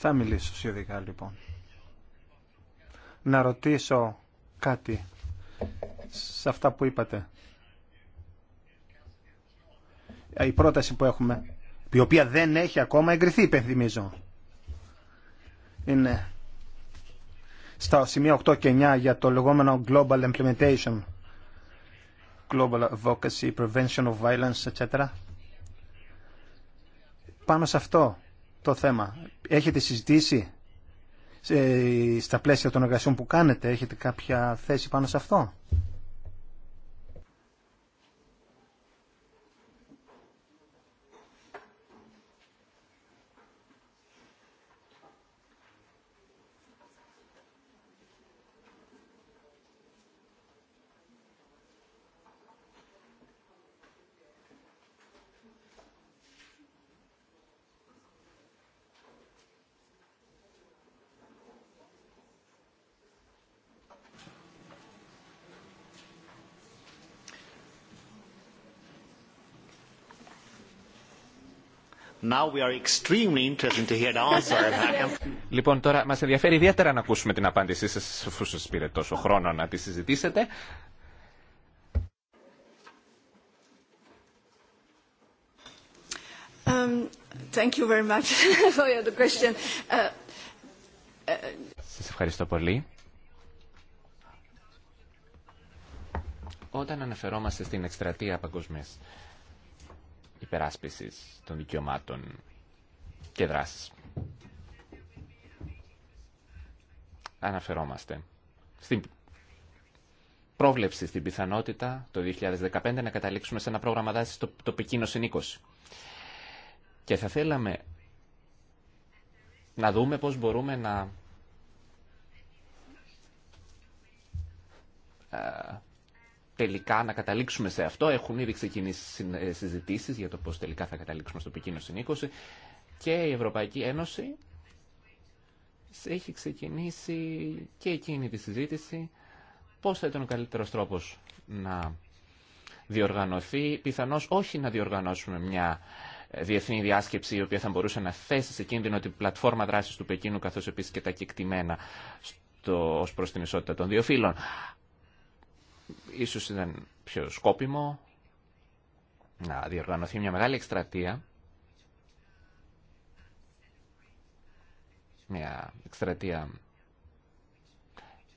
Θα μιλήσω σιωδικά, λοιπόν. Να ρωτήσω κάτι σε αυτά που είπατε. Η πρόταση που έχουμε, η οποία δεν έχει ακόμα εγκριθεί, υπενθυμίζω. Είναι στα σημεία 8 και 9 για το λεγόμενο Global Implementation, Global Advocacy, Prevention of Violence, etc. Πάνω σε αυτό το θέμα. Έχετε συζητήσει ε, στα πλαίσια των εργασιών που κάνετε, έχετε κάποια θέση πάνω σε αυτό. Λοιπόν, τώρα μας ενδιαφέρει ιδιαίτερα να ακούσουμε την απάντησή σας, αφού σας πήρε τόσο χρόνο να τη συζητήσετε. Um, Σας ευχαριστώ πολύ. Όταν αναφερόμαστε στην εκστρατεία παγκοσμίας υπεράσπισης των δικαιωμάτων και δράσης. Αναφερόμαστε στην πρόβλεψη, στην πιθανότητα το 2015 να καταλήξουμε σε ένα πρόγραμμα δάση στο το Πεκίνο συν Και θα θέλαμε να δούμε πώς μπορούμε να ε, τελικά να καταλήξουμε σε αυτό. Έχουν ήδη ξεκινήσει ε, συζητήσει για το πώ τελικά θα καταλήξουμε στο Πεκίνο συνήκωση και η Ευρωπαϊκή Ένωση έχει ξεκινήσει και εκείνη τη συζήτηση πώ θα ήταν ο καλύτερο τρόπο να διοργανωθεί, Πιθανώ όχι να διοργανώσουμε μια ε, διεθνή διάσκεψη η οποία θα μπορούσε να θέσει σε κίνδυνο την πλατφόρμα δράση του Πεκίνου καθώ επίση και τα κεκτημένα ω προ την ισότητα των δύο φύλων ίσως ήταν πιο σκόπιμο να διοργανωθεί μια μεγάλη εκστρατεία μια εκστρατεία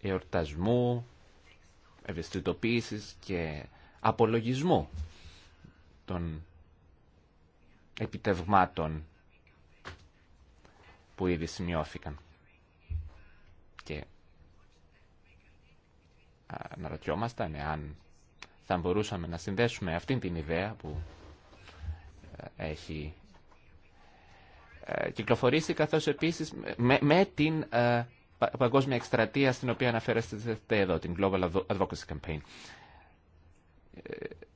εορτασμού, ευαισθητοποίησης και απολογισμού των επιτευγμάτων που ήδη σημειώθηκαν. αναρωτιόμασταν εάν θα μπορούσαμε να συνδέσουμε αυτήν την ιδέα που ε, έχει ε, κυκλοφορήσει καθώς επίσης με, την ε, παγκόσμια εκστρατεία στην οποία αναφέρεστε εδώ, την Global Advocacy Campaign.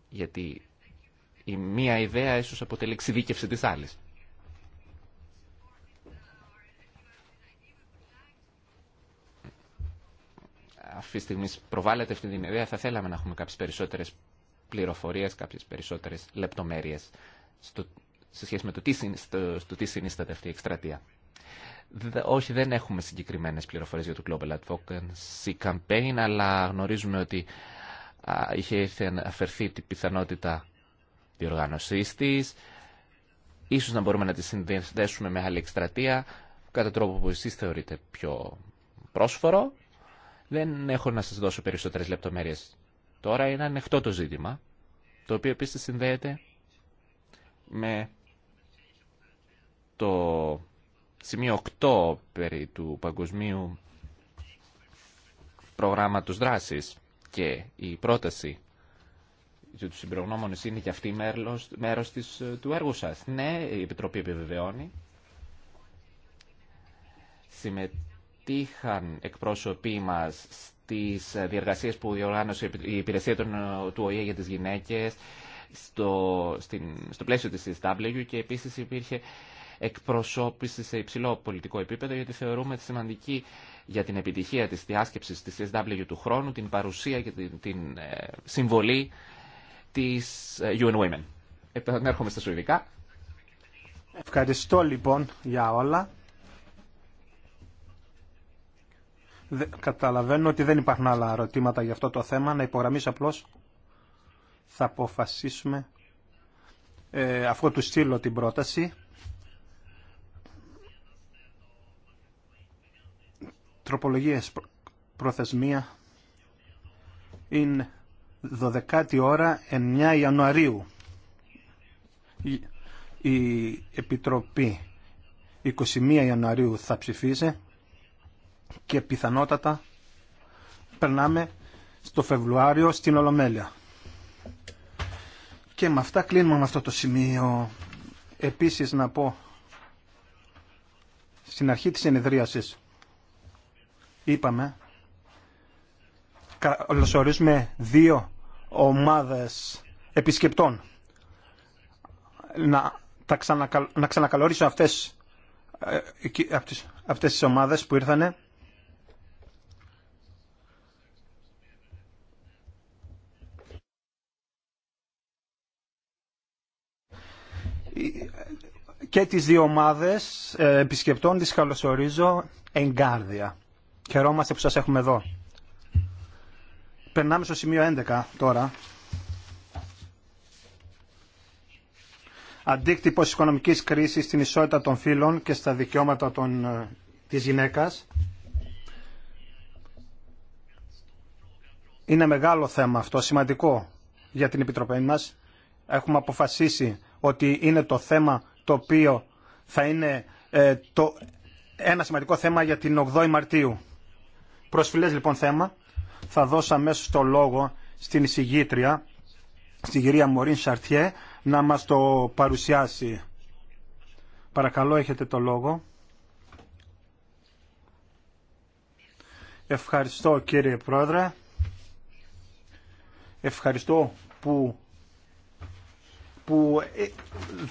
γιατί η μία ιδέα ίσως αποτελεί εξειδίκευση της άλλης. αυτή τη στιγμή προβάλλεται αυτή την ιδέα, θα θέλαμε να έχουμε κάποιε περισσότερε πληροφορίε, κάποιε περισσότερε λεπτομέρειε σε σχέση με το τι, στο, στο τι συνίσταται αυτή η εκστρατεία. Όχι, δεν έχουμε συγκεκριμένε πληροφορίε για το Global Advocacy Campaign, αλλά γνωρίζουμε ότι α, είχε αφαιρθεί την πιθανότητα διοργάνωσή τη, ίσως να μπορούμε να τη συνδέσουμε με άλλη εκστρατεία, κατά τρόπο που εσείς θεωρείτε πιο πρόσφορο δεν έχω να σας δώσω περισσότερες λεπτομέρειες. Τώρα είναι ανοιχτό το ζήτημα, το οποίο επίσης συνδέεται με το σημείο 8 περί του παγκοσμίου προγράμματος δράσης και η πρόταση για του συμπρογνώμονες είναι και αυτή μέρος, μέρος της, ε, του έργου σας. Ναι, η Επιτροπή επιβεβαιώνει. Συμμετέχει συμμετείχαν εκπρόσωποι μας στις διεργασίες που διοργάνωσε η υπηρεσία του ΟΗΕ για τις γυναίκες στο, στο πλαίσιο της CSW και επίσης υπήρχε εκπροσώπηση σε υψηλό πολιτικό επίπεδο γιατί θεωρούμε σημαντική για την επιτυχία της διάσκεψης της CSW του χρόνου την παρουσία και την, την ε, συμβολή της ε, UN Women. Επανέρχομαι στα Σουηδικά. Ευχαριστώ λοιπόν για όλα. Καταλαβαίνω ότι δεν υπάρχουν άλλα ερωτήματα για αυτό το θέμα. Να υπογραμμίσω απλώς θα αποφασίσουμε ε, αφού του στείλω την πρόταση τροπολογίες προθεσμία είναι 12η ώρα 9 Ιανουαρίου η Επιτροπή 21 Ιανουαρίου θα ψηφίζει και πιθανότατα περνάμε στο Φεβρουάριο στην Ολομέλεια. Και με αυτά κλείνουμε με αυτό το σημείο. Επίσης να πω στην αρχή της ενεδρίασης είπαμε καλωσορίζουμε δύο ομάδες επισκεπτών. Να, τα να ξανακαλωρίσω αυτές, ε, αυτές, αυτές τις ομάδες που ήρθανε και τις δύο ομάδες ε, επισκεπτών τις καλωσορίζω εγκάρδια. Χαιρόμαστε που σας έχουμε εδώ. Περνάμε στο σημείο 11 τώρα. Αντίκτυπος οικονομικής κρίσης στην ισότητα των φύλων και στα δικαιώματα των, ε, της γυναίκας. Είναι μεγάλο θέμα αυτό, σημαντικό για την Επιτροπή μας. Έχουμε αποφασίσει ότι είναι το θέμα το οποίο θα είναι ε, το, ένα σημαντικό θέμα για την 8η Μαρτίου. Προσφυλές λοιπόν θέμα. Θα δώσω αμέσω το λόγο στην εισηγήτρια, στην κυρία Μωρίν Σαρτιέ, να μας το παρουσιάσει. Παρακαλώ, έχετε το λόγο. Ευχαριστώ κύριε Πρόεδρε. Ευχαριστώ που που ε,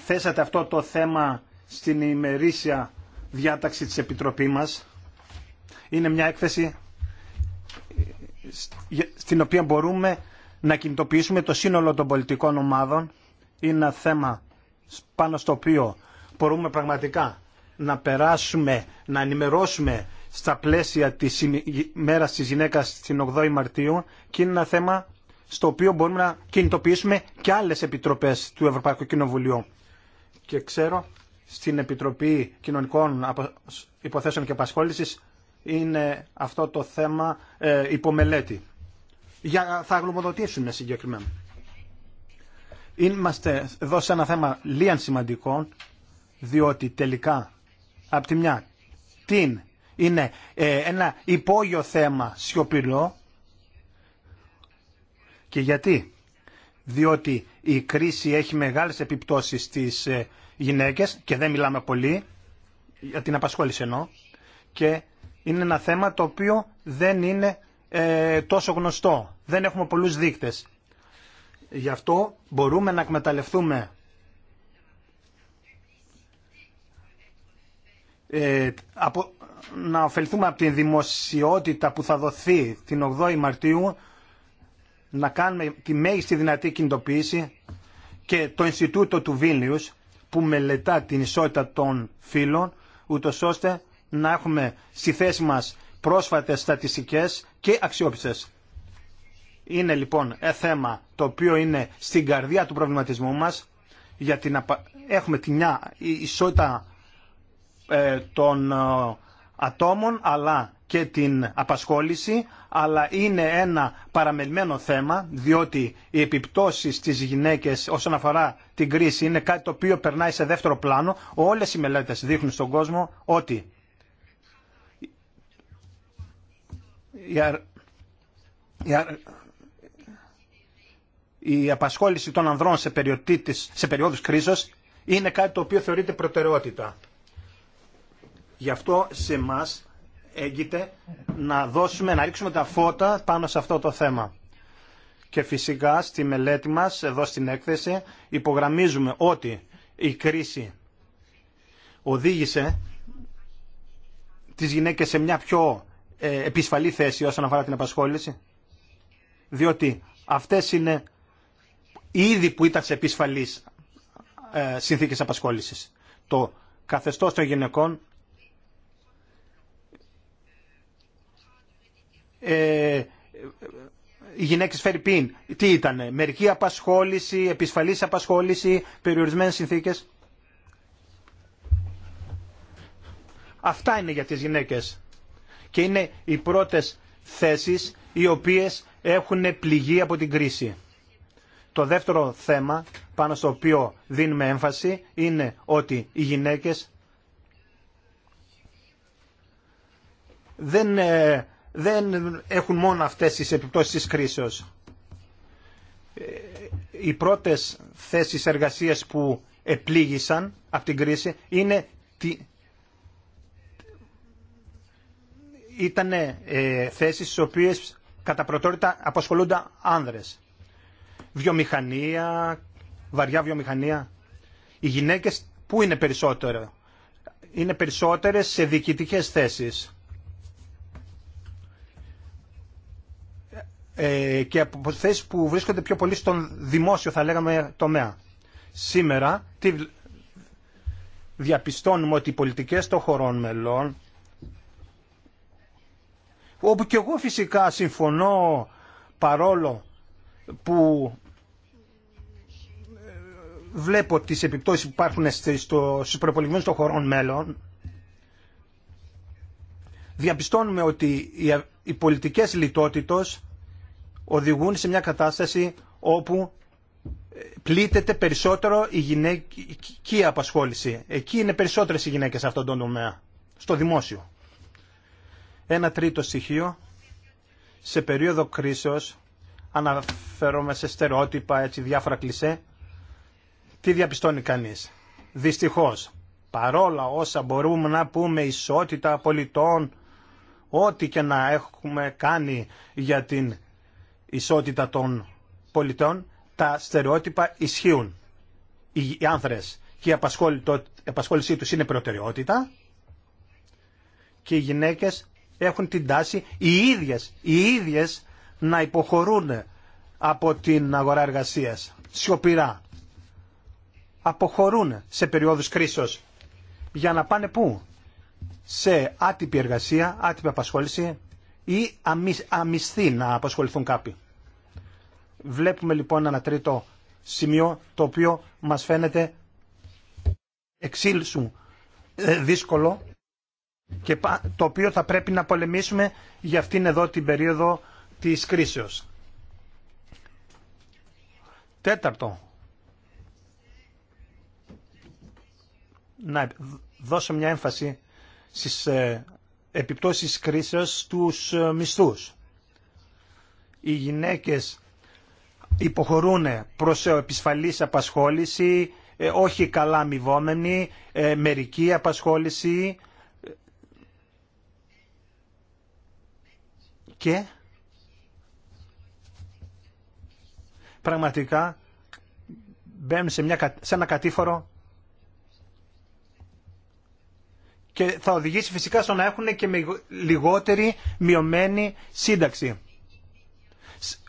θέσατε αυτό το θέμα στην ημερήσια διάταξη της επιτροπής μας. Είναι μια έκθεση ε, στην οποία μπορούμε να κινητοποιήσουμε το σύνολο των πολιτικών ομάδων. Είναι ένα θέμα πάνω στο οποίο μπορούμε πραγματικά να περάσουμε, να ενημερώσουμε στα πλαίσια της ημέρας της γυναίκας την 8η Μαρτίου και είναι ένα θέμα στο οποίο μπορούμε να κινητοποιήσουμε και άλλες επιτροπές του Ευρωπαϊκού Κοινοβουλίου. Και ξέρω, στην Επιτροπή Κοινωνικών Υποθέσεων και Απασχόλησης είναι αυτό το θέμα ε, υπομελέτη. Για, θα γλωμοδοτήσουμε συγκεκριμένα. Είμαστε εδώ σε ένα θέμα λίαν σημαντικό, διότι τελικά, από τη μια, την είναι ε, ένα υπόγειο θέμα σιωπηλό, και γιατί. Διότι η κρίση έχει μεγάλες επιπτώσεις στις ε, γυναίκες και δεν μιλάμε πολύ, για την απασχόληση εννοώ, και είναι ένα θέμα το οποίο δεν είναι ε, τόσο γνωστό. Δεν έχουμε πολλούς δείκτες. Γι' αυτό μπορούμε να εκμεταλλευτούμε ε, από, να ωφελθούμε από την δημοσιότητα που θα δοθεί την 8η Μαρτίου να κάνουμε τη μέγιστη δυνατή κινητοποίηση και το Ινστιτούτο του Βίλνιους που μελετά την ισότητα των φύλων ούτω ώστε να έχουμε στη θέση μας πρόσφατες στατιστικές και αξιόπιστες. Είναι λοιπόν ε, θέμα το οποίο είναι στην καρδιά του προβληματισμού μας γιατί την έχουμε την μια ισότητα ε, των ε, ατόμων αλλά και την απασχόληση, αλλά είναι ένα παραμελημένο θέμα, διότι οι επιπτώσεις στις γυναίκες όσον αφορά την κρίση είναι κάτι το οποίο περνάει σε δεύτερο πλάνο. Όλες οι μελέτες δείχνουν στον κόσμο ότι η απασχόληση των ανδρών σε, σε περιόδους κρίσεως είναι κάτι το οποίο θεωρείται προτεραιότητα. Γι' αυτό σε εμά έγκυται να δώσουμε, να ρίξουμε τα φώτα πάνω σε αυτό το θέμα. Και φυσικά στη μελέτη μας, εδώ στην έκθεση, υπογραμμίζουμε ότι η κρίση οδήγησε τις γυναίκες σε μια πιο ε, επισφαλή θέση όσον αφορά την απασχόληση. Διότι αυτές είναι ήδη που ήταν σε επισφαλείς ε, συνθήκες απασχόλησης. Το καθεστώς των γυναικών ε, οι φέρει πίν. τι ήταν, μερική απασχόληση, επισφαλής απασχόληση, περιορισμένε συνθήκε. Αυτά είναι για τις γυναίκες. Και είναι οι πρώτες θέσεις οι οποίες έχουν πληγεί από την κρίση. Το δεύτερο θέμα πάνω στο οποίο δίνουμε έμφαση είναι ότι οι γυναίκες δεν ε, δεν έχουν μόνο αυτές τις επιπτώσεις της κρίσεως. Ε, οι πρώτες θέσεις εργασίας που επλήγησαν από την κρίση είναι τη... ήταν ε, θέσεις στις οποίες κατά πρωτόρυτα αποσχολούνται άνδρες. Βιομηχανία, βαριά βιομηχανία. Οι γυναίκες πού είναι περισσότερο. Είναι περισσότερες σε διοικητικές θέσεις Ε, και από θέσει που βρίσκονται πιο πολύ στον δημόσιο, θα λέγαμε, τομέα. Σήμερα διαπιστώνουμε ότι οι πολιτικές των χωρών μελών, όπου και εγώ φυσικά συμφωνώ παρόλο που ε, βλέπω τις επιπτώσεις που υπάρχουν στους προπολογισμούς των χωρών μέλων, διαπιστώνουμε ότι οι πολιτικές λιτότητος οδηγούν σε μια κατάσταση όπου ε, πλήττεται περισσότερο η γυναική απασχόληση. Εκεί είναι περισσότερες οι γυναίκες σε αυτόν τον τομέα, στο δημόσιο. Ένα τρίτο στοιχείο, σε περίοδο κρίσεως, αναφέρομαι σε στερεότυπα, έτσι, διάφορα κλισέ, τι διαπιστώνει κανείς. Δυστυχώς, παρόλα όσα μπορούμε να πούμε ισότητα πολιτών, ό,τι και να έχουμε κάνει για την ισότητα των πολιτών, τα στερεότυπα ισχύουν. Οι άνθρες και η απασχόλησή τους είναι προτεραιότητα και οι γυναίκες έχουν την τάση οι ίδιες, οι ίδιες να υποχωρούν από την αγορά εργασίας, σιωπηρά. Αποχωρούν σε περιόδους κρίσεως για να πάνε πού? Σε άτυπη εργασία, άτυπη απασχόληση, ή αμυσθεί να απασχοληθούν κάποιοι. Βλέπουμε λοιπόν ένα τρίτο σημείο το οποίο μας φαίνεται εξήλσου ε, δύσκολο και το οποίο θα πρέπει να πολεμήσουμε για αυτήν εδώ την περίοδο της κρίσεως. Τέταρτο. Να δώσω μια έμφαση στις ε, επιπτώσεις κρίσεως στους ε, μισθούς. Οι γυναίκες υποχωρούν προς ε, επισφαλής απασχόληση, ε, όχι καλά αμοιβόμενη, μερική απασχόληση και πραγματικά μπαίνουν σε, μια, σε ένα κατήφορο και θα οδηγήσει φυσικά στο να έχουν και λιγότερη μειωμένη σύνταξη.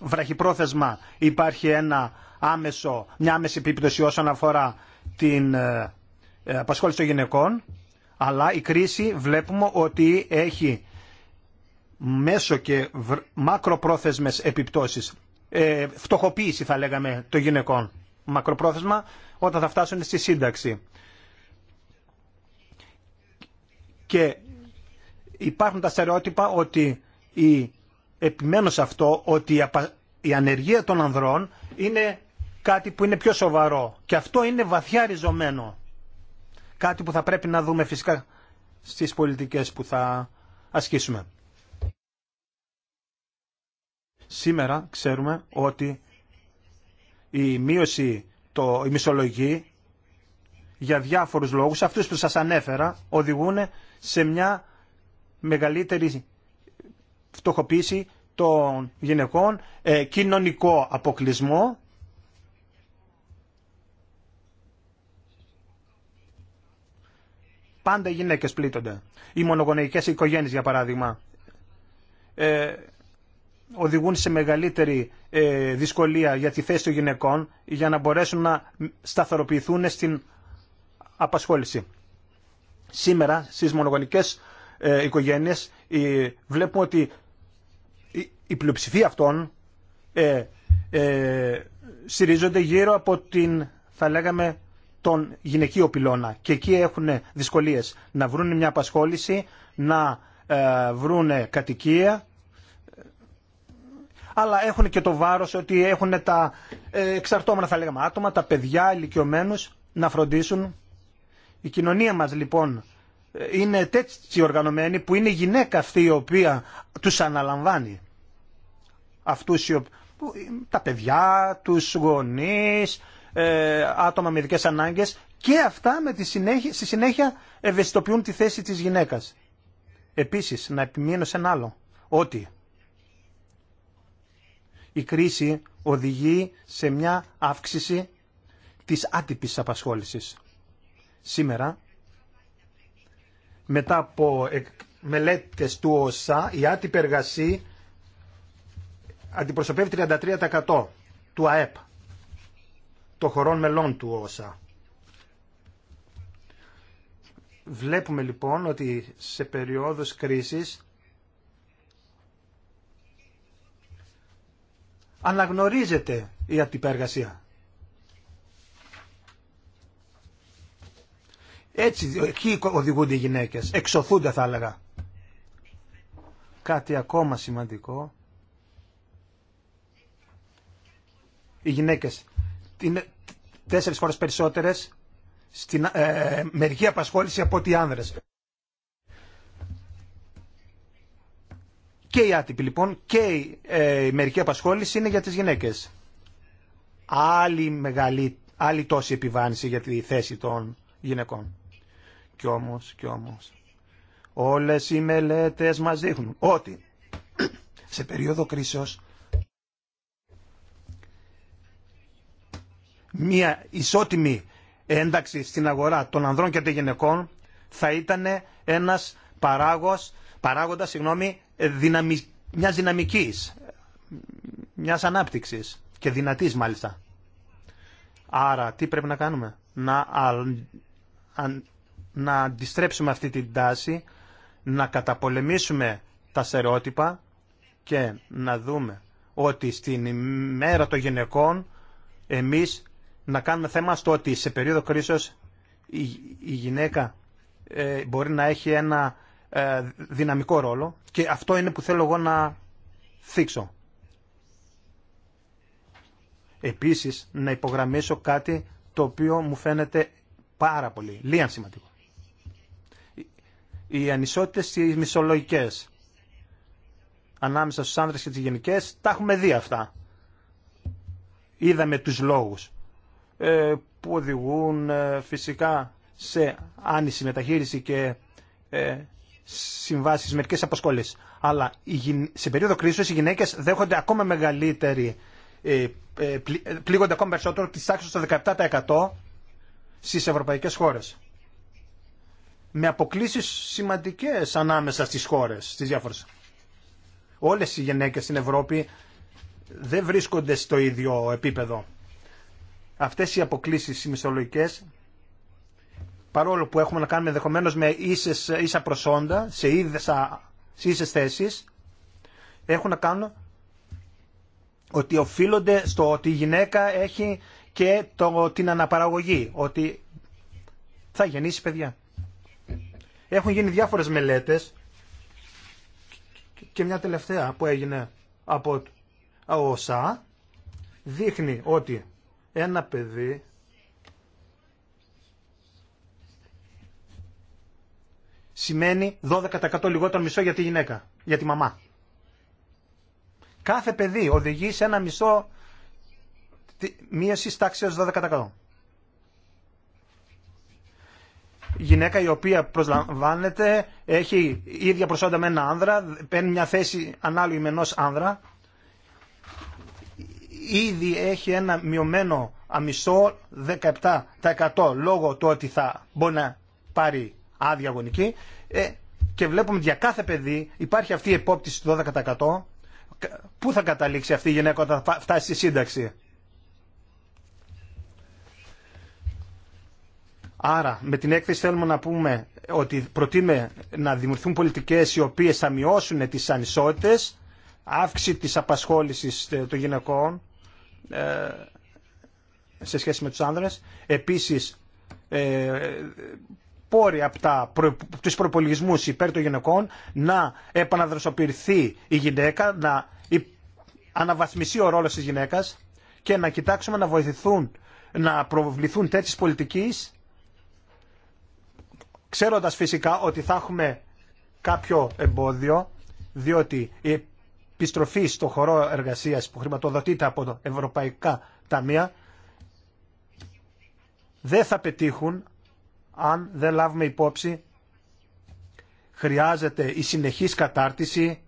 Βραχυπρόθεσμα υπάρχει ένα άμεσο, μια άμεση επίπτωση όσον αφορά την ε, ε, απασχόληση των γυναικών, αλλά η κρίση βλέπουμε ότι έχει μέσο και μακροπρόθεσμες επιπτώσεις. Ε, φτωχοποίηση θα λέγαμε των γυναικών. Μακροπρόθεσμα όταν θα φτάσουν στη σύνταξη. Και υπάρχουν τα στερεότυπα ότι η, επιμένω σε αυτό ότι η ανεργία των ανδρών είναι κάτι που είναι πιο σοβαρό και αυτό είναι βαθιά ριζωμένο. Κάτι που θα πρέπει να δούμε φυσικά στις πολιτικές που θα ασκήσουμε. Σήμερα ξέρουμε ότι η μείωση, το, η μισολογή για διάφορους λόγους, αυτούς που σας ανέφερα, οδηγούν σε μια μεγαλύτερη φτωχοποίηση των γυναικών, ε, κοινωνικό αποκλεισμό. Πάντα οι γυναίκες πλήττονται. Οι μονογονεϊκές οικογένειες, για παράδειγμα, ε, οδηγούν σε μεγαλύτερη ε, δυσκολία για τη θέση των γυναικών για να μπορέσουν να σταθεροποιηθούν στην απασχόληση. Σήμερα στις μονογονικές ε, οικογένειες ε, βλέπουμε ότι η, η πλειοψηφία αυτών ε, ε γύρω από την, θα λέγαμε, τον γυναικείο πυλώνα και εκεί έχουν δυσκολίες να βρουν μια απασχόληση, να ε, βρουν κατοικία αλλά έχουν και το βάρος ότι έχουν τα εξαρτώμενα θα λέγαμε άτομα, τα παιδιά, ηλικιωμένους να φροντίσουν η κοινωνία μας λοιπόν είναι τέτοιοι οργανωμένοι που είναι η γυναίκα αυτή η οποία τους αναλαμβάνει. Αυτούς τα παιδιά, τους γονείς, ε, άτομα με ειδικές ανάγκες και αυτά με τη συνέχεια, στη συνέχεια ευαισθητοποιούν τη θέση της γυναίκας. Επίσης, να επιμείνω σε ένα άλλο, ότι η κρίση οδηγεί σε μια αύξηση της άτυπης απασχόλησης σήμερα μετά από μελέτες του ΟΣΑ η άτυπη αντιπροσωπεύει 33% του ΑΕΠ των χωρών μελών του ΟΣΑ. Βλέπουμε λοιπόν ότι σε περίοδους κρίσης αναγνωρίζεται η αντιπεργασία. Έτσι, εκεί οδηγούνται οι γυναίκες. Εξωθούνται θα έλεγα. Κάτι ακόμα σημαντικό. Οι γυναίκες είναι τέσσερις φορές περισσότερες στην ε, μερική απασχόληση από ότι οι άνδρες. Και η άτυπη λοιπόν και η, ε, μερική απασχόληση είναι για τις γυναίκες. Άλλη, μεγάλη, άλλη τόση επιβάνηση για τη θέση των γυναικών. Κι όμως, κι όμως, όλες οι μελέτες μας δείχνουν ότι σε περίοδο κρίσεως μία ισότιμη ένταξη στην αγορά των ανδρών και των γυναικών θα ήταν ένας παράγος, παράγοντας συγγνώμη, μια μιας δυναμικής, μιας ανάπτυξης και δυνατής μάλιστα. Άρα τι πρέπει να κάνουμε. Να να αντιστρέψουμε αυτή την τάση, να καταπολεμήσουμε τα στερεότυπα και να δούμε ότι στην ημέρα των γυναικών εμείς να κάνουμε θέμα στο ότι σε περίοδο κρίσεως η γυναίκα ε, μπορεί να έχει ένα ε, δυναμικό ρόλο και αυτό είναι που θέλω εγώ να θίξω. Επίσης να υπογραμμίσω κάτι το οποίο μου φαίνεται πάρα πολύ, λίγαν σημαντικό οι ανισότητες οι μισολογικές ανάμεσα στους άνδρες και τις γενικές, τα έχουμε δει αυτά. Είδαμε τους λόγους ε, που οδηγούν ε, φυσικά σε άνηση μεταχείριση και ε, συμβάσεις, μερικές αποσχόλες. Αλλά σε περίοδο κρίσης οι γυναίκες δέχονται ακόμα μεγαλύτερη, πλήγονται ακόμα περισσότερο της τάξης στο 17% στις ευρωπαϊκές χώρες με αποκλήσει σημαντικές ανάμεσα στις χώρες, στις διάφορες. Όλες οι γυναίκες στην Ευρώπη δεν βρίσκονται στο ίδιο επίπεδο. Αυτές οι αποκλήσει οι παρόλο που έχουμε να κάνουμε ενδεχομένω με ίσες, ίσα προσόντα, σε, ίσε θέσει, έχουν να κάνουν ότι οφείλονται στο ότι η γυναίκα έχει και το, την αναπαραγωγή, ότι θα γεννήσει παιδιά. Έχουν γίνει διάφορες μελέτες και μια τελευταία που έγινε από ο ΩΣΑ δείχνει ότι ένα παιδί σημαίνει 12% λιγότερο μισό για τη γυναίκα, για τη μαμά. Κάθε παιδί οδηγεί σε ένα μισό μείωση τάξη 12%. γυναίκα η οποία προσλαμβάνεται, έχει ίδια προσόντα με ένα άνδρα, παίρνει μια θέση ανάλογη με ενός άνδρα, ήδη έχει ένα μειωμένο αμισό 17% λόγω του ότι θα μπορεί να πάρει άδεια γονική ε, και βλέπουμε για κάθε παιδί υπάρχει αυτή η επόπτηση του 12% Πού θα καταλήξει αυτή η γυναίκα όταν φτάσει στη σύνταξη. Άρα, με την έκθεση θέλουμε να πούμε ότι προτείνουμε να δημιουργηθούν πολιτικές οι οποίες θα μειώσουν τις ανισότητες, αύξηση της απασχόλησης ε, των γυναικών ε, σε σχέση με τους άνδρες. Επίσης, ε, πόροι από του τους υπέρ των γυναικών να επαναδροσοποιηθεί η γυναίκα, να αναβαθμιστεί ο ρόλος της γυναίκας και να κοιτάξουμε να βοηθηθούν να προβληθούν τέτοιες πολιτικές Ξέροντας φυσικά ότι θα έχουμε κάποιο εμπόδιο, διότι η επιστροφή στο χώρο εργασίας που χρηματοδοτείται από το Ευρωπαϊκά Ταμεία δεν θα πετύχουν αν δεν λάβουμε υπόψη χρειάζεται η συνεχής κατάρτιση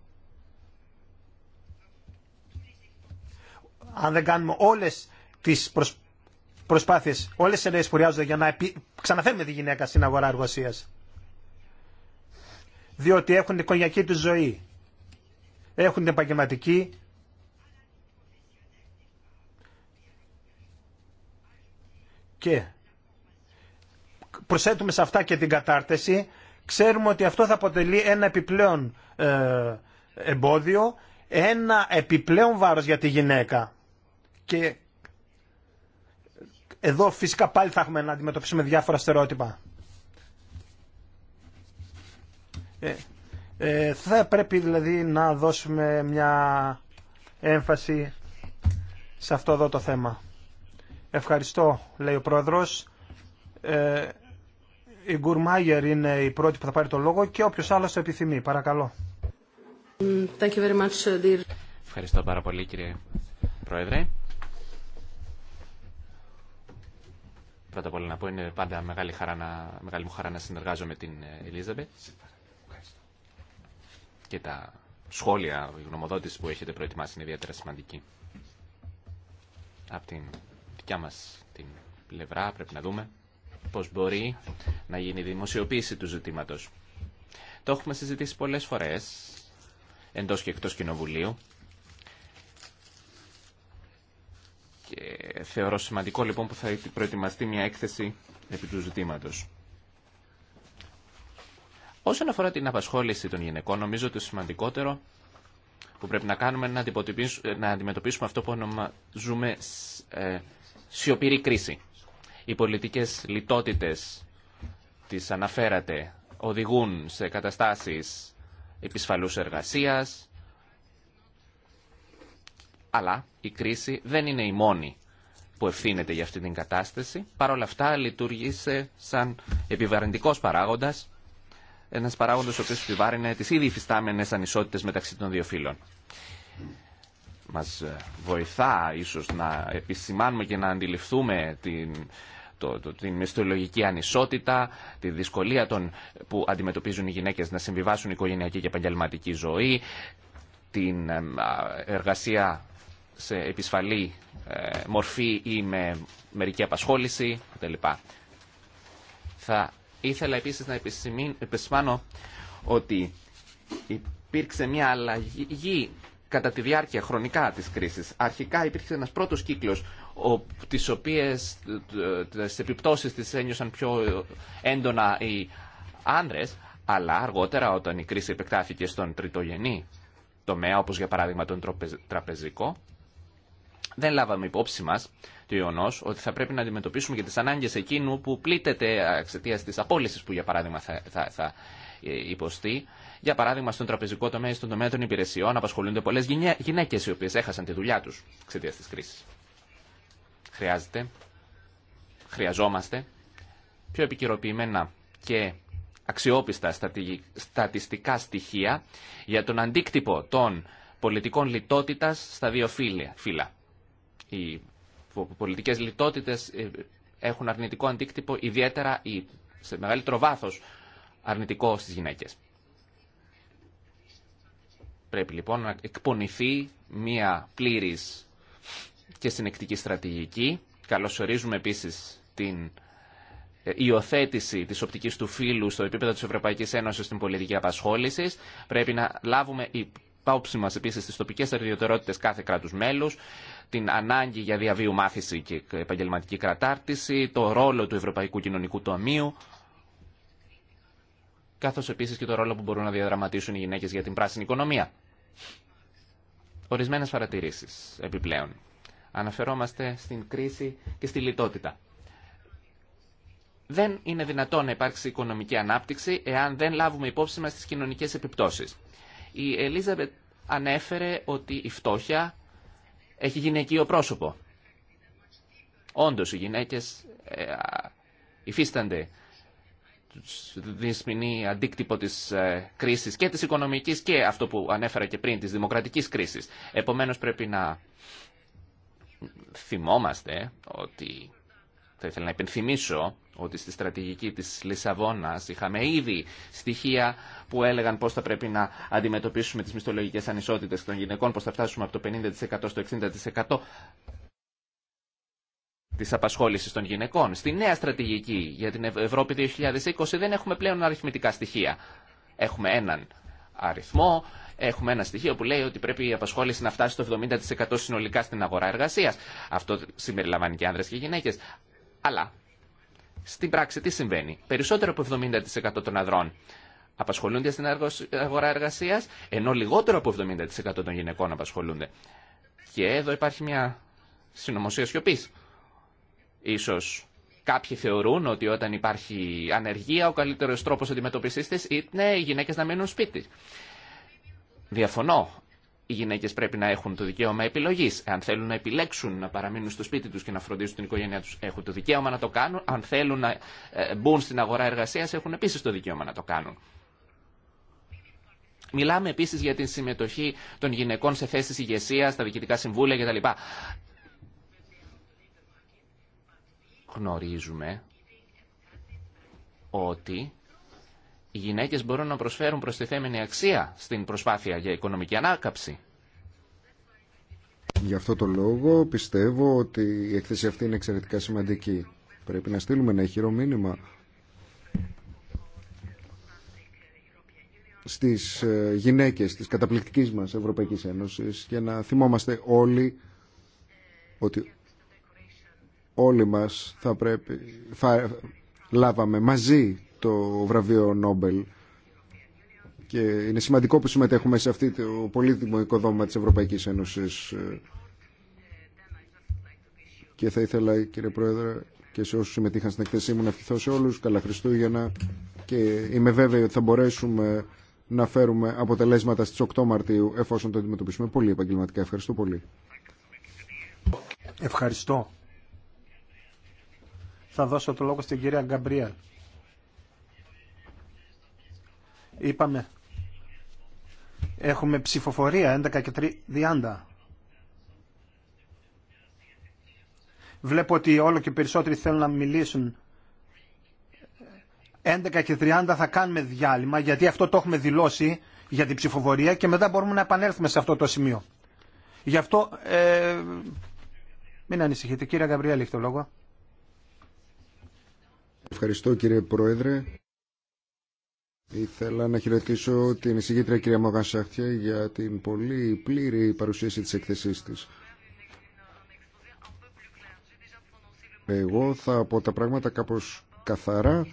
αν δεν κάνουμε όλες τις προσπάθειες προσπάθειε, όλε οι ενέργειε που χρειάζονται για να ξαναφέρουμε τη γυναίκα στην αγορά εργασία. Διότι έχουν την οικογενειακή του ζωή. Έχουν την επαγγελματική. Και προσέτουμε σε αυτά και την κατάρτιση. Ξέρουμε ότι αυτό θα αποτελεί ένα επιπλέον ε, εμπόδιο, ένα επιπλέον βάρος για τη γυναίκα. Και εδώ φυσικά πάλι θα έχουμε να αντιμετωπίσουμε διάφορα στερεότυπα. Ε, ε, θα πρέπει δηλαδή να δώσουμε μια έμφαση σε αυτό εδώ το θέμα. Ευχαριστώ, λέει ο πρόεδρος. Ε, η Γκουρμάγερ είναι η πρώτη που θα πάρει το λόγο και όποιος άλλος το επιθυμεί. Παρακαλώ. Mm, thank you very much, Ευχαριστώ πάρα πολύ κύριε Πρόεδρε. πρώτα απ' όλα να πω είναι πάντα μεγάλη, χαρά να, μεγάλη μου χαρά να συνεργάζομαι με την Ελίζαμπε και τα σχόλια, η γνωμοδότηση που έχετε προετοιμάσει είναι ιδιαίτερα σημαντική. Από την δικιά μας την πλευρά πρέπει να δούμε πώς μπορεί να γίνει η δημοσιοποίηση του ζητήματος. Το έχουμε συζητήσει πολλές φορές, εντός και εκτός κοινοβουλίου, Και θεωρώ σημαντικό λοιπόν που θα προετοιμαστεί μια έκθεση επί του ζητήματος. Όσον αφορά την απασχόληση των γυναικών, νομίζω το σημαντικότερο που πρέπει να κάνουμε είναι να αντιμετωπίσουμε αυτό που ονομαζούμε ε, σιωπηρή κρίση. Οι πολιτικές λιτότητες τις αναφέρατε, οδηγούν σε καταστάσεις επισφαλούς εργασίας, αλλά η κρίση δεν είναι η μόνη που ευθύνεται για αυτή την κατάσταση. Παρ' όλα αυτά λειτουργήσε σαν επιβαρυντικός παράγοντας, ένας παράγοντας ο οποίος επιβάρυνε τις ήδη υφιστάμενες ανισότητες μεταξύ των δύο φύλων. Μας ε, βοηθά ίσως να επισημάνουμε και να αντιληφθούμε την, το, την μισθολογική ανισότητα, τη δυσκολία των, που αντιμετωπίζουν οι γυναίκες να συμβιβάσουν οικογενειακή και επαγγελματική ζωή, την ε, εργασία σε επισφαλή ε, μορφή ή με μερική απασχόληση κτλ. Θα ήθελα επίσης να επισημάνω ότι υπήρξε μια αλλαγή κατά τη διάρκεια χρονικά της κρίσης. Αρχικά υπήρξε ένας πρώτος κύκλος τις οποίες ε, τις επιπτώσεις τις ένιωσαν πιο έντονα οι άνδρες, αλλά αργότερα όταν η κρίση επεκτάθηκε στον τριτογενή τομέα, όπως για παράδειγμα τον τραπεζικό, δεν λάβαμε υπόψη μα το γεγονό ότι θα πρέπει να αντιμετωπίσουμε και τι ανάγκε εκείνου που πλήττεται εξαιτία τη απόλυση που, για παράδειγμα, θα, θα, θα ε, υποστεί. Για παράδειγμα, στον τραπεζικό τομέα ή στον τομέα των υπηρεσιών απασχολούνται πολλέ γυναίκε οι οποίε έχασαν τη δουλειά του εξαιτία τη κρίση. Χρειάζεται, χρειαζόμαστε πιο επικαιροποιημένα και αξιόπιστα στατιστικά στοιχεία για τον αντίκτυπο των πολιτικών λιτότητας στα δύο φύλλα οι πολιτικές λιτότητες ε, έχουν αρνητικό αντίκτυπο, ιδιαίτερα ή σε μεγαλύτερο βάθο αρνητικό στις γυναίκες. Πρέπει λοιπόν να εκπονηθεί μία πλήρης και συνεκτική στρατηγική. Καλωσορίζουμε επίσης την ε, υιοθέτηση της οπτικής του φύλου στο επίπεδο της Ευρωπαϊκής Ένωσης στην πολιτική απασχόληση. Πρέπει να λάβουμε υπόψη μας επίσης τις τοπικές αρδιωτερότητες κάθε κράτους μέλους, την ανάγκη για διαβίου μάθηση και επαγγελματική κρατάρτιση, το ρόλο του Ευρωπαϊκού Κοινωνικού Τομείου... καθώς επίσης και το ρόλο που μπορούν να διαδραματίσουν οι γυναίκες για την πράσινη οικονομία. Ορισμένες παρατηρήσεις επιπλέον. Αναφερόμαστε στην κρίση και στη λιτότητα. Δεν είναι δυνατόν να υπάρξει οικονομική ανάπτυξη εάν δεν λάβουμε υπόψη μας τις κοινωνικές επιπτώσεις. Η Ελίζαμπετ ανέφερε ότι η φτώχεια έχει γυναικείο πρόσωπο. Όντως οι γυναίκες ε, υφίστανται δυσμηνή αντίκτυπο της ε, κρίσης και της οικονομικής και αυτό που ανέφερα και πριν, της δημοκρατικής κρίσης. Επομένως πρέπει να θυμόμαστε ότι θα ήθελα να υπενθυμίσω ότι στη στρατηγική της Λισαβόνας είχαμε ήδη στοιχεία που έλεγαν πώς θα πρέπει να αντιμετωπίσουμε τις μισθολογικές ανισότητες των γυναικών, πώς θα φτάσουμε από το 50% στο 60% της απασχόλησης των γυναικών. Στη νέα στρατηγική για την Ευρώπη 2020 δεν έχουμε πλέον αριθμητικά στοιχεία. Έχουμε έναν αριθμό, έχουμε ένα στοιχείο που λέει ότι πρέπει η απασχόληση να φτάσει στο 70% συνολικά στην αγορά εργασίας. Αυτό συμπεριλαμβάνει και άνδρες και γυναίκες. Αλλά στην πράξη τι συμβαίνει. Περισσότερο από 70% των αδρών απασχολούνται στην αγορά εργασίας, ενώ λιγότερο από 70% των γυναικών απασχολούνται. Και εδώ υπάρχει μια συνωμοσία σιωπή. Ίσως κάποιοι θεωρούν ότι όταν υπάρχει ανεργία ο καλύτερος τρόπος αντιμετώπισης τη είναι οι γυναίκες να μείνουν σπίτι. Διαφωνώ οι γυναίκες πρέπει να έχουν το δικαίωμα επιλογής. Αν θέλουν να επιλέξουν να παραμείνουν στο σπίτι τους και να φροντίσουν την οικογένειά τους, έχουν το δικαίωμα να το κάνουν. Αν θέλουν να ε, μπουν στην αγορά εργασίας, έχουν επίσης το δικαίωμα να το κάνουν. Μιλάμε επίσης για την συμμετοχή των γυναικών σε θέσεις ηγεσία, στα διοικητικά συμβούλια κτλ. Γνωρίζουμε ότι οι γυναίκες μπορούν να προσφέρουν προστιθέμενη αξία στην προσπάθεια για οικονομική ανάκαψη. Γι' αυτό το λόγο πιστεύω ότι η εκθέση αυτή είναι εξαιρετικά σημαντική. Πρέπει να στείλουμε ένα χειρό μήνυμα στις ε, γυναίκες της καταπληκτικής μας Ευρωπαϊκής Ένωσης και να θυμόμαστε όλοι ότι όλοι μας θα πρέπει, θα λάβαμε μαζί το βραβείο Νόμπελ. Και είναι σημαντικό που συμμετέχουμε σε αυτή το πολύτιμο οικοδόμημα της Ευρωπαϊκής Ένωσης. Και θα ήθελα, κύριε Πρόεδρε, και σε όσους συμμετείχαν στην εκθέσή μου να ευχηθώ σε όλους. Καλά Χριστούγεννα και είμαι βέβαιο ότι θα μπορέσουμε να φέρουμε αποτελέσματα στις 8 Μαρτίου εφόσον το αντιμετωπίσουμε πολύ επαγγελματικά. Ευχαριστώ πολύ. Ευχαριστώ. Θα δώσω το λόγο στην κυρία Γκαμπριέλ. Είπαμε, έχουμε ψηφοφορία 11 και 30. Βλέπω ότι όλο και περισσότεροι θέλουν να μιλήσουν. 11 και 30 θα κάνουμε διάλειμμα γιατί αυτό το έχουμε δηλώσει για την ψηφοφορία και μετά μπορούμε να επανέλθουμε σε αυτό το σημείο. Γι' αυτό ε, μην ανησυχείτε. Κύριε Γαβριέλη, έχει το λόγο. Ευχαριστώ κύριε Πρόεδρε. Ήθελα να χαιρετήσω την εισηγήτρια κυρία για την πολύ πλήρη παρουσίαση της εκθεσής της. Εγώ θα πω τα πράγματα κάπως καθαρά.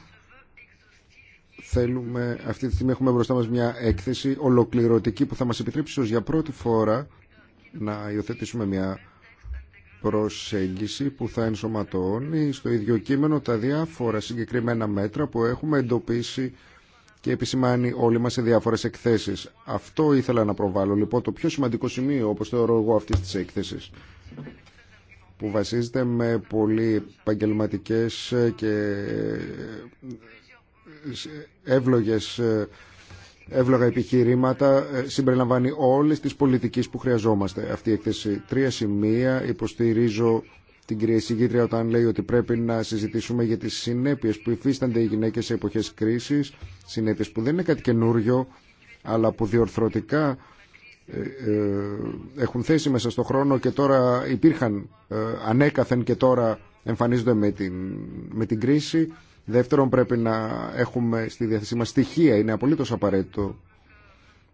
Θέλουμε, αυτή τη στιγμή έχουμε μπροστά μας μια έκθεση ολοκληρωτική που θα μας επιτρέψει ως για πρώτη φορά να υιοθετήσουμε μια προσέγγιση που θα ενσωματώνει στο ίδιο κείμενο τα διάφορα συγκεκριμένα μέτρα που έχουμε εντοπίσει και επισημάνει όλοι μας σε διάφορε εκθέσει. Αυτό ήθελα να προβάλλω, λοιπόν, το πιο σημαντικό σημείο, όπως θεωρώ εγώ αυτή τη έκθεση, που βασίζεται με πολύ επαγγελματικέ και ε, εύλογες ε, εύλογα επιχειρήματα ε, συμπεριλαμβάνει όλες τις πολιτικές που χρειαζόμαστε αυτή η έκθεση. Τρία σημεία υποστηρίζω την κυρία Συγήτρια όταν λέει ότι πρέπει να συζητήσουμε για τις συνέπειες που υφίστανται οι γυναίκες σε εποχές κρίσης, συνέπειες που δεν είναι κάτι καινούριο, αλλά που διορθωτικά ε, ε, έχουν θέση μέσα στον χρόνο και τώρα υπήρχαν ε, ανέκαθεν και τώρα εμφανίζονται με την, με την κρίση. Δεύτερον πρέπει να έχουμε στη διάθεσή μας στοιχεία, είναι απολύτως απαραίτητο.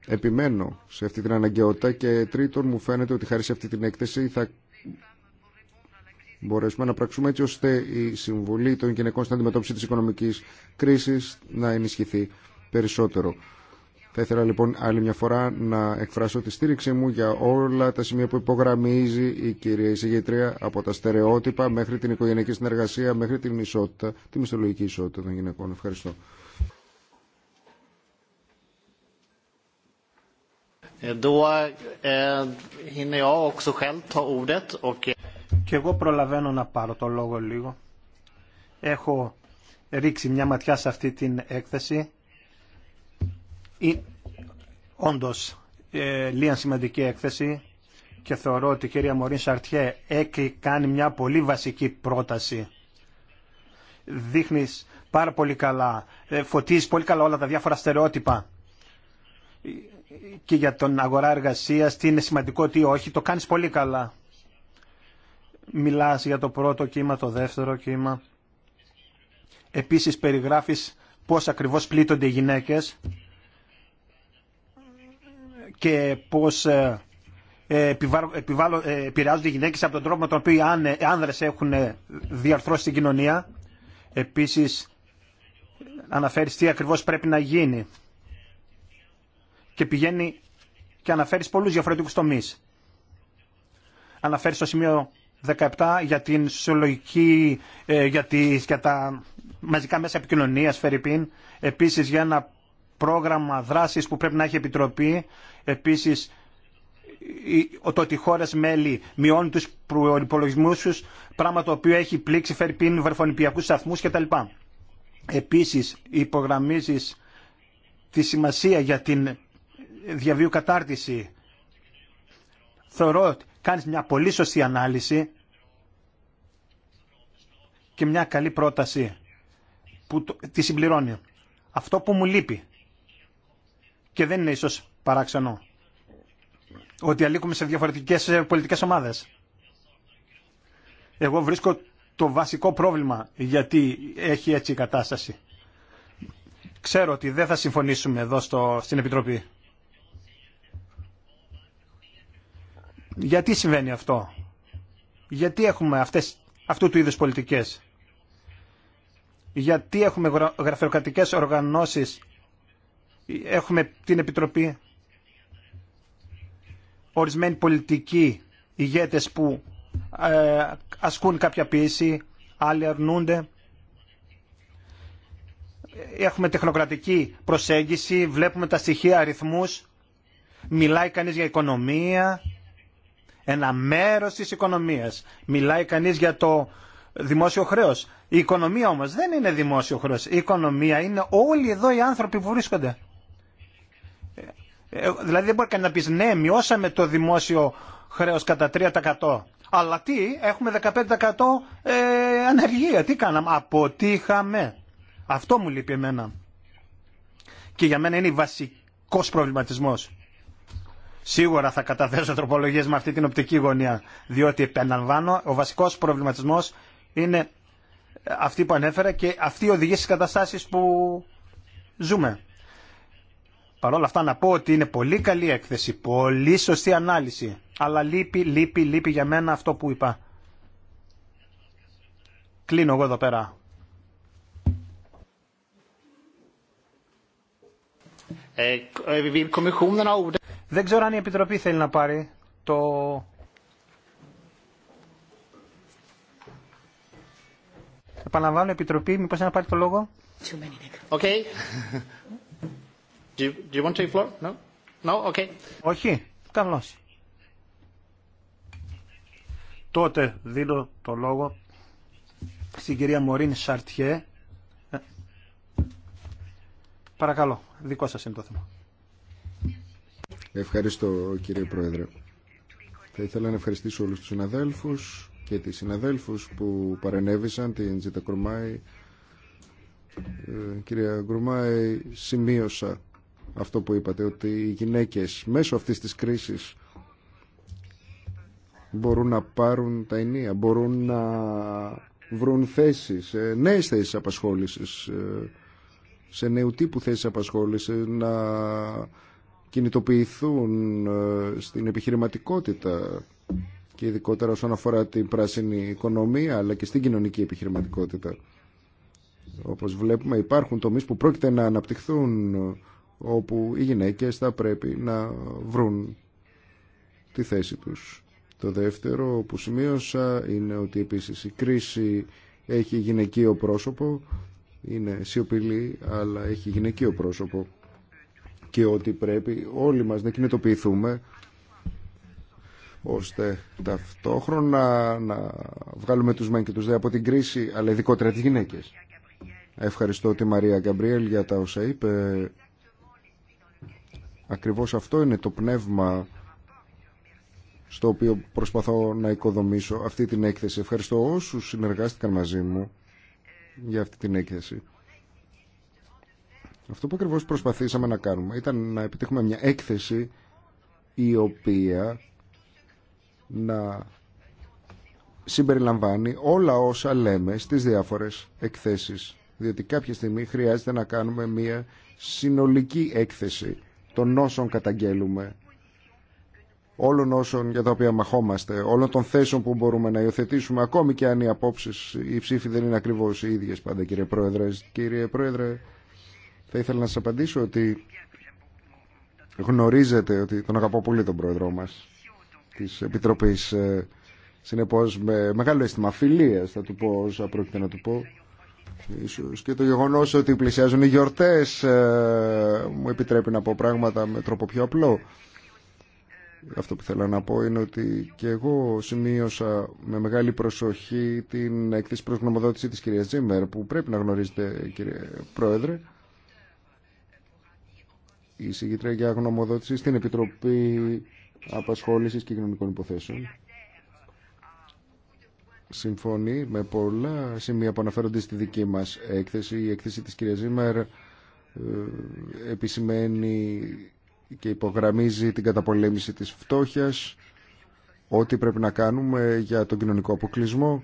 Επιμένω σε αυτή την αναγκαιότητα και τρίτον μου φαίνεται ότι χάρη αυτή την έκθεση θα μπορέσουμε να πράξουμε έτσι ώστε η συμβολή των γυναικών στην αντιμετώπιση της οικονομικής κρίσης να ενισχυθεί περισσότερο. Θα ήθελα λοιπόν άλλη μια φορά να εκφράσω τη στήριξή μου για όλα τα σημεία που υπογραμμίζει η κυρία εισηγητρία από τα στερεότυπα μέχρι την οικογενειακή συνεργασία, μέχρι την ισότητα, τη μισθολογική ισότητα των γυναικών. Ευχαριστώ. Eh, και εγώ προλαβαίνω να πάρω το λόγο λίγο. Έχω ρίξει μια ματιά σε αυτή την έκθεση. Ή, όντως, ε, λίγα σημαντική έκθεση και θεωρώ ότι η οντως ε σημαντικη Μωρίν Σαρτιέ κάνει μια πολύ βασική πρόταση. Δείχνεις πάρα πολύ καλά, ε, φωτίζεις πολύ καλά όλα τα διάφορα στερεότυπα ε, και για τον αγορά εργασίας, τι είναι σημαντικό, τι όχι, το κάνεις πολύ καλά μιλάς για το πρώτο κύμα, το δεύτερο κύμα. Επίσης περιγράφεις πώς ακριβώς πλήττονται οι γυναίκες και πώς ε, ε, ε, επηρεάζονται οι γυναίκες από τον τρόπο με τον οποίο οι άνδρες έχουν διαρθρώσει την κοινωνία. Επίσης αναφέρεις τι ακριβώς πρέπει να γίνει και πηγαίνει και αναφέρεις πολλούς διαφορετικούς τομείς. Αναφέρεις στο σημείο 17 για την συλλογική, ε, για, τις, για τα μαζικά μέσα επικοινωνίας, Φερρυπίν, επίσης για ένα πρόγραμμα δράσης που πρέπει να έχει επιτροπή, επίσης το ότι οι μέλη μειώνουν του προπολογισμού του, πράγμα το οποίο έχει πλήξει Φερρυπίν βαρφονιπιακού σταθμού κτλ. Επίση, υπογραμμίζει τη σημασία για την διαβίου κατάρτιση. Θεωρώ κάνεις μια πολύ σωστή ανάλυση και μια καλή πρόταση που τη συμπληρώνει. Αυτό που μου λείπει και δεν είναι ίσως παράξενο ότι αλήκουμε σε διαφορετικές πολιτικές ομάδες. Εγώ βρίσκω το βασικό πρόβλημα γιατί έχει έτσι η κατάσταση. Ξέρω ότι δεν θα συμφωνήσουμε εδώ στο, στην Επιτροπή. Γιατί συμβαίνει αυτό. Γιατί έχουμε αυτές, αυτού του είδους πολιτικές. Γιατί έχουμε γραφειοκρατικές οργανώσεις. Έχουμε την Επιτροπή. Ορισμένοι πολιτικοί ηγέτες που ε, ασκούν κάποια πίεση. Άλλοι αρνούνται. Έχουμε τεχνοκρατική προσέγγιση. Βλέπουμε τα στοιχεία αριθμούς. Μιλάει κανείς για οικονομία ένα μέρος της οικονομίας. Μιλάει κανείς για το δημόσιο χρέος. Η οικονομία όμως δεν είναι δημόσιο χρέος. Η οικονομία είναι όλοι εδώ οι άνθρωποι που βρίσκονται. Ε, ε, δηλαδή δεν μπορεί κανείς να πει ναι, μειώσαμε το δημόσιο χρέος κατά 3%. Αλλά τι, έχουμε 15% ε, ανεργία. Τι κάναμε, αποτύχαμε. Αυτό μου λείπει εμένα. Και για μένα είναι βασικός προβληματισμός. Σίγουρα θα καταθέσω τροπολογίες με αυτή την οπτική γωνία, διότι επαναλαμβάνω, ο βασικός προβληματισμός είναι αυτή που ανέφερα και αυτή οδηγεί στις καταστάσεις που ζούμε. Παρ' όλα αυτά να πω ότι είναι πολύ καλή έκθεση, πολύ σωστή ανάλυση, αλλά λείπει, λείπει, λείπει για μένα αυτό που είπα. Κλείνω εγώ εδώ πέρα. Δεν ξέρω αν η Επιτροπή θέλει να πάρει το... Επαναλαμβάνω, η Επιτροπή, μήπως να πάρει το λόγο. Okay. do, you, do you want to floor? No? No? Okay. Όχι. Καλώς. Τότε δίνω το λόγο στην κυρία Μωρίν Σαρτιέ. Ε, παρακαλώ, δικό σας είναι το θέμα. Ευχαριστώ κύριε Πρόεδρε. Θα ήθελα να ευχαριστήσω όλους τους συναδέλφους και τις συναδέλφους που παρενέβησαν την Τζίτα Ε, κυρία Γκρουμάη, σημείωσα αυτό που είπατε, ότι οι γυναίκες μέσω αυτής της κρίσης μπορούν να πάρουν τα ενία, μπορούν να βρουν θέσεις, ε, νέες θέσεις απασχόλησης, ε, σε νέου τύπου θέσεις απασχόλησης, να κινητοποιηθούν ε, στην επιχειρηματικότητα και ειδικότερα όσον αφορά την πράσινη οικονομία αλλά και στην κοινωνική επιχειρηματικότητα. Όπως βλέπουμε υπάρχουν τομείς που πρόκειται να αναπτυχθούν όπου οι γυναίκες θα πρέπει να βρουν τη θέση τους. Το δεύτερο που σημείωσα είναι ότι επίσης η κρίση έχει γυναικείο πρόσωπο, είναι σιωπηλή αλλά έχει γυναικείο πρόσωπο και ότι πρέπει όλοι μας να κινητοποιηθούμε ώστε ταυτόχρονα να βγάλουμε τους μεν και τους δε από την κρίση, αλλά ειδικότερα τις γυναίκες. Ευχαριστώ τη Μαρία Γκαμπριέλ για τα όσα είπε. Ακριβώς αυτό είναι το πνεύμα στο οποίο προσπαθώ να οικοδομήσω αυτή την έκθεση. Ευχαριστώ όσους συνεργάστηκαν μαζί μου για αυτή την έκθεση. Αυτό που ακριβώς προσπαθήσαμε να κάνουμε ήταν να επιτύχουμε μια έκθεση η οποία να συμπεριλαμβάνει όλα όσα λέμε στις διάφορες εκθέσεις. Διότι κάποια στιγμή χρειάζεται να κάνουμε μια συνολική έκθεση των όσων καταγγέλουμε, όλων όσων για τα οποία μαχόμαστε, όλων των θέσεων που μπορούμε να υιοθετήσουμε, ακόμη και αν οι απόψεις, οι ψήφοι δεν είναι ακριβώς οι ίδιες πάντα κύριε Πρόεδρε. Κύριε Πρόεδρε, θα ήθελα να σας απαντήσω ότι γνωρίζετε ότι τον αγαπώ πολύ τον πρόεδρό μας της Επιτροπής. Ε, συνεπώς με μεγάλο αίσθημα φιλίας θα του πω όσα πρόκειται να του πω. Ίσως και το γεγονός ότι πλησιάζουν οι γιορτές ε, μου επιτρέπει να πω πράγματα με τρόπο πιο απλό. Αυτό που θέλω να πω είναι ότι και εγώ σημείωσα με μεγάλη προσοχή την έκθεση προς γνωμοδότηση της κυρίας Τζίμερ που πρέπει να γνωρίζετε κύριε Πρόεδρε η συγκίτρια για γνωμοδότηση στην Επιτροπή Απασχόλησης και Κοινωνικών Υποθέσεων. Συμφωνεί με πολλά σημεία που αναφέρονται στη δική μας έκθεση. Η έκθεση της κυρία Ζήμερ ε, επισημαίνει και υπογραμμίζει την καταπολέμηση της φτώχειας, ό,τι πρέπει να κάνουμε για τον κοινωνικό αποκλεισμό,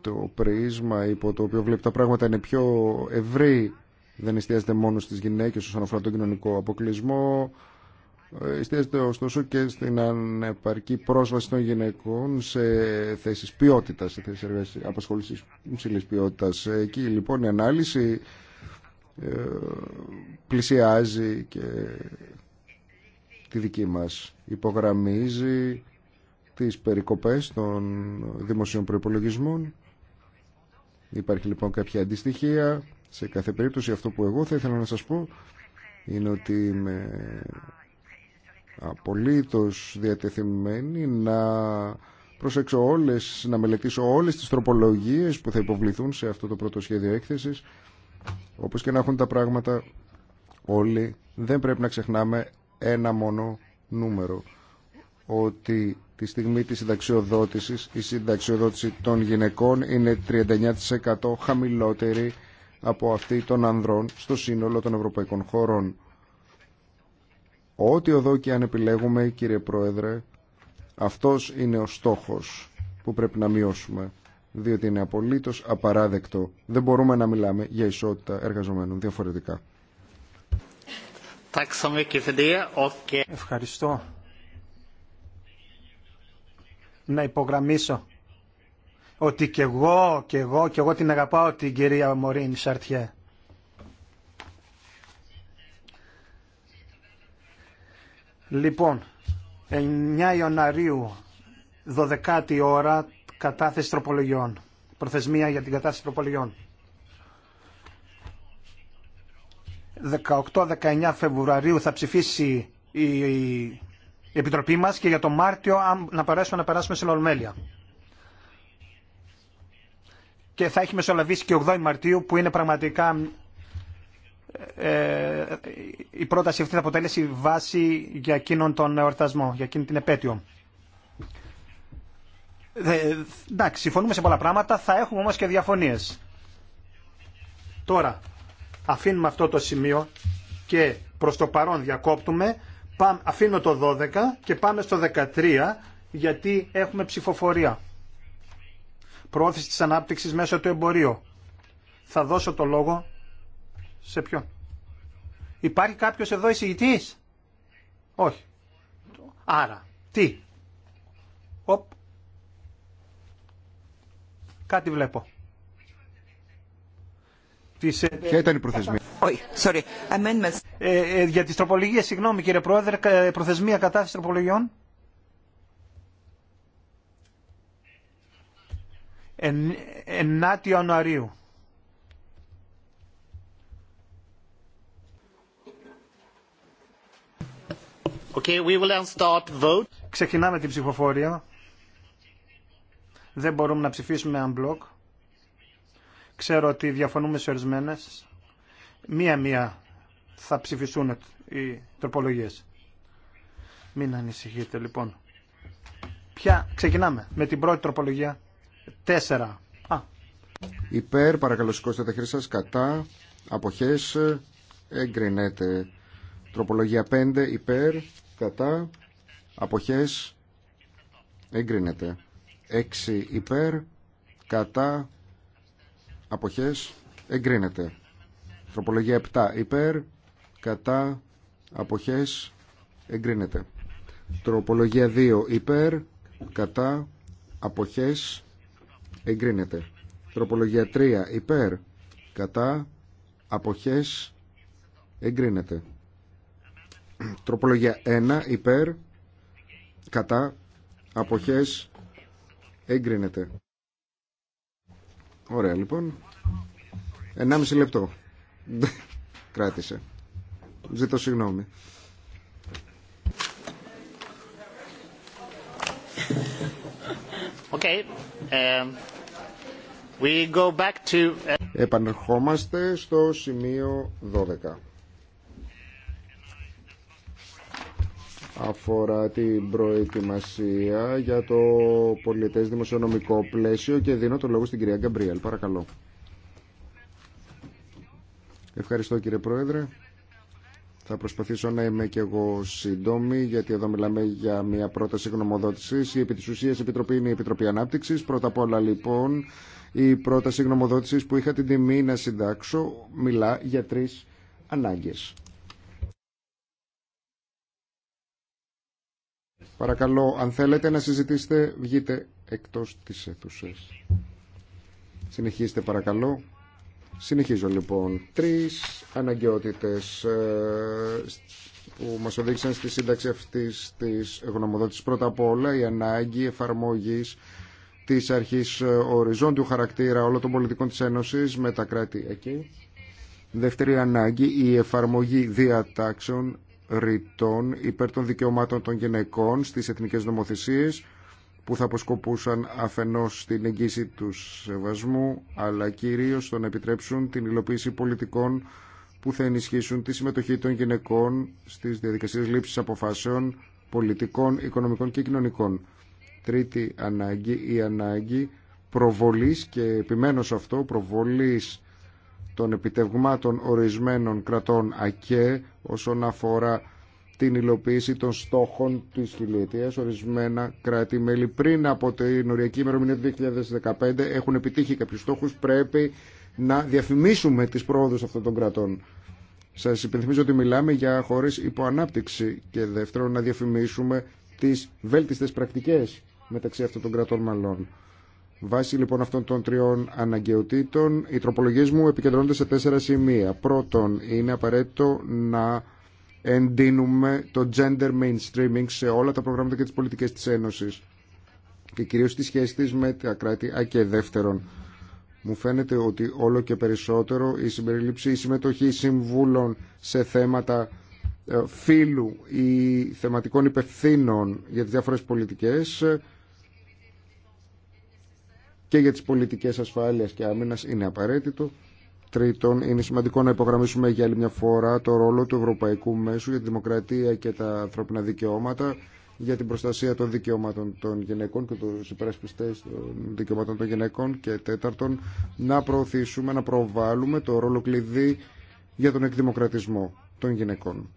το πρίσμα υπό το οποίο βλέπει τα πράγματα είναι πιο ευρύ δεν εστιάζεται μόνο στις γυναίκες όσον αφορά τον κοινωνικό αποκλεισμό, ε, εστιάζεται ωστόσο και στην ανεπαρκή πρόσβαση των γυναικών σε θέσεις ποιότητας, σε θέσεις εργασίας, απασχόλησης υψηλής ποιότητας. Εκεί λοιπόν η ανάλυση ε, πλησιάζει και τη δική μας υπογραμμίζει τις περικοπές των δημοσίων προϋπολογισμών Υπάρχει λοιπόν κάποια αντιστοιχεία. Σε κάθε περίπτωση αυτό που εγώ θα ήθελα να σας πω είναι ότι είμαι απολύτως διατεθειμένη να προσέξω όλες, να μελετήσω όλες τις τροπολογίες που θα υποβληθούν σε αυτό το πρώτο σχέδιο έκθεσης. Όπως και να έχουν τα πράγματα όλοι, δεν πρέπει να ξεχνάμε ένα μόνο νούμερο. Ότι Τη στιγμή της συνταξιοδότησης, η συνταξιοδότηση των γυναικών είναι 39% χαμηλότερη από αυτή των ανδρών στο σύνολο των ευρωπαϊκών χωρών. Ό,τι οδό και αν επιλέγουμε, κύριε Πρόεδρε, αυτός είναι ο στόχος που πρέπει να μειώσουμε, διότι είναι απολύτως απαράδεκτο. Δεν μπορούμε να μιλάμε για ισότητα εργαζομένων διαφορετικά. Ευχαριστώ να υπογραμμίσω ότι και εγώ και εγώ και εγώ την αγαπάω την κυρία Μωρίνη Σαρτιέ. Λοιπόν, 9 Ιανουαρίου, 12η ώρα, κατάθεση τροπολογιών. Προθεσμία για την κατάθεση τροπολογιών. 18-19 Φεβρουαρίου θα ψηφίσει η η Επιτροπή μας και για τον Μάρτιο να μπορέσουμε να περάσουμε σε Ολμέλεια. Και θα έχει μεσολαβήσει και 8 Μαρτίου που είναι πραγματικά ε, η πρόταση αυτή θα αποτέλεσει βάση για εκείνον τον εορτασμό, για εκείνη την επέτειο. Ε, εντάξει, συμφωνούμε σε πολλά πράγματα, θα έχουμε όμως και διαφωνίες. Τώρα, αφήνουμε αυτό το σημείο και προς το παρόν διακόπτουμε αφήνω το 12 και πάμε στο 13 γιατί έχουμε ψηφοφορία. Προώθηση της ανάπτυξης μέσω του εμπορίου. Θα δώσω το λόγο σε ποιον. Υπάρχει κάποιος εδώ εισηγητής. Όχι. Άρα, τι. Οπ. Κάτι βλέπω. Τις... Ε, Ποια ήταν η προθεσμία. Όχι, sorry. Amendments. Ε, ε για τις τροπολογίες, συγγνώμη κύριε Πρόεδρε, ε, προθεσμία κατάθεση τροπολογιών. 9 Ιανουαρίου. Okay, we will then start vote. Ξεκινάμε την ψηφοφορία. Δεν μπορούμε να ψηφίσουμε unblock. Ξέρω ότι διαφωνούμε σε ορισμένε. Μία-μία θα ψηφιστούν οι τροπολογίες. Μην ανησυχείτε λοιπόν. Ποια ξεκινάμε με την πρώτη τροπολογία. Τέσσερα. Α. Υπέρ, παρακαλώ σηκώστε τα χέρια κατά, αποχές, εγκρινέται. Τροπολογία 5, υπέρ, κατά, αποχές, εγκρίνεται. 6 υπέρ, κατά, αποχές εγκρίνεται. Τροπολογία 7 υπέρ, κατά, αποχές εγκρίνεται. Τροπολογία 2 υπέρ, κατά, αποχές εγκρίνεται. Τροπολογία 3 υπέρ, κατά, αποχές εγκρίνεται. Τροπολογία 1 υπέρ, κατά, αποχές εγκρίνεται. Ωραία λοιπόν. 1,5 λεπτό. (laughs) Κράτησε. Ζητώ συγγνώμη. Okay. Um, we go back to... Uh, Επανερχόμαστε στο σημείο 12. αφορά την προετοιμασία για το πολιτές δημοσιονομικό πλαίσιο και δίνω το λόγο στην κυρία Γκαμπρίελ. Παρακαλώ. Ευχαριστώ κύριε Πρόεδρε. Θα προσπαθήσω να είμαι και εγώ σύντομη, γιατί εδώ μιλάμε για μια πρόταση γνωμοδότηση. Η επί τη ουσία επιτροπή είναι η Επιτροπή Ανάπτυξη. Πρώτα απ' όλα, λοιπόν, η πρόταση γνωμοδότηση που είχα την τιμή να συντάξω μιλά για τρει ανάγκε. Παρακαλώ, αν θέλετε να συζητήσετε, βγείτε εκτός της αίθουσας. Συνεχίστε παρακαλώ. Συνεχίζω λοιπόν. Τρεις αναγκαιότητες ε, που μας οδήγησαν στη σύνταξη αυτής της γνωμοδότησης. Πρώτα απ' όλα η ανάγκη εφαρμογής της αρχής ε, οριζόντιου χαρακτήρα όλων των πολιτικών της Ένωσης με τα κράτη εκεί. Δεύτερη ανάγκη η εφαρμογή διατάξεων ρητών υπέρ των δικαιωμάτων των γυναικών στις εθνικές νομοθεσίες που θα αποσκοπούσαν αφενός στην εγγύηση του σεβασμού αλλά κυρίως στο να επιτρέψουν την υλοποίηση πολιτικών που θα ενισχύσουν τη συμμετοχή των γυναικών στις διαδικασίες λήψης αποφάσεων πολιτικών, οικονομικών και κοινωνικών. Τρίτη ανάγκη, η ανάγκη προβολής και επιμένω σε αυτό, προβολής των επιτευγμάτων ορισμένων κρατών ΑΚΕ όσον αφορά την υλοποίηση των στόχων τη χιλιετία. Ορισμένα κράτη-μέλη πριν από την οριακή ημερομηνία του 2015 έχουν επιτύχει κάποιου στόχου. Πρέπει να διαφημίσουμε τι πρόοδου αυτών των κρατών. Σα υπενθυμίζω ότι μιλάμε για χώρε υποανάπτυξη και δεύτερον να διαφημίσουμε τι βέλτιστε πρακτικέ μεταξύ αυτών των κρατών μαλλών. Βάσει λοιπόν αυτών των τριών αναγκαιοτήτων, οι τροπολογίε μου επικεντρώνονται σε τέσσερα σημεία. Πρώτον, είναι απαραίτητο να εντείνουμε το gender mainstreaming σε όλα τα προγράμματα και τις πολιτικές της Ένωσης και κυρίως στη σχέση τη με τα κράτη Α δεύτερον. Μου φαίνεται ότι όλο και περισσότερο η συμπεριλήψη, η συμμετοχή συμβούλων σε θέματα ε, φύλου ή θεματικών υπευθύνων για τι διάφορε πολιτικέ και για τις πολιτικές ασφάλειας και άμυνας είναι απαραίτητο. Τρίτον, είναι σημαντικό να υπογραμμίσουμε για άλλη μια φορά το ρόλο του Ευρωπαϊκού Μέσου για τη Δημοκρατία και τα ανθρώπινα δικαιώματα, για την προστασία των δικαιωμάτων των γυναικών και του υπερασπιστέ των δικαιωμάτων των γυναικών. Και τέταρτον, να προωθήσουμε, να προβάλλουμε το ρόλο κλειδί για τον εκδημοκρατισμό των γυναικών.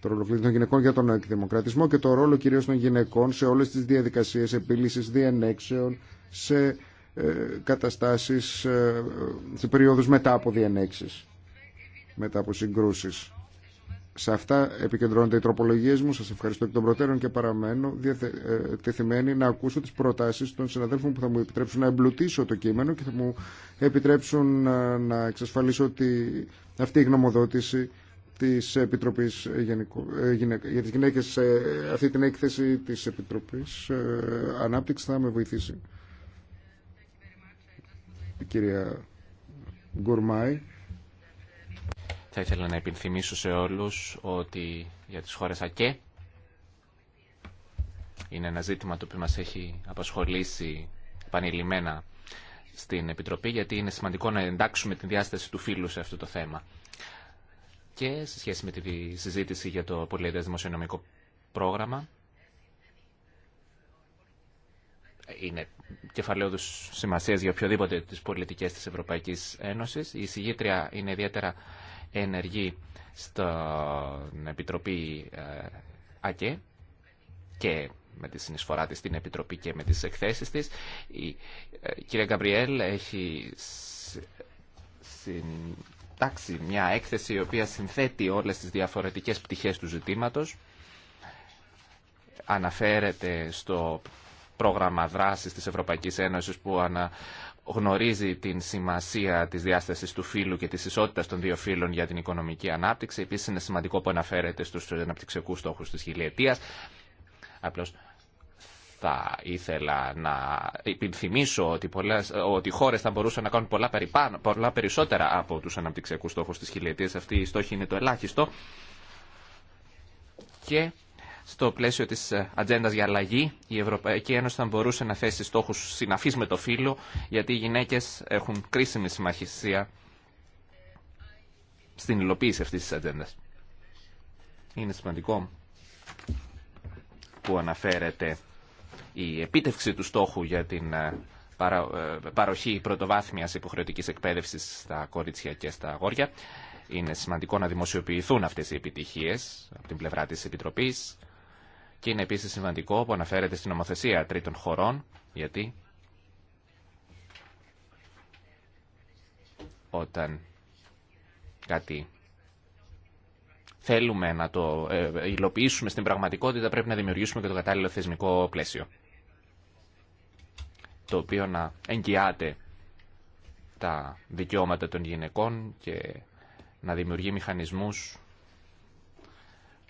Το ρόλο κλειδί των γυναικών για τον εκδημοκρατισμό και το ρόλο κυρίω των γυναικών σε όλε τι διαδικασίε επίλυση διενέξεων σε ε, καταστάσεις, ε, σε περίοδους μετά από διενέξεις, μετά από συγκρούσεις. Σε αυτά επικεντρώνονται οι τροπολογίε μου. Σα ευχαριστώ εκ των προτέρων και παραμένω διατεθειμένη ε, να ακούσω τι προτάσει των συναδέλφων που θα μου επιτρέψουν να εμπλουτίσω το κείμενο και θα μου επιτρέψουν να εξασφαλίσω ότι αυτή η γνωμοδότηση τη Επιτροπή για τι Γυναίκε, αυτή την έκθεση τη Επιτροπή Ανάπτυξη θα με βοηθήσει κυρία Γκουρμάη. Θα ήθελα να επιθυμίσω σε όλους ότι για τις χώρες ΑΚΕ είναι ένα ζήτημα το οποίο μας έχει απασχολήσει επανειλημμένα στην Επιτροπή γιατί είναι σημαντικό να εντάξουμε την διάσταση του φίλου σε αυτό το θέμα. Και σε σχέση με τη συζήτηση για το πολιτικό δημοσιονομικό πρόγραμμα είναι κεφαλαίωδους σημασίας για οποιοδήποτε τις πολιτικές της Ευρωπαϊκής Ένωσης. Η συγγήτρια είναι ιδιαίτερα ενεργή στην Επιτροπή ε, ΑΚΕ και με τη συνεισφορά της στην Επιτροπή και με τις εκθέσεις της. Η ε, κυρία Γκαμπριέλ έχει συντάξει μια έκθεση η οποία συνθέτει όλες τις διαφορετικές πτυχές του ζητήματος. Αναφέρεται στο πρόγραμμα δράσης της Ευρωπαϊκής Ένωσης που αναγνωρίζει την σημασία της διάστασης του φύλου και της ισότητας των δύο φύλων για την οικονομική ανάπτυξη. Επίσης είναι σημαντικό που αναφέρεται στους αναπτυξιακούς στόχους της χιλιετίας. Απλώς θα ήθελα να υπενθυμίσω ότι, πολλές, οι χώρες θα μπορούσαν να κάνουν πολλά, περιπάνω, πολλά περισσότερα από τους αναπτυξιακούς στόχους της χιλιετίας. Αυτή η στόχη είναι το ελάχιστο στο πλαίσιο της ε, ατζέντα για αλλαγή, η Ευρωπαϊκή Ένωση θα μπορούσε να θέσει στόχους συναφής με το φύλλο, γιατί οι γυναίκες έχουν κρίσιμη συμμαχησία στην υλοποίηση αυτής της ατζέντα. Είναι σημαντικό που αναφέρεται η επίτευξη του στόχου για την ε, ε, παροχή πρωτοβάθμιας υποχρεωτικής εκπαίδευσης στα κορίτσια και στα αγόρια. Είναι σημαντικό να δημοσιοποιηθούν αυτές οι επιτυχίες από την πλευρά της Επιτροπής και είναι επίσης σημαντικό που αναφέρεται στην νομοθεσία τρίτων χωρών, γιατί όταν κάτι θέλουμε να το ε, υλοποιήσουμε στην πραγματικότητα, πρέπει να δημιουργήσουμε και το κατάλληλο θεσμικό πλαίσιο, το οποίο να εγγυάται τα δικαιώματα των γυναικών και να δημιουργεί μηχανισμούς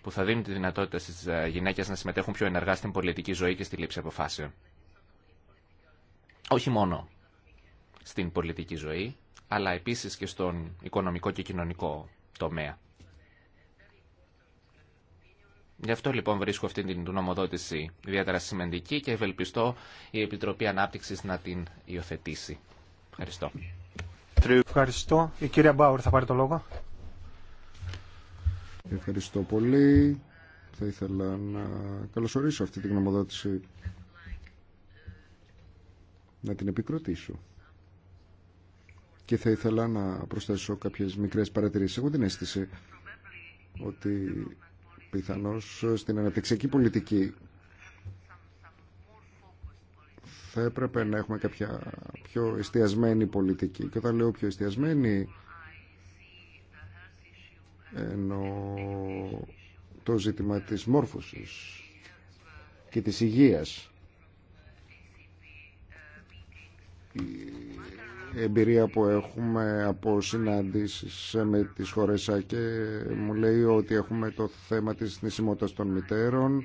που θα δίνουν τη δυνατότητα στις ε, γυναίκες να συμμετέχουν πιο ενεργά στην πολιτική ζωή και στη λήψη αποφάσεων. Όχι μόνο στην πολιτική ζωή, αλλά επίση και στον οικονομικό και κοινωνικό τομέα. Γι' αυτό λοιπόν βρίσκω αυτή την νομοδότηση ιδιαίτερα σημαντική και ευελπιστώ η Επιτροπή ανάπτυξη να την υιοθετήσει. Ευχαριστώ. Ευχαριστώ. Η κυρία Μπάουρ θα πάρει το λόγο. Ευχαριστώ πολύ. Θα ήθελα να καλωσορίσω αυτή την γνωμοδότηση. Να την επικροτήσω. Και θα ήθελα να προσθέσω κάποιες μικρές παρατηρήσεις. Έχω την αίσθηση ότι πιθανώς στην αναπτυξιακή πολιτική θα έπρεπε να έχουμε κάποια πιο εστιασμένη πολιτική. Και όταν λέω πιο εστιασμένη ενώ το ζήτημα της μόρφωσης και της υγείας η εμπειρία που έχουμε από συναντήσεις με τις χώρες και μου λέει ότι έχουμε το θέμα της νησιμότητας των μητέρων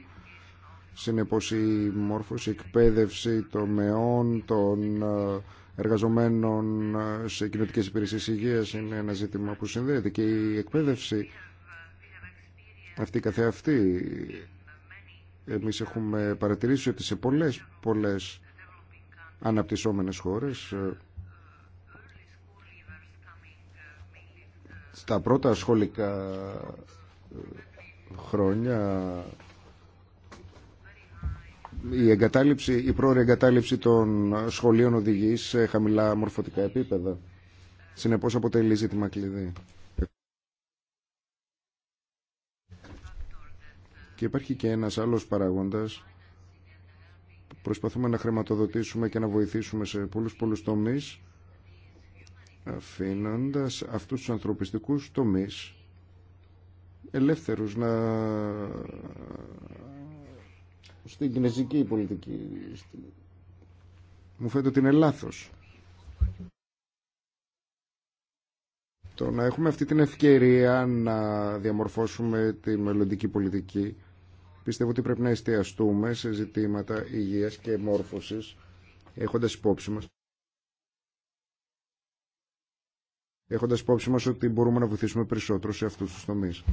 συνεπώς η μόρφωση, η εκπαίδευση των μεών, των ε, εργαζομένων ε, σε κοινωτικέ υπηρεσίε υγεία είναι ένα ζήτημα που συνδέεται και η εκπαίδευση αυτή καθεαυτή. Εμείς έχουμε παρατηρήσει ότι σε πολλέ πολλές αναπτυσσόμενες χώρες ε, στα πρώτα σχολικά ε, χρόνια η, εγκατάλειψη, η πρόορη εγκατάλειψη των σχολείων οδηγεί σε χαμηλά μορφωτικά επίπεδα. Συνεπώς αποτελεί ζήτημα κλειδί. Και υπάρχει και ένας άλλος παραγόντας προσπαθούμε να χρηματοδοτήσουμε και να βοηθήσουμε σε πολλούς πολλούς τομείς αφήνοντας αυτούς τους ανθρωπιστικούς τομείς ελεύθερους να στην κινέζικη πολιτική. Μου φαίνεται ότι είναι λάθος. Το να έχουμε αυτή την ευκαιρία να διαμορφώσουμε τη μελλοντική πολιτική πιστεύω ότι πρέπει να εστιαστούμε σε ζητήματα υγείας και μόρφωσης έχοντας υπόψη μας έχοντας υπόψη μας ότι μπορούμε να βοηθήσουμε περισσότερο σε αυτούς τους τομείς.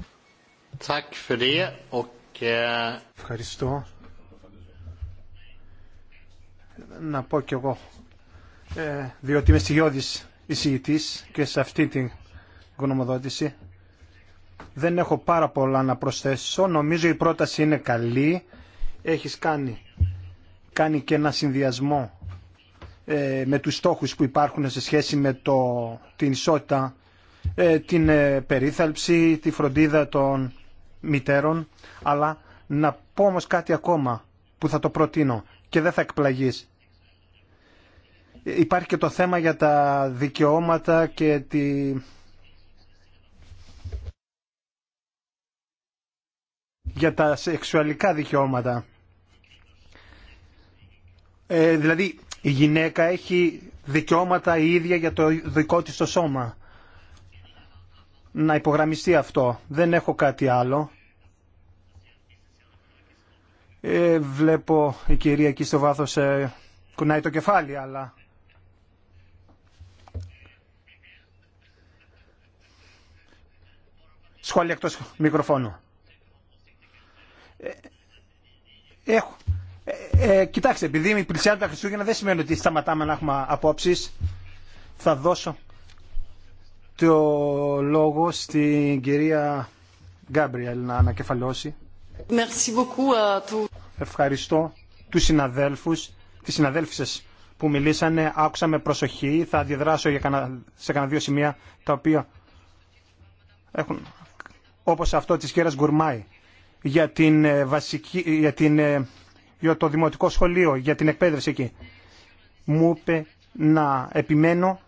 Eh, Ευχαριστώ να πω κι εγώ, ε, διότι είμαι στιγιώδης εισηγητής και σε αυτή την γνωμοδότηση. Δεν έχω πάρα πολλά να προσθέσω. Νομίζω η πρόταση είναι καλή. Έχεις κάνει, κάνει και ένα συνδυασμό ε, με τους στόχους που υπάρχουν σε σχέση με το, την ισότητα, ε, την ε, περίθαλψη, τη φροντίδα των μητέρων. Αλλά να πω όμως κάτι ακόμα που θα το προτείνω και δεν θα εκπλαγείς. Υπάρχει και το θέμα για τα δικαιώματα και τη... για τα σεξουαλικά δικαιώματα. Ε, δηλαδή η γυναίκα έχει δικαιώματα η ίδια για το δικό της το σώμα. Να υπογραμμιστεί αυτό. Δεν έχω κάτι άλλο. Ε, βλέπω η κυρία εκεί στο βάθος ε, κουνάει το κεφάλι, αλλά Σχόλια εκτός μικροφώνου. Ε, έχω. Ε, ε, κοιτάξτε, επειδή πλησιάζουν τα Χριστούγεννα δεν σημαίνει ότι σταματάμε να έχουμε απόψεις. Θα δώσω το λόγο στην κυρία Γκάμπριελ να ανακεφαλώσει. Ε, Ευχαριστώ τους συναδέλφους, τις συναδέλφισες που μιλήσανε, άκουσα με προσοχή, θα αντιδράσω σε κανένα δύο σημεία τα οποία έχουν όπως αυτό της κυρίας Γκουρμάη για, την ε, βασική, για, την, ε, για το δημοτικό σχολείο, για την εκπαίδευση εκεί. Μου είπε να επιμένω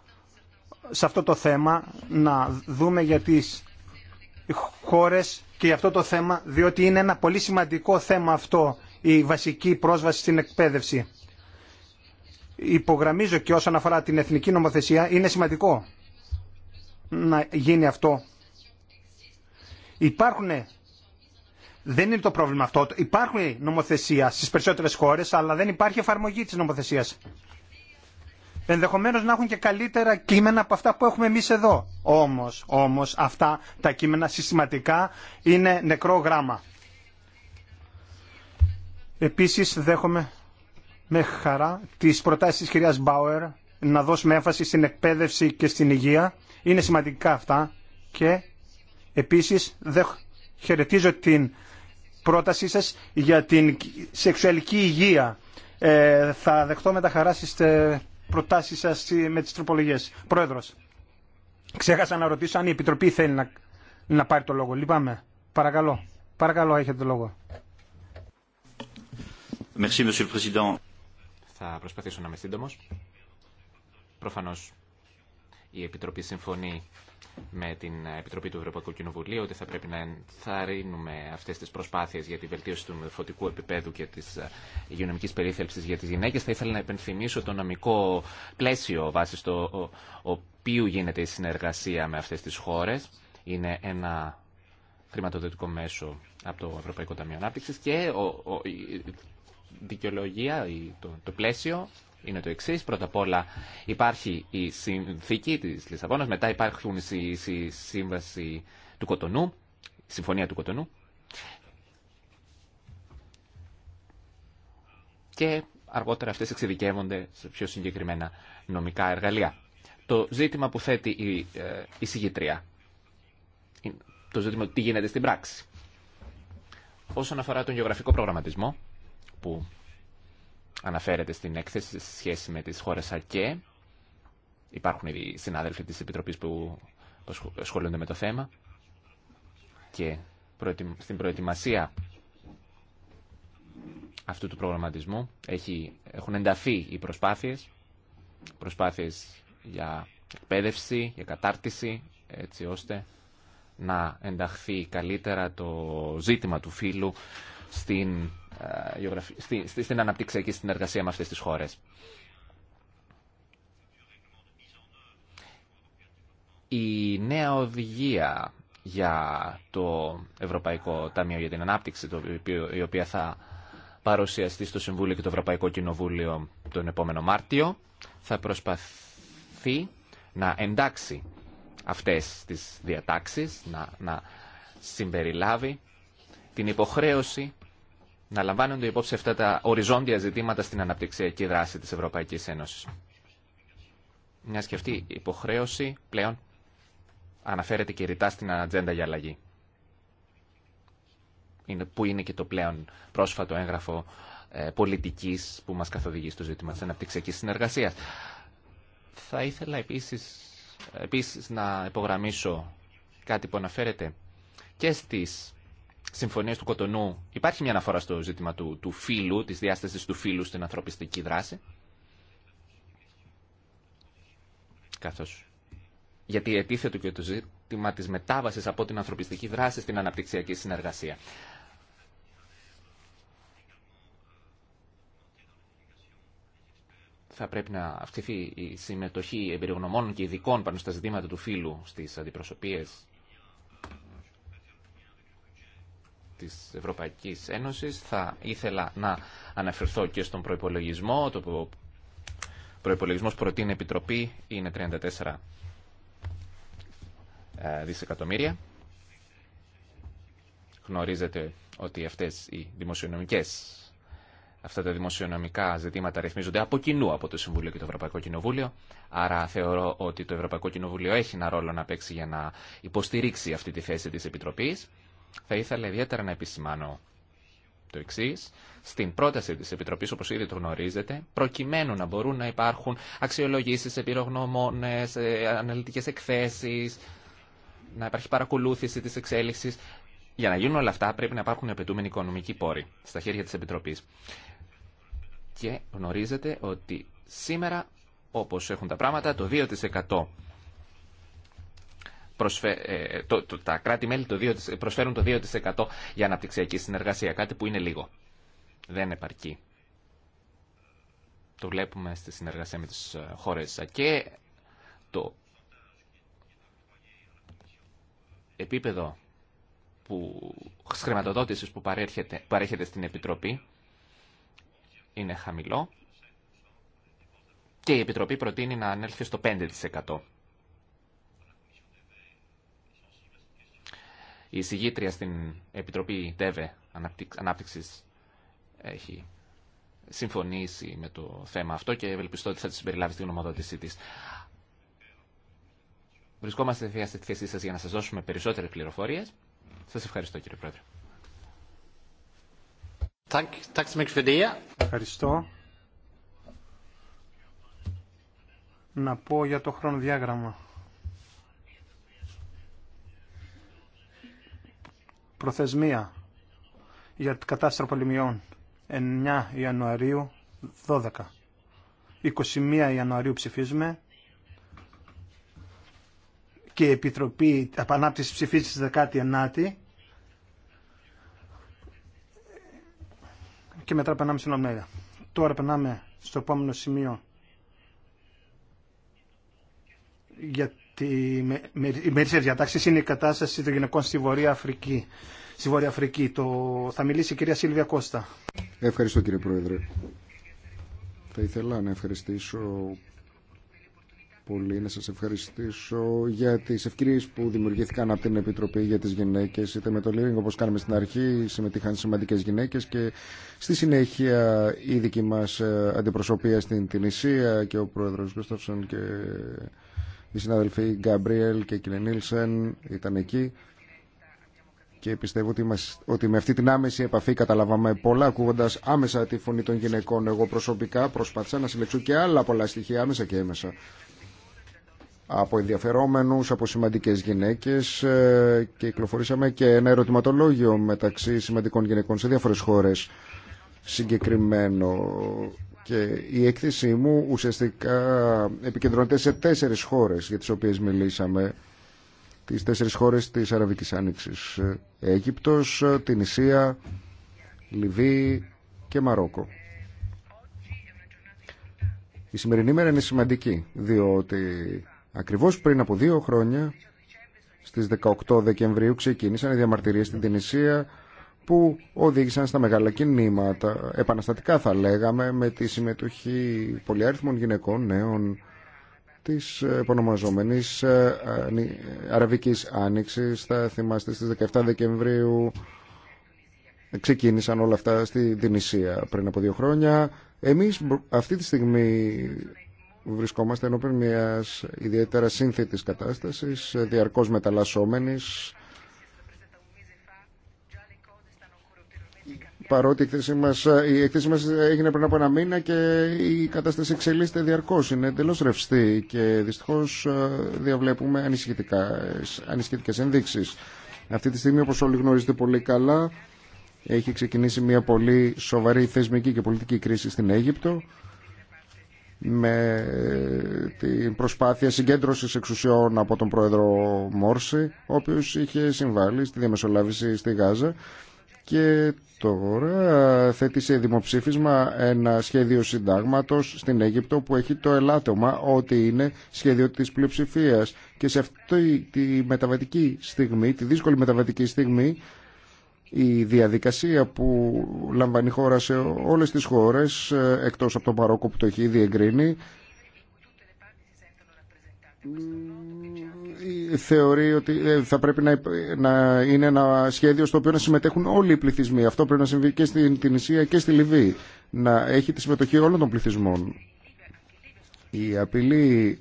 σε αυτό το θέμα, να δούμε για τις χώρες και για αυτό το θέμα, διότι είναι ένα πολύ σημαντικό θέμα αυτό, η βασική πρόσβαση στην εκπαίδευση. Υπογραμμίζω και όσον αφορά την εθνική νομοθεσία, είναι σημαντικό να γίνει αυτό Υπάρχουν δεν είναι το πρόβλημα αυτό. Υπάρχουν νομοθεσία στις περισσότερες χώρες, αλλά δεν υπάρχει εφαρμογή της νομοθεσίας. Ενδεχομένω να έχουν και καλύτερα κείμενα από αυτά που έχουμε εμείς εδώ. Όμως, όμως αυτά τα κείμενα συστηματικά είναι νεκρό γράμμα. Επίσης δέχομαι με χαρά τις προτάσει τη κυρία Μπάουερ να δώσουμε έμφαση στην εκπαίδευση και στην υγεία. Είναι σημαντικά αυτά και Επίσης, δεν χαιρετίζω την πρότασή σας για την σεξουαλική υγεία. Ε, θα δεχτώ με τα χαρά στις ε, προτάσεις σας με τις τροπολογίες. Πρόεδρος, ξέχασα να ρωτήσω αν η Επιτροπή θέλει να, να πάρει το λόγο. Λυπάμαι. Παρακαλώ. Παρακαλώ, έχετε το λόγο. Merci, Monsieur Θα προσπαθήσω να είμαι σύντομο. Προφανώ η Επιτροπή συμφωνεί με την Επιτροπή του Ευρωπαϊκού Κοινοβουλίου ότι θα πρέπει να ενθαρρύνουμε αυτέ τι προσπάθειε για τη βελτίωση του φωτικού επίπεδου και τη ε, υγειονομική περίθαλψη για τι γυναίκε. Θα ήθελα να υπενθυμίσω το νομικό πλαίσιο βάσει στο οποίο γίνεται η συνεργασία με αυτέ τι χώρε. Είναι ένα χρηματοδοτικό μέσο από το Ευρωπαϊκό Ταμείο Ανάπτυξη και ο, η δικαιολογία, το πλαίσιο είναι το εξή. Πρώτα απ' όλα υπάρχει η συνθήκη τη Λισαβόνα, μετά υπάρχουν η σύμβαση του Κοτονού, η συμφωνία του Κοτονού. Και αργότερα αυτές εξειδικεύονται σε πιο συγκεκριμένα νομικά εργαλεία. Το ζήτημα που θέτει η εισηγήτρια, το ζήτημα τι γίνεται στην πράξη. Όσον αφορά τον γεωγραφικό προγραμματισμό, που αναφέρεται στην έκθεση σε σχέση με τις χώρες ΑΚΕ. Υπάρχουν ήδη συνάδελφοι της Επιτροπής που ασχολούνται με το θέμα και στην προετοιμασία αυτού του προγραμματισμού έχει, έχουν ενταθεί οι προσπάθειες, προσπάθειες για εκπαίδευση, για κατάρτιση, έτσι ώστε να ενταχθεί καλύτερα το ζήτημα του φύλου στην ε, στην στην εργασία με αυτές τις χώρες. Η νέα οδηγία για το Ευρωπαϊκό Ταμείο για την Ανάπτυξη, η οποία θα παρουσιαστεί στο Συμβούλιο και το Ευρωπαϊκό Κοινοβούλιο τον επόμενο Μάρτιο, θα προσπαθεί να εντάξει αυτές τις διατάξεις, να, να συμπεριλάβει την υποχρέωση να λαμβάνονται υπόψη αυτά τα οριζόντια ζητήματα στην αναπτυξιακή δράση της Ευρωπαϊκής Ένωσης. Μια και αυτή η υποχρέωση πλέον αναφέρεται και ρητά στην ατζέντα για αλλαγή, που είναι και το πλέον πρόσφατο έγγραφο ε, πολιτικής που μας καθοδηγεί στο ζήτημα της αναπτυξιακής συνεργασίας. Θα ήθελα επίσης, επίσης να υπογραμμίσω κάτι που αναφέρεται και στις συμφωνίες του Κοτονού υπάρχει μια αναφορά στο ζήτημα του, του φύλου, της διάστασης του φύλου στην ανθρωπιστική δράση. Καθώς. Γιατί επίθετο και το ζήτημα της μετάβασης από την ανθρωπιστική δράση στην αναπτυξιακή συνεργασία. θα πρέπει να αυξηθεί η συμμετοχή εμπειρογνωμών και ειδικών πάνω στα ζητήματα του φύλου στις αντιπροσωπείες της Ευρωπαϊκής Ένωσης. Θα ήθελα να αναφερθώ και στον προϋπολογισμό. Το προϋπολογισμός προτείνει επιτροπή είναι 34 ε, δισεκατομμύρια. Γνωρίζετε ότι αυτές οι δημοσιονομικές αυτά τα δημοσιονομικά ζητήματα ρυθμίζονται από κοινού από το Συμβούλιο και το Ευρωπαϊκό Κοινοβούλιο. Άρα θεωρώ ότι το Ευρωπαϊκό Κοινοβούλιο έχει ένα ρόλο να παίξει για να υποστηρίξει αυτή τη θέση της Επιτροπής. Θα ήθελα ιδιαίτερα να επισημάνω το εξή. Στην πρόταση τη Επιτροπή, όπω ήδη το γνωρίζετε, προκειμένου να μπορούν να υπάρχουν αξιολογήσει, εμπειρογνώμονε, αναλυτικέ εκθέσει, να υπάρχει παρακολούθηση τη εξέλιξη. Για να γίνουν όλα αυτά πρέπει να υπάρχουν απαιτούμενοι οικονομικοί πόροι στα χέρια τη Επιτροπής. Και γνωρίζετε ότι σήμερα, όπω έχουν τα πράγματα, το 2% προσφε... Ε, τα κράτη-μέλη το 2, προσφέρουν το 2% για αναπτυξιακή συνεργασία, κάτι που είναι λίγο. Δεν επαρκεί. Το βλέπουμε στη συνεργασία με τις ε, χώρες και το επίπεδο που χρηματοδότησης που παρέρχεται παρέχεται στην Επιτροπή είναι χαμηλό και η Επιτροπή προτείνει να ανέλθει στο 5%. Η εισηγήτρια στην Επιτροπή ΤΕΒΕ Ανάπτυξης έχει συμφωνήσει με το θέμα αυτό και ευελπιστώ ότι θα τη συμπεριλάβει στην γνωμοδότησή τη. Βρισκόμαστε στη θέση σα για να σα δώσουμε περισσότερε πληροφορίε. Σα ευχαριστώ, κύριε Πρόεδρε. Ευχαριστώ. Να πω για το χρονοδιάγραμμα. Προθεσμία για την κατάσταση πολεμιών 9 Ιανουαρίου 12. 21 Ιανουαρίου ψηφίζουμε και η Επιτροπή Επανάπτυξη ψηφίζει στις 19 και μετά περνάμε στην Ομέλεια. Τώρα περνάμε στο επόμενο σημείο για τη μερικέ διατάξει είναι η κατάσταση των γυναικών στη Βορεια Αφρική. Στη Αφρική. Το... Θα μιλήσει η κυρία Σίλβια Κώστα. Ευχαριστώ κύριε Πρόεδρε. Θα ήθελα να ευχαριστήσω πολύ, να σας ευχαριστήσω για τις ευκαιρίες που δημιουργήθηκαν από την Επιτροπή για τις γυναίκες. Είτε με το Λίρινγκ όπως κάναμε στην αρχή, συμμετείχαν σημαντικές γυναίκες και στη συνέχεια η δική μας ε, αντιπροσωπεία στην Τινησία και ο Πρόεδρος Γκούσταυσον και οι συναδελφοί Γκαμπρίελ και Νίλσεν ήταν εκεί και πιστεύω ότι, ότι με αυτή την άμεση επαφή καταλάβαμε πολλά ακούγοντα άμεσα τη φωνή των γυναικών. Εγώ προσωπικά προσπάθησα να συλλεξώ και άλλα πολλά στοιχεία άμεσα και έμεσα από ενδιαφερόμενους, από σημαντικές γυναίκες ε, και κυκλοφορήσαμε και ένα ερωτηματολόγιο μεταξύ σημαντικών γυναικών σε διάφορες χώρες συγκεκριμένο και η έκθεσή μου ουσιαστικά επικεντρώνεται σε τέσσερις χώρες για τις οποίες μιλήσαμε. Τις τέσσερις χώρες της Αραβικής Άνοιξης. Αίγυπτος, την Λιβύη και Μαρόκο. Η σημερινή μέρα είναι σημαντική, διότι ακριβώς πριν από δύο χρόνια, στις 18 Δεκεμβρίου, ξεκίνησαν οι διαμαρτυρίες στην Τινησία που οδήγησαν στα μεγάλα κινήματα, επαναστατικά θα λέγαμε, με τη συμμετοχή πολυάριθμων γυναικών νέων της επωνομαζόμενης ε, ε, Αραβικής Άνοιξης. Θα θυμάστε στις 17 Δεκεμβρίου ξεκίνησαν όλα αυτά στη Δινησία πριν από δύο χρόνια. Εμείς αυτή τη στιγμή βρισκόμαστε ενώπιν μιας ιδιαίτερα σύνθετης κατάστασης, ε, διαρκώς μεταλλασσόμενης, Παρότι η εκθέση μα ε, μας έγινε πριν από ένα μήνα και η κατάσταση εξελίσσεται διαρκώς. Είναι εντελώς ρευστή και δυστυχώς ε, διαβλέπουμε ανησυχητικές ενδείξεις. Αυτή τη στιγμή, όπως όλοι γνωρίζετε πολύ καλά, έχει ξεκινήσει μια πολύ σοβαρή θεσμική και πολιτική κρίση στην Αίγυπτο με ε, την προσπάθεια συγκέντρωσης εξουσιών από τον πρόεδρο Μόρση, ο οποίος είχε συμβάλει στη διαμεσολάβηση στη Γάζα και τώρα θέτει σε δημοψήφισμα ένα σχέδιο συντάγματος στην Αίγυπτο που έχει το ελάττωμα ότι είναι σχέδιο της πλειοψηφία. και σε αυτή τη μεταβατική στιγμή, τη δύσκολη μεταβατική στιγμή η διαδικασία που λαμβάνει η χώρα σε όλες τις χώρες εκτός από το παρόκο που το έχει ήδη εγκρίνει θεωρεί ότι ε, θα πρέπει να, είναι ένα σχέδιο στο οποίο να συμμετέχουν όλοι οι πληθυσμοί. Αυτό πρέπει να συμβεί και στην Τινησία και στη Λιβύη. Να έχει τη συμμετοχή όλων των πληθυσμών. Η απειλή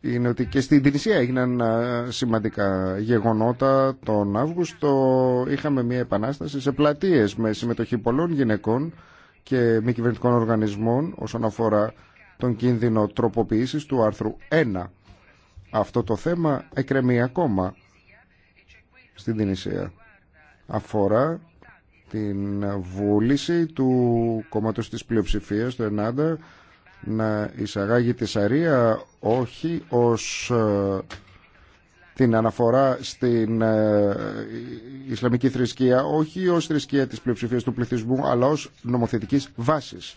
είναι ότι και στην Τινησία έγιναν σημαντικά γεγονότα. Τον Αύγουστο είχαμε μια επανάσταση σε πλατείες με συμμετοχή πολλών γυναικών και μη κυβερνητικών οργανισμών όσον αφορά τον κίνδυνο τροποποίησης του άρθρου 1 αυτό το θέμα εκρεμεί ακόμα στην Τινησία. Αφορά την βούληση του κόμματος της πλειοψηφίας, του ΕΝΑΝΤΑ, να εισαγάγει τη Σαρία όχι ως ε, την αναφορά στην ε, Ισλαμική θρησκεία, όχι ως θρησκεία της πλειοψηφίας του πληθυσμού, αλλά ως νομοθετικής βάσης.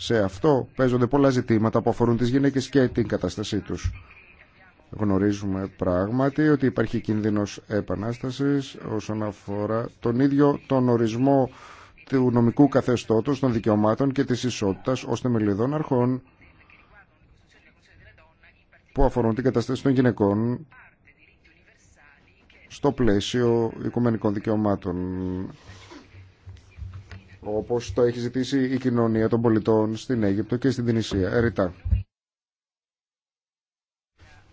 Σε αυτό παίζονται πολλά ζητήματα που αφορούν τις γυναίκες και την κατάστασή τους. Γνωρίζουμε πράγματι ότι υπάρχει κίνδυνος επανάστασης όσον αφορά τον ίδιο τον ορισμό του νομικού καθεστώτος, των δικαιωμάτων και της ισότητας ως θεμελιδών αρχών που αφορούν την κατάσταση των γυναικών στο πλαίσιο οικουμενικών δικαιωμάτων όπως το έχει ζητήσει η κοινωνία των πολιτών στην Αίγυπτο και στην Τινησία. Ε, Ρητά.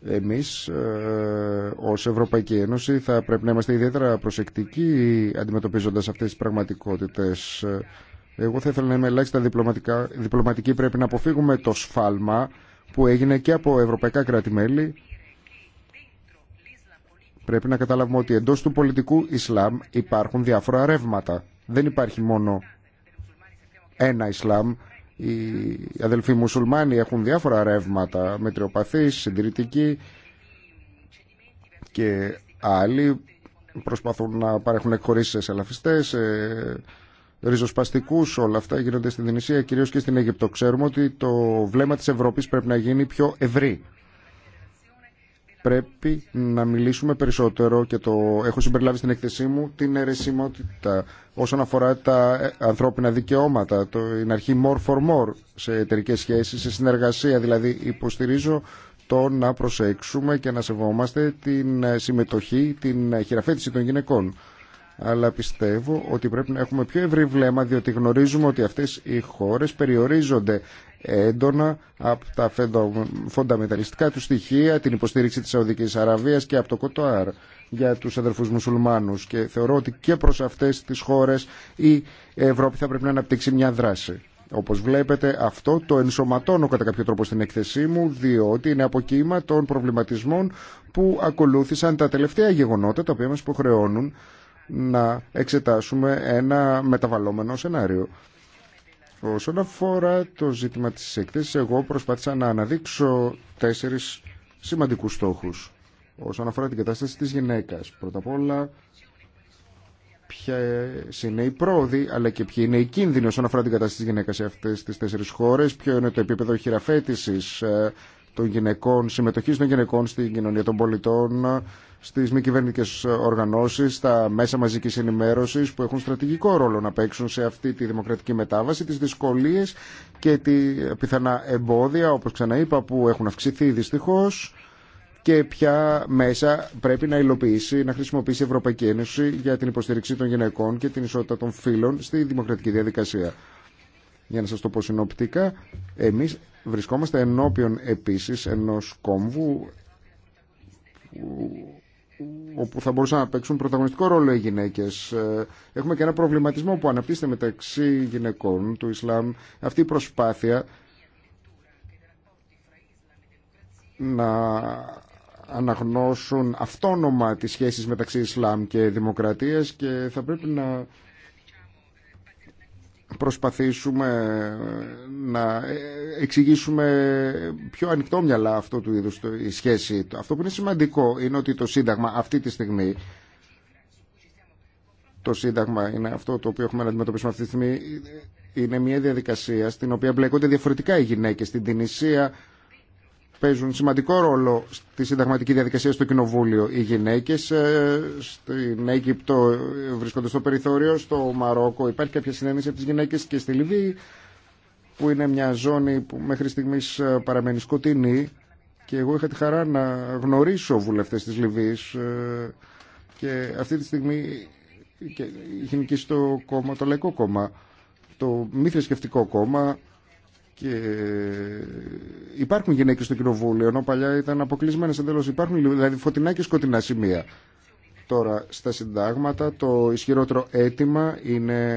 Εμείς ε, ως Ευρωπαϊκή Ένωση θα πρέπει να είμαστε ιδιαίτερα προσεκτικοί αντιμετωπίζοντας αυτές τις πραγματικότητες. Εγώ θα ήθελα να είμαι ελάχιστα διπλωματικά. διπλωματική. Πρέπει να αποφύγουμε το σφάλμα που έγινε και από ευρωπαϊκά κράτη-μέλη. Πρέπει να καταλάβουμε ότι εντός του πολιτικού Ισλάμ υπάρχουν διάφορα ρεύματα. Δεν υπάρχει μόνο ένα Ισλάμ. Οι αδελφοί μουσουλμάνοι έχουν διάφορα ρεύματα, μετριοπαθείς, συντηρητικοί και άλλοι προσπαθούν να παρέχουν εκχωρήσεις σε σαλαφιστές, ριζοσπαστικούς, όλα αυτά γίνονται στην Δυνησία κυρίως και στην Αίγυπτο. Ξέρουμε ότι το βλέμμα της Ευρώπης πρέπει να γίνει πιο ευρύ πρέπει να μιλήσουμε περισσότερο και το έχω συμπεριλάβει στην εκθεσή μου την αιρεσιμότητα όσον αφορά τα ε, ανθρώπινα δικαιώματα, το, την αρχή more for more σε εταιρικέ σχέσεις, σε συνεργασία. Δηλαδή υποστηρίζω το να προσέξουμε και να σεβόμαστε την ε, συμμετοχή, την ε, χειραφέτηση των γυναικών. Αλλά πιστεύω ότι πρέπει να έχουμε πιο ευρύ βλέμμα διότι γνωρίζουμε ότι αυτές οι χώρες περιορίζονται έντονα από τα φονταμεταλιστικά του στοιχεία, την υποστήριξη της Σαουδικής Αραβίας και από το Κοτοάρ για τους αδερφούς μουσουλμάνους και θεωρώ ότι και προς αυτές τις χώρες η Ευρώπη θα πρέπει να αναπτύξει μια δράση. Όπως βλέπετε αυτό το ενσωματώνω κατά κάποιο τρόπο στην εκθεσή μου διότι είναι αποκύημα των προβληματισμών που ακολούθησαν τα τελευταία γεγονότα τα οποία μας υποχρεώνουν να εξετάσουμε ένα μεταβαλλόμενο σενάριο. Όσον αφορά το ζήτημα της εκθέσης, εγώ προσπάθησα να αναδείξω τέσσερις σημαντικούς στόχους. Όσον αφορά την κατάσταση της γυναίκας, πρώτα απ' όλα ποια είναι η πρόοδοι, αλλά και ποιοι είναι οι κίνδυνοι όσον αφορά την κατάσταση της γυναίκας σε αυτές τις τέσσερις χώρες, ποιο είναι το επίπεδο χειραφέτησης των γυναικών, συμμετοχή των γυναικών στην κοινωνία των πολιτών, στι μη κυβερνητικέ οργανώσει, στα μέσα μαζική ενημέρωση που έχουν στρατηγικό ρόλο να παίξουν σε αυτή τη δημοκρατική μετάβαση, τι δυσκολίε και τη πιθανά εμπόδια, όπως ξαναείπα, που έχουν αυξηθεί δυστυχώ και ποια μέσα πρέπει να υλοποιήσει, να χρησιμοποιήσει η Ευρωπαϊκή Ένωση για την υποστήριξη των γυναικών και την ισότητα των φύλων στη δημοκρατική διαδικασία. Για να σας το πω συνοπτικά, εμείς βρισκόμαστε ενώπιον επίσης ενός κόμβου όπου θα μπορούσαν να παίξουν πρωταγωνιστικό ρόλο οι γυναίκες. Ε, έχουμε και ένα προβληματισμό που αναπτύσσεται μεταξύ γυναικών του Ισλάμ. Αυτή η προσπάθεια να αναγνώσουν αυτόνομα τις σχέσεις μεταξύ Ισλάμ και δημοκρατίας και θα πρέπει να προσπαθήσουμε να εξηγήσουμε πιο ανοιχτό μυαλά αυτό του είδους η σχέση. Αυτό που είναι σημαντικό είναι ότι το Σύνταγμα αυτή τη στιγμή το Σύνταγμα είναι αυτό το οποίο έχουμε να αντιμετωπίσουμε αυτή τη στιγμή είναι μια διαδικασία στην οποία μπλέκονται διαφορετικά οι γυναίκες στην Τινησία παίζουν σημαντικό ρόλο στη συνταγματική διαδικασία στο Κοινοβούλιο. Οι γυναίκες ε, στην Αίγυπτο βρίσκονται στο περιθώριο, στο Μαρόκο υπάρχει κάποια συνένεση από τις γυναίκες και στη Λιβύη που είναι μια ζώνη που μέχρι στιγμής ε, παραμένει σκοτεινή και εγώ είχα τη χαρά να γνωρίσω βουλευτές της Λιβύης ε, και αυτή τη στιγμή και Γενική στο κόμμα, το Λαϊκό Κόμμα, το μη θρησκευτικό κόμμα και υπάρχουν γυναίκε στο κοινοβούλιο, ενώ παλιά ήταν αποκλεισμένε εντελώ. Υπάρχουν δηλαδή φωτεινά και σκοτεινά σημεία. Τώρα, στα συντάγματα το ισχυρότερο αίτημα είναι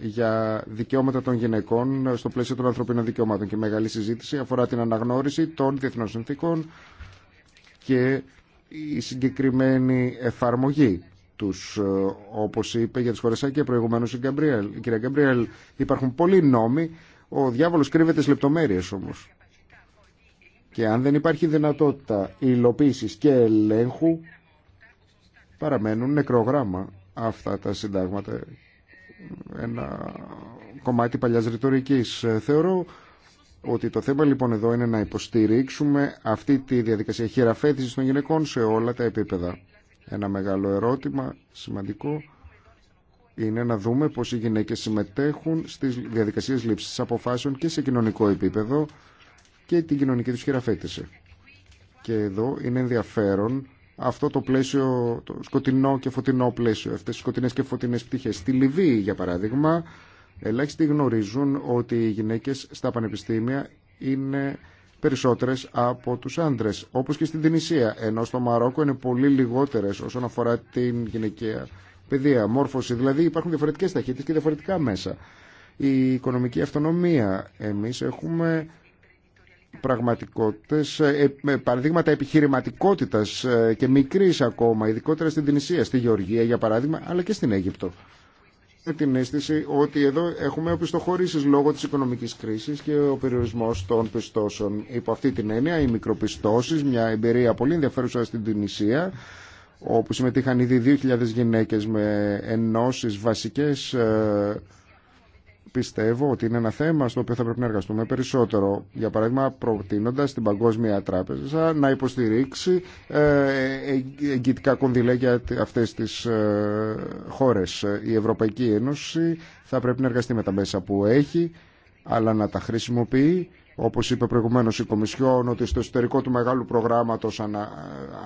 για δικαιώματα των γυναικών στο πλαίσιο των ανθρωπίνων δικαιωμάτων και μεγάλη συζήτηση αφορά την αναγνώριση των διεθνών συνθήκων και η συγκεκριμένη εφαρμογή τους, όπως είπε για τις χώρες και προηγουμένως η, η κυρία Γκαμπριέλ. Υπάρχουν πολλοί νόμοι ο διάβολος κρύβεται στις λεπτομέρειες όμως. Και αν δεν υπάρχει δυνατότητα υλοποίησης και ελέγχου, παραμένουν νεκρογράμμα αυτά τα συντάγματα. Ένα κομμάτι παλιάς ρητορική. Θεωρώ ότι το θέμα λοιπόν εδώ είναι να υποστηρίξουμε αυτή τη διαδικασία χειραφέτησης των γυναικών σε όλα τα επίπεδα. Ένα μεγάλο ερώτημα, σημαντικό, είναι να δούμε πώς οι γυναίκες συμμετέχουν στις διαδικασίες λήψης αποφάσεων και σε κοινωνικό επίπεδο και την κοινωνική τους χειραφέτηση. Και εδώ είναι ενδιαφέρον αυτό το πλαίσιο, το σκοτεινό και φωτεινό πλαίσιο, αυτές τις σκοτεινές και φωτεινές πτυχές. Στη Λιβύη, για παράδειγμα, ελάχιστοι γνωρίζουν ότι οι γυναίκες στα πανεπιστήμια είναι περισσότερες από τους άντρες, όπως και στην Τινησία, ενώ στο Μαρόκο είναι πολύ λιγότερες όσον αφορά την γυναικεία παιδεία, μόρφωση. Δηλαδή υπάρχουν διαφορετικέ ταχύτητε και διαφορετικά μέσα. Η οικονομική αυτονομία. Εμεί έχουμε πραγματικότητε, ε, ε, παραδείγματα επιχειρηματικότητα ε, και μικρή ακόμα, ειδικότερα στην Τινησία, στη Γεωργία για παράδειγμα, αλλά και στην Αίγυπτο. Την αίσθηση ότι εδώ έχουμε οπισθοχωρήσει λόγω τη οικονομική κρίση και ο περιορισμό των πιστώσεων. Υπό αυτή την έννοια οι μικροπιστώσει, μια εμπειρία πολύ ενδιαφέρουσα στην Τινησία, όπου συμμετείχαν ήδη 2.000 γυναίκες με ενώσεις βασικές ε, πιστεύω ότι είναι ένα θέμα στο οποίο θα πρέπει να εργαστούμε περισσότερο. Για παράδειγμα, προτείνοντα την Παγκόσμια Τράπεζα να υποστηρίξει ε, εγκυτικά κονδυλέ για τις τι ε, χώρε. Η Ευρωπαϊκή Ένωση θα πρέπει να εργαστεί με τα μέσα που έχει, αλλά να τα χρησιμοποιεί όπως είπε προηγουμένως η Κομισιόν, ότι στο εσωτερικό του μεγάλου προγράμματος ανα,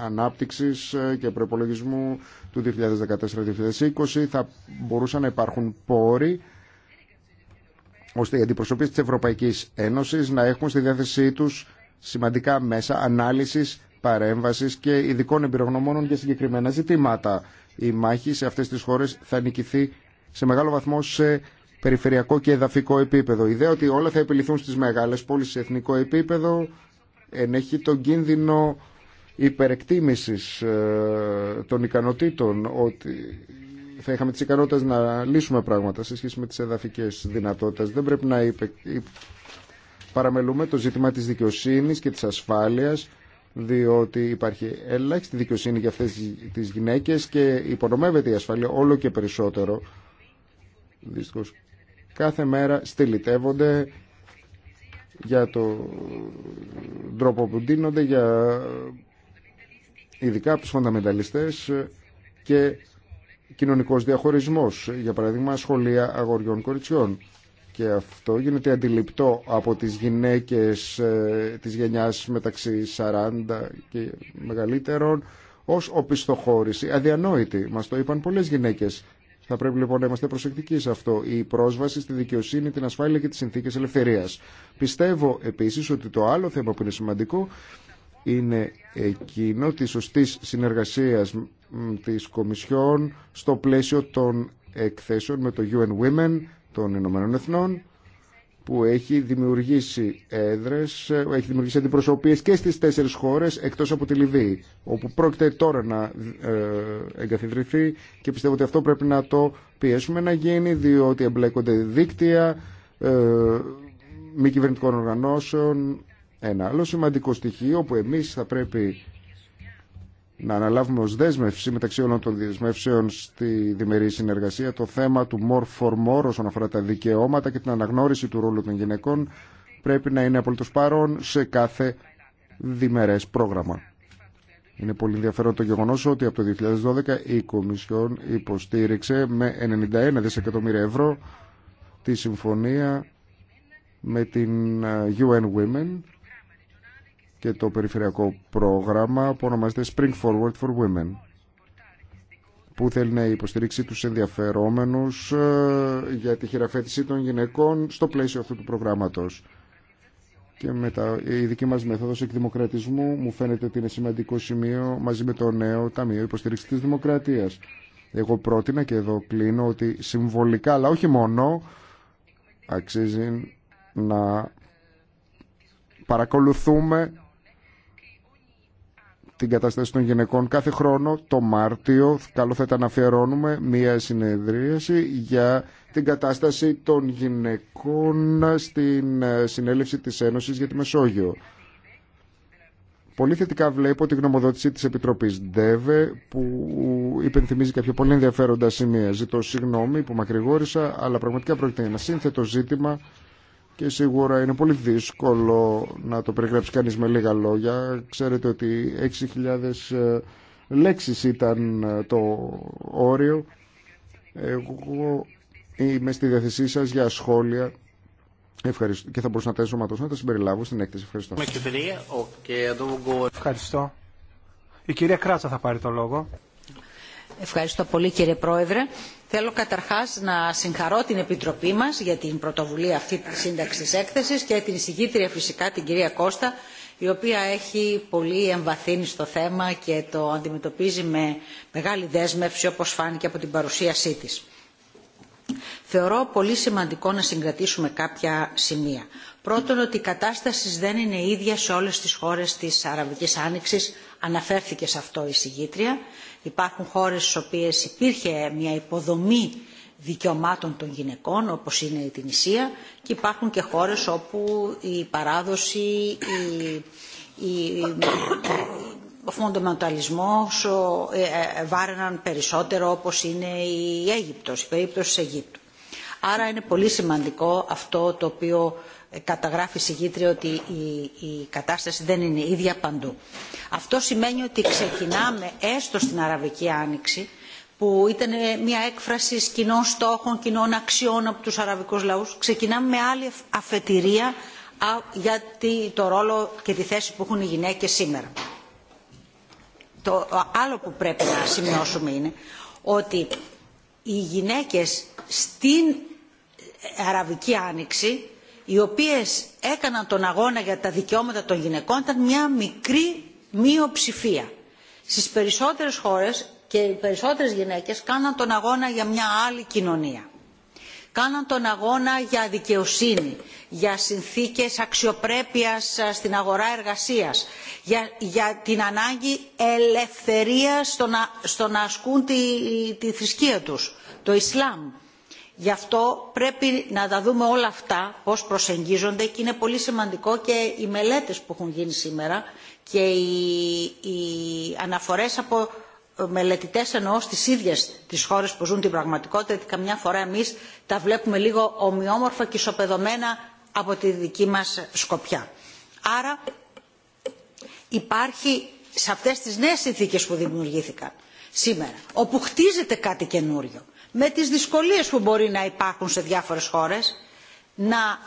ανάπτυξης ε, και προπολογισμού του 2014-2020 θα μπορούσαν να υπάρχουν πόροι ώστε οι αντιπροσωπείς της Ευρωπαϊκής Ένωσης να έχουν στη διάθεσή τους σημαντικά μέσα ανάλυσης, παρέμβασης και ειδικών εμπειρογνωμόνων για συγκεκριμένα ζητήματα. Η μάχη σε αυτές τις χώρες θα νικηθεί σε μεγάλο βαθμό σε περιφερειακό και εδαφικό επίπεδο. Η ιδέα ότι όλα θα επιληθούν στις μεγάλες πόλεις σε εθνικό επίπεδο ενέχει τον κίνδυνο υπερεκτίμησης ε, των ικανοτήτων ότι θα είχαμε τις ικανότητες να λύσουμε πράγματα σε σχέση με τις εδαφικές δυνατότητες. Δεν πρέπει να υπε... παραμελούμε το ζήτημα της δικαιοσύνης και της ασφάλειας διότι υπάρχει ελάχιστη δικαιοσύνη για αυτές τις γυναίκες και υπονομεύεται η ασφάλεια όλο και περισσότερο. Δυστυχώς κάθε μέρα στυλιτεύονται για τον τρόπο που ντύνονται, για ειδικά από τους φονταμενταλιστές και κοινωνικός διαχωρισμός, για παράδειγμα σχολεία αγοριών κοριτσιών. Και αυτό γίνεται αντιληπτό από τις γυναίκες ε, της γενιάς μεταξύ 40 και μεγαλύτερων ως οπισθοχώρηση, αδιανόητη. Μας το είπαν πολλές γυναίκες θα πρέπει λοιπόν να είμαστε προσεκτικοί σε αυτό. Η πρόσβαση στη δικαιοσύνη, την ασφάλεια και τι συνθήκε ελευθερία. Πιστεύω επίση ότι το άλλο θέμα που είναι σημαντικό είναι εκείνο τη σωστή συνεργασία τη Κομισιόν στο πλαίσιο των εκθέσεων με το UN Women των Ηνωμένων Εθνών που έχει δημιουργήσει έδρες, έχει δημιουργήσει αντιπροσωπείες και στις τέσσερις χώρες εκτός από τη Λιβύη, όπου πρόκειται τώρα να ε, εγκαθιδρυθεί και πιστεύω ότι αυτό πρέπει να το πιέσουμε να γίνει, διότι εμπλέκονται δίκτυα ε, μη κυβερνητικών οργανώσεων. Ένα άλλο σημαντικό στοιχείο που εμείς θα πρέπει να αναλάβουμε ως δέσμευση μεταξύ όλων των δεσμεύσεων στη διμερή συνεργασία το θέμα του more for more όσον αφορά τα δικαιώματα και την αναγνώριση του ρόλου των γυναικών πρέπει να είναι απολύτως παρόν σε κάθε διμερές πρόγραμμα. Είναι πολύ ενδιαφέρον το γεγονός ότι από το 2012 η Κομισιόν υποστήριξε με 91 δισεκατομμύρια ευρώ τη συμφωνία με την ε, UN Women και το περιφερειακό πρόγραμμα που ονομάζεται Spring Forward for Women που θέλει να υποστηρίξει τους ενδιαφερόμενους ε, για τη χειραφέτηση των γυναικών στο πλαίσιο αυτού του προγράμματος. Και τα η δική μας μέθοδος εκδημοκρατισμού μου φαίνεται ότι είναι σημαντικό σημείο μαζί με το νέο Ταμείο Υποστηρίξης της Δημοκρατίας. Εγώ πρότεινα και εδώ κλείνω ότι συμβολικά αλλά όχι μόνο αξίζει να παρακολουθούμε την κατάσταση των γυναικών κάθε χρόνο το Μάρτιο καλό θα ήταν να αφιερώνουμε μία συνεδρίαση για την κατάσταση των γυναικών στην ε, συνέλευση της Ένωσης για τη Μεσόγειο. Πολύ θετικά βλέπω τη γνωμοδότηση της Επιτροπής ΔΕΒΕ που υπενθυμίζει κάποια πολύ ενδιαφέροντα σημεία. Ζητώ συγγνώμη που μακρηγόρησα, αλλά πραγματικά πρόκειται για ένα σύνθετο ζήτημα και σίγουρα είναι πολύ δύσκολο να το περιγράψει κανείς με λίγα λόγια. Ξέρετε ότι 6.000 ε, λέξεις ήταν ε, το όριο. Εγώ είμαι στη διαθεσή σας για σχόλια Ευχαριστώ. και θα μπορούσα να τα ενσωματώσω να τα συμπεριλάβω στην έκθεση. Ευχαριστώ. Ευχαριστώ. Η κυρία Κράτσα θα πάρει το λόγο. Ευχαριστώ πολύ κύριε Πρόεδρε. Θέλω καταρχάς να συγχαρώ την Επιτροπή μας για την πρωτοβουλία αυτή της σύνταξης έκθεσης και την εισηγήτρια φυσικά την κυρία Κώστα η οποία έχει πολύ εμβαθύνει στο θέμα και το αντιμετωπίζει με μεγάλη δέσμευση όπως φάνηκε από την παρουσίασή της. Θεωρώ πολύ σημαντικό να συγκρατήσουμε κάποια σημεία. Πρώτον ότι η κατάσταση δεν είναι ίδια σε όλες τις χώρες της Αραβικής Άνοιξης, αναφέρθηκε σε αυτό η συγγήτρια Υπάρχουν χώρες στις οποίες υπήρχε μια υποδομή δικαιωμάτων των γυναικών, όπως είναι η Τινησία, και υπάρχουν και χώρες όπου η παράδοση, η, ο ε, ε βάρεναν περισσότερο όπως είναι η Αίγυπτος, η περίπτωση της Αιγύπτου. Άρα είναι πολύ σημαντικό αυτό το οποίο ε, καταγράφει η ότι η κατάσταση δεν είναι ίδια παντού. Αυτό σημαίνει ότι ξεκινάμε έστω στην Αραβική Άνοιξη που ήταν μια έκφραση κοινών στόχων, κοινών αξιών από τους αραβικούς λαούς. Ξεκινάμε με άλλη αφετηρία για το ρόλο και τη θέση που έχουν οι γυναίκες σήμερα. Το άλλο που πρέπει να σημειώσουμε είναι ότι οι γυναίκες στην ε, Αραβική Άνοιξη οι οποίες έκαναν τον αγώνα για τα δικαιώματα των γυναικών ήταν μια μικρή μειοψηφία. Στις περισσότερες χώρες και οι περισσότερες γυναίκες κάναν τον αγώνα για μια άλλη κοινωνία. Κάναν τον αγώνα για δικαιοσύνη, για συνθήκες αξιοπρέπειας ε, στην αγορά εργασίας, για, για την ανάγκη ελευθερίας στο να, στο ασκούν τη, τη θρησκεία τους, το Ισλάμ Γι' αυτό πρέπει να τα δούμε όλα αυτά, πώς προσεγγίζονται και είναι πολύ σημαντικό και οι μελέτες που έχουν γίνει σήμερα και οι, αναφορέ αναφορές από μελετητές εννοώ στις ίδιες τις χώρες που ζουν την πραγματικότητα, γιατί καμιά φορά εμείς τα βλέπουμε λίγο ομοιόμορφα και ισοπεδωμένα από τη δική μας σκοπιά. Άρα υπάρχει σε αυτέ τις νέες συνθήκες που δημιουργήθηκαν σήμερα, όπου χτίζεται κάτι καινούριο, με τις δυσκολίες που μπορεί να υπάρχουν σε διάφορες χώρες, να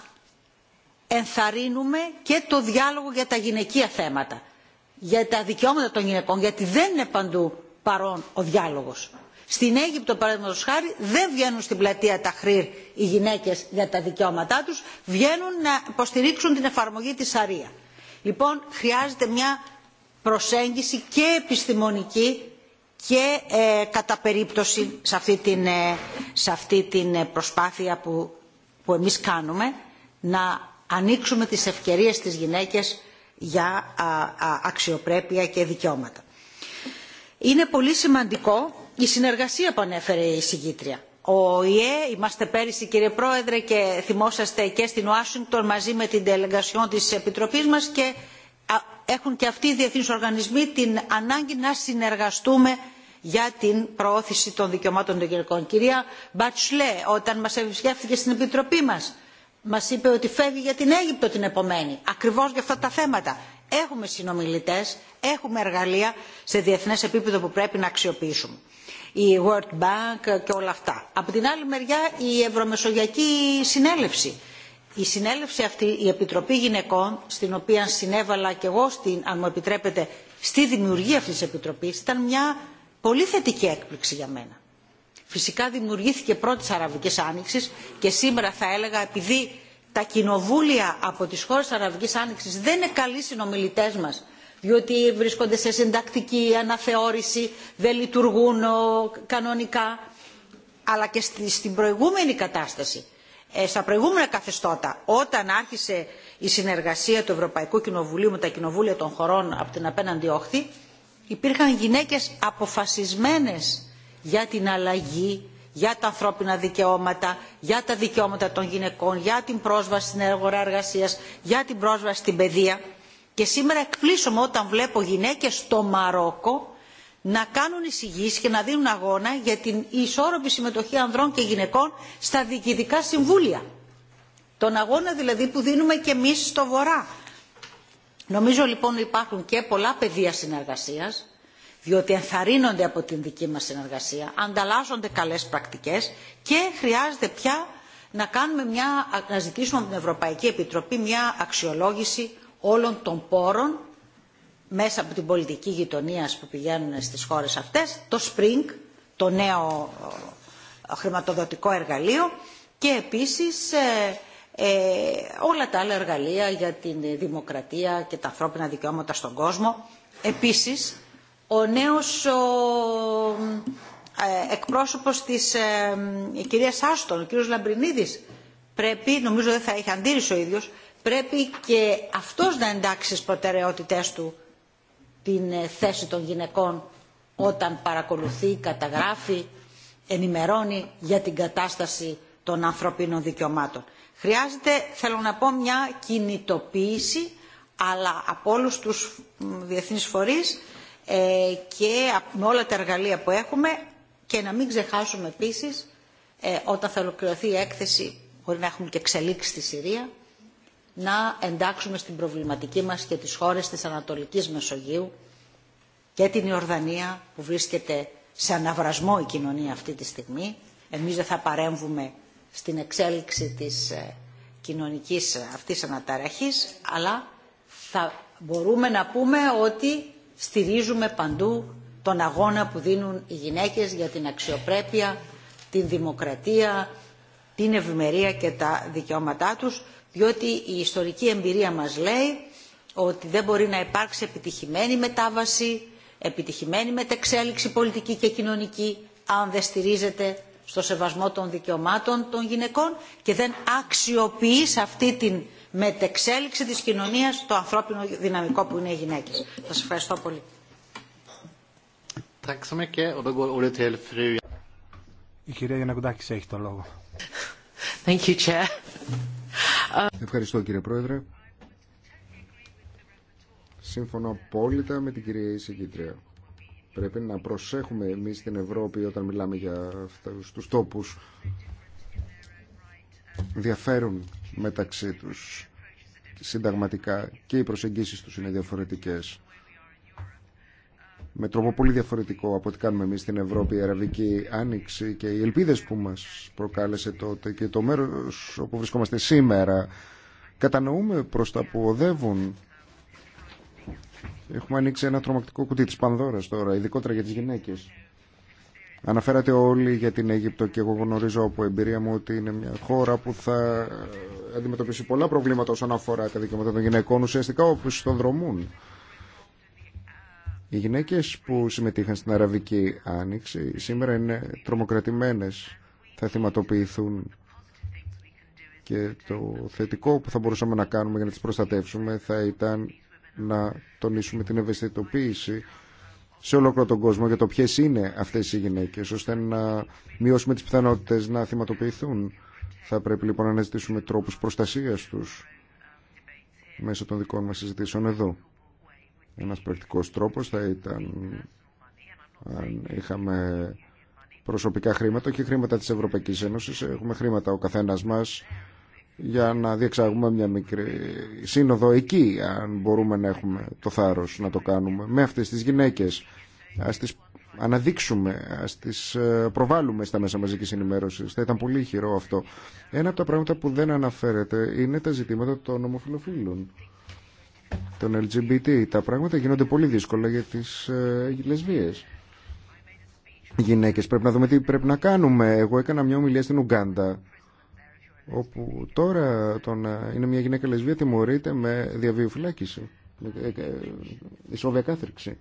ενθαρρύνουμε και το διάλογο για τα γυναικεία θέματα, για τα δικαιώματα των γυναικών, γιατί δεν είναι παντού παρόν ο διάλογος. Στην Αίγυπτο, παραδείγματος χάρη, δεν βγαίνουν στην πλατεία χρήρ οι γυναίκες για τα δικαιώματά τους, βγαίνουν να υποστηρίξουν την εφαρμογή της Σαρία. Λοιπόν, χρειάζεται μια προσέγγιση και επιστημονική και ε, κατά περίπτωση σε αυτή την, ε, σε αυτή την ε, προσπάθεια που, που εμείς κάνουμε να ανοίξουμε τις ευκαιρίες της γυναίκες για αξιοπρέπεια και δικαιώματα. Είναι πολύ σημαντικό η συνεργασία που ανέφερε η συγκήτρια. Ο ΙΕ, είμαστε πέρυσι κύριε Πρόεδρε και θυμόσαστε και στην Ουάσινγκτον μαζί με την τελεγκασιόν της Επιτροπής μας και έχουν και αυτοί οι διεθνείς οργανισμοί την ανάγκη να συνεργαστούμε για την προώθηση των δικαιωμάτων των γυναικών. Κυρία Μπατσλέ, όταν μας επισκέφθηκε στην Επιτροπή μας, μας είπε ότι φεύγει για την Αίγυπτο την επομένη, ακριβώς για αυτά τα θέματα. Έχουμε συνομιλητές, έχουμε εργαλεία σε διεθνές επίπεδο που πρέπει να αξιοποιήσουμε. Η World Bank και όλα αυτά. Από την άλλη μεριά η Ευρωμεσογειακή Συνέλευση η συνέλευση αυτή, η Επιτροπή Γυναικών, στην οποία συνέβαλα και εγώ, αν μου επιτρέπετε, στη δημιουργία αυτής της Επιτροπής, ήταν μια πολύ θετική έκπληξη για μένα. Φυσικά δημιουργήθηκε πρώτη Αραβικής Άνοιξης και σήμερα θα έλεγα επειδή τα κοινοβούλια από τις χώρες Αραβικής Άνοιξης δεν είναι καλοί συνομιλητές μας διότι βρίσκονται σε συντακτική αναθεώρηση, δεν λειτουργούν ε, κανονικά αλλά και στην προηγούμενη κατάσταση ε, στα προηγούμενα καθεστώτα όταν άρχισε η συνεργασία του Ευρωπαϊκού Κοινοβουλίου με τα κοινοβούλια των χωρών από την απέναντι όχθη υπήρχαν γυναίκες αποφασισμένες για την αλλαγή, για τα ανθρώπινα δικαιώματα, για τα δικαιώματα των γυναικών, για την πρόσβαση στην αγορά εργασίας, για την πρόσβαση στην παιδεία. Και σήμερα εκπλήσωμαι όταν βλέπω γυναίκες στο Μαρόκο να κάνουν εισηγήσει και να δίνουν αγώνα για την ισόρροπη συμμετοχή ανδρών και γυναικών στα διοικητικά συμβούλια. Τον αγώνα δηλαδή που δίνουμε και εμείς στο Βορρά. Νομίζω λοιπόν ότι υπάρχουν και πολλά πεδία συνεργασίας, διότι ενθαρρύνονται από την δική μας συνεργασία, ανταλλάσσονται καλές πρακτικές και χρειάζεται πια να, κάνουμε μια, να ζητήσουμε από την Ευρωπαϊκή Επιτροπή μια αξιολόγηση όλων των πόρων μέσα από την πολιτική γειτονία που πηγαίνουν στις χώρες αυτές, το SPRING, το νέο ε, χρηματοδοτικό εργαλείο και επίσης ε, ε, όλα τα άλλα εργαλεία για τη δημοκρατία και τα ανθρώπινα δικαιώματα στον κόσμο. Επίσης, ο νέος ο, ε, εκπρόσωπος της κυρίας Άστον, ο κύριος Λαμπρινίδης, πρέπει, νομίζω δεν θα έχει αντίρρηση ο ίδιος, πρέπει και αυτός να εντάξει στις προτεραιότητές του την ε, θέση των γυναικών όταν παρακολουθεί, καταγράφει, ενημερώνει για την κατάσταση των ανθρωπίνων δικαιωμάτων. Χρειάζεται, θέλω να πω, μια κινητοποίηση αλλά από όλους τους διεθνείς φορείς ε, και με όλα τα εργαλεία που έχουμε και να μην ξεχάσουμε επίσης ε, όταν θα ολοκληρωθεί η έκθεση μπορεί να έχουμε και εξελίξει στη Συρία να εντάξουμε στην προβληματική μας και τις χώρες της Ανατολικής Μεσογείου και την Ιορδανία που βρίσκεται σε αναβρασμό η κοινωνία αυτή τη στιγμή. Εμείς δεν θα παρέμβουμε στην εξέλιξη της ε, κοινωνικής ε, αυτής αναταραχής, αλλά θα μπορούμε να πούμε ότι στηρίζουμε παντού τον αγώνα που δίνουν οι γυναίκες για την αξιοπρέπεια, την δημοκρατία, την ευημερία και τα δικαιώματά τους διότι η ιστορική εμπειρία μας λέει ότι δεν μπορεί να υπάρξει επιτυχημένη μετάβαση, επιτυχημένη μετεξέλιξη πολιτική και κοινωνική, αν δεν στηρίζεται στο σεβασμό των δικαιωμάτων των γυναικών και δεν αξιοποιεί σε αυτή την μετεξέλιξη της κοινωνίας το ανθρώπινο δυναμικό που είναι οι γυναίκες. Σας ευχαριστώ πολύ. λόγο. Ευχαριστώ κύριε Πρόεδρε. Σύμφωνα απόλυτα με την κυρία Ισηγήτρια. Πρέπει να προσέχουμε εμείς στην Ευρώπη όταν μιλάμε για αυτούς τους τόπους. Διαφέρουν μεταξύ τους συνταγματικά και οι προσεγγίσεις τους είναι διαφορετικές με τρόπο πολύ διαφορετικό από ό,τι κάνουμε εμείς στην Ευρώπη, η Αραβική Άνοιξη και οι ελπίδες που μας προκάλεσε τότε και το μέρο όπου βρισκόμαστε σήμερα, κατανοούμε προς τα που οδεύουν. Έχουμε ανοίξει ένα τρομακτικό κουτί της Πανδώρας τώρα, ειδικότερα για τις γυναίκες. Αναφέρατε όλοι για την Αίγυπτο και εγώ γνωρίζω από εμπειρία μου ότι είναι μια χώρα που θα αντιμετωπίσει πολλά προβλήματα όσον αφορά τα δικαιώματα των γυναικών ουσιαστικά όπως τον δρομούν. Οι γυναίκες που συμμετείχαν στην Αραβική Άνοιξη σήμερα είναι τρομοκρατημένες, θα θυματοποιηθούν και το θετικό που θα μπορούσαμε να κάνουμε για να τις προστατεύσουμε θα ήταν να τονίσουμε την ευαισθητοποίηση σε ολόκληρο τον κόσμο για το ποιες είναι αυτές οι γυναίκες ώστε να μειώσουμε τις πιθανότητες να θυματοποιηθούν. Θα πρέπει λοιπόν να αναζητήσουμε τρόπους προστασίας τους μέσω των δικών μας συζητήσεων εδώ. Ένας πρακτικός τρόπος θα ήταν αν είχαμε προσωπικά χρήματα και χρήματα της Ευρωπαϊκής Ένωσης. Έχουμε χρήματα ο καθένας μας για να διεξάγουμε μια μικρή σύνοδο εκεί, αν μπορούμε να έχουμε το θάρρος να το κάνουμε. Με αυτές τις γυναίκες, ας τις αναδείξουμε, ας τις ε, προβάλλουμε στα μέσα μαζικής ενημέρωσης. Θα ήταν πολύ χειρό αυτό. Ένα από τα πράγματα που δεν αναφέρεται είναι τα ζητήματα των ομοφιλοφίλων των LGBT. Τα πράγματα γίνονται πολύ δύσκολα για τις ε, λεσβίες γυναίκες. Πρέπει να δούμε τι πρέπει να κάνουμε. Εγώ έκανα μια ομιλία στην Ουγκάντα όπου τώρα τον ε, είναι μια γυναίκα λεσβία τιμωρείται με διαβίω φυλάκιση, με ε, ισόβια κάθριξη.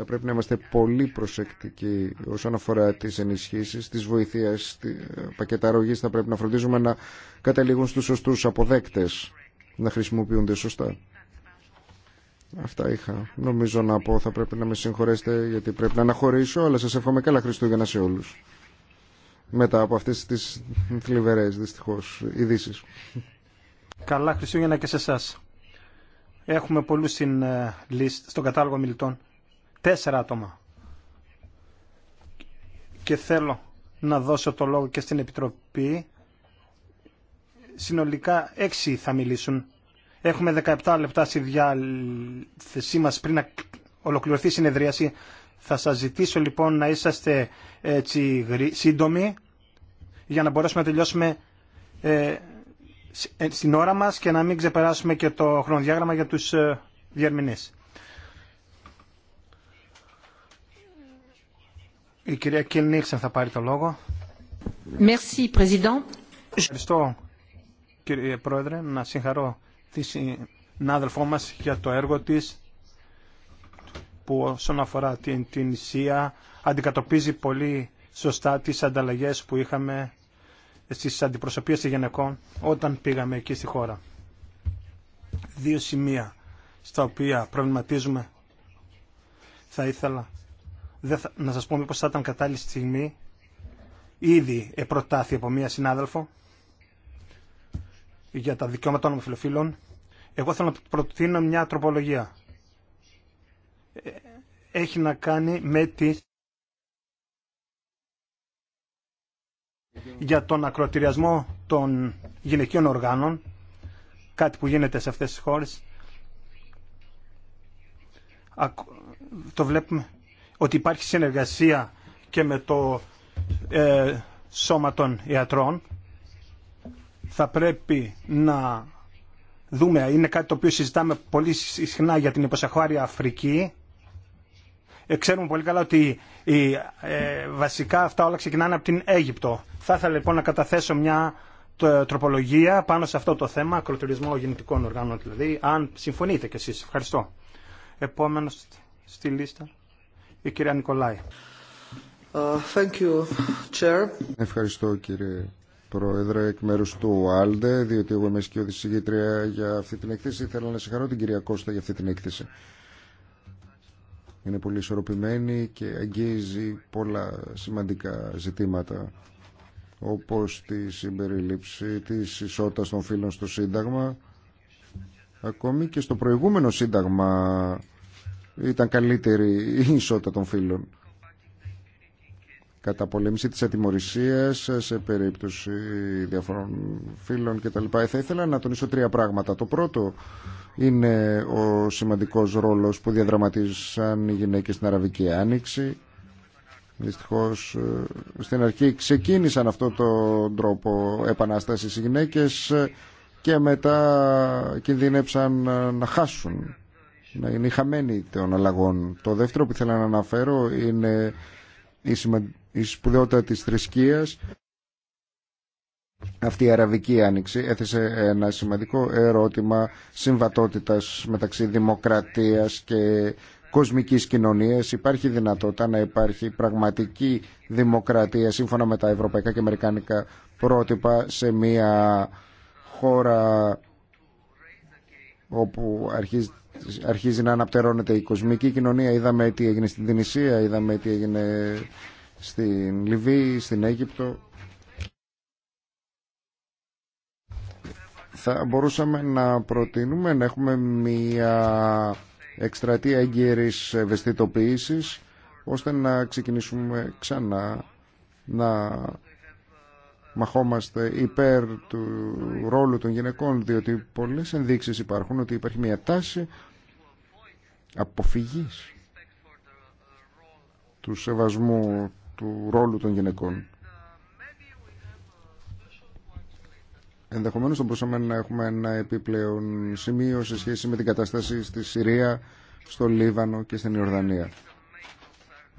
Θα πρέπει να είμαστε πολύ προσεκτικοί όσον αφορά τις ενισχύσεις, τις βοηθείες, τη πακέτα Θα πρέπει να φροντίζουμε να καταλήγουν στους σωστούς αποδέκτες, να χρησιμοποιούνται σωστά. Αυτά είχα. Νομίζω να πω. Θα πρέπει να με συγχωρέσετε γιατί πρέπει να αναχωρήσω, αλλά σας εύχομαι καλά Χριστούγεννα σε όλους. Μετά από αυτές τις θλιβερές, δυστυχώς, ειδήσει. Καλά Χριστούγεννα και σε εσά. Έχουμε πολλούς στην, ε, στον κατάλογο μιλητών. Τέσσερα άτομα. Και θέλω να δώσω το λόγο και στην Επιτροπή. Συνολικά έξι θα μιλήσουν. Έχουμε 17 λεπτά στη διάθεσή μας πριν να ολοκληρωθεί η συνεδρίαση. Θα σας ζητήσω λοιπόν να είσαστε έτσι σύντομοι για να μπορέσουμε να τελειώσουμε ε, ε, στην ώρα μας και να μην ξεπεράσουμε και το χρονοδιάγραμμα για τους ε, Η κυρία Κιλ θα πάρει το λόγο. Ευχαριστώ, κύριε Πρόεδρε, να συγχαρώ τη συνάδελφό μας για το έργο της που όσον αφορά την, την Ισία αντικατοπίζει πολύ σωστά τις ανταλλαγές που είχαμε στις αντιπροσωπείες των γυναικών όταν πήγαμε εκεί στη χώρα. Δύο σημεία στα οποία προβληματίζουμε θα ήθελα δεν να σας πω μήπως θα ήταν κατάλληλη στιγμή ήδη επροτάθη από μία συνάδελφο για τα δικαιώματα των φιλοφίλων εγώ θέλω να προτείνω μια τροπολογία ε, έχει να κάνει με τη για τον ακροτηριασμό των γυναικείων οργάνων κάτι που γίνεται σε αυτές τις χώρες το βλέπουμε ότι υπάρχει συνεργασία και με το ε, σώμα των ιατρών. Θα πρέπει να δούμε, είναι κάτι το οποίο συζητάμε πολύ συχνά για την υποσαχάρια Αφρική. Ε, ξέρουμε πολύ καλά ότι η ε, βασικά αυτά όλα ξεκινάνε από την Αίγυπτο. Θα ήθελα λοιπόν να καταθέσω μια τροπολογία πάνω σε αυτό το θέμα, ακροτηρισμό γεννητικών οργάνων δηλαδή, αν συμφωνείτε κι εσείς. Ευχαριστώ. Επόμενος στη λίστα η κυρία Νικολάη. Ε, thank you, Chair. Ευχαριστώ κύριε Πρόεδρε, εκ μέρου του ΑΛΔΕ, διότι εγώ είμαι σκιώδη για αυτή την εκθέση. Θέλω να συγχαρώ την κυρία Κώστα για αυτή την εκθέση. Είναι πολύ ισορροπημένη και αγγίζει πολλά σημαντικά ζητήματα όπως τη συμπεριλήψη της ισότητας των φίλων στο Σύνταγμα ακόμη και στο προηγούμενο Σύνταγμα ήταν καλύτερη η ισότητα των φύλων. πολέμηση της ατιμορρησίας σε περίπτωση διαφορών φύλων κτλ. Ε, θα ήθελα να τονίσω τρία πράγματα. Το πρώτο είναι ο σημαντικός ρόλος που διαδραματίζαν οι γυναίκες στην Αραβική Άνοιξη. Δυστυχώς ε, στην αρχή ξεκίνησαν αυτό τον τρόπο επανάστασης οι γυναίκες και μετά κινδύνεψαν να χάσουν να είναι χαμένη των αλλαγών. Το δεύτερο που ήθελα να αναφέρω είναι η, σημα... η σπουδαιότητα της θρησκείας. Αυτή η αραβική άνοιξη έθεσε ένα σημαντικό ερώτημα συμβατότητας μεταξύ δημοκρατίας και κοσμικής κοινωνίας. Υπάρχει δυνατότητα να υπάρχει πραγματική δημοκρατία σύμφωνα με τα ευρωπαϊκά και αμερικάνικα πρότυπα σε μια χώρα όπου αρχίζει αρχίζει να αναπτερώνεται η κοσμική κοινωνία. Είδαμε τι έγινε στην Τινησία, είδαμε τι έγινε στην Λιβύη, στην Αίγυπτο. Θα μπορούσαμε να προτείνουμε να έχουμε μια εκστρατεία εγκύρης ευαισθητοποίησης ώστε να ξεκινήσουμε ξανά να μαχόμαστε υπέρ του ρόλου των γυναικών διότι πολλές ενδείξεις υπάρχουν ότι υπάρχει μια τάση αποφυγής του σεβασμού του ρόλου των γυναικών. Ενδεχομένως θα μπορούσαμε να έχουμε ένα επιπλέον σημείο σε σχέση με την κατάσταση στη Συρία, στο Λίβανο και στην Ιορδανία.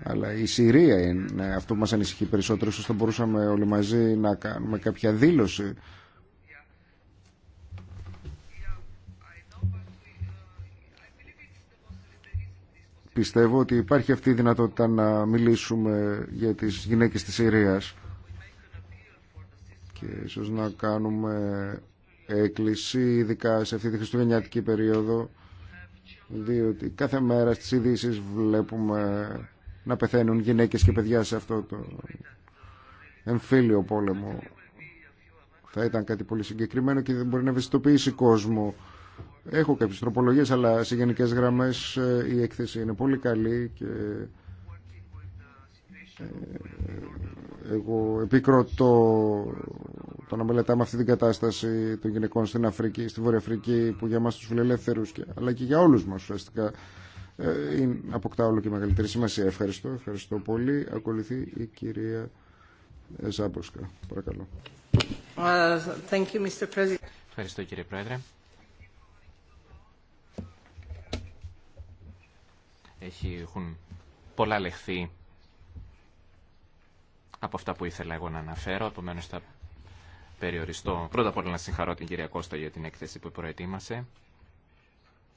Αλλά η Συρία είναι αυτό που μας ανησυχεί περισσότερο. Ίσως θα μπορούσαμε όλοι μαζί να κάνουμε κάποια δήλωση πιστεύω ότι υπάρχει αυτή η δυνατότητα να μιλήσουμε για τις γυναίκες της Συρίας και ίσως να κάνουμε έκκληση ειδικά σε αυτή τη χριστουγεννιάτικη περίοδο διότι κάθε μέρα στις ειδήσει βλέπουμε να πεθαίνουν γυναίκες και παιδιά σε αυτό το εμφύλιο πόλεμο θα ήταν κάτι πολύ συγκεκριμένο και δεν μπορεί να ευαισθητοποιήσει κόσμο Έχω κάποιες τροπολογίες, αλλά σε γενικές γραμμές ε, η έκθεση είναι πολύ καλή και ε, εγώ επικροτώ το να μελετάμε αυτή την κατάσταση των γυναικών στην Αφρική, στη Βόρεια που για μας τους φιλελεύθερους και, αλλά και για όλους μας ουσιαστικά ε, αποκτά όλο και μεγαλύτερη σημασία. Ευχαριστώ, ευχαριστώ πολύ. Ακολουθεί η κυρία Ζάμποσκα. Παρακαλώ. Uh, thank you, Mr. Ευχαριστώ κύριε Πρόεδρε. έχουν πολλά λεχθεί από αυτά που ήθελα εγώ να αναφέρω. Επομένω θα περιοριστώ. Πρώτα απ' όλα να συγχαρώ την κυρία Κώστα για την έκθεση που προετοίμασε.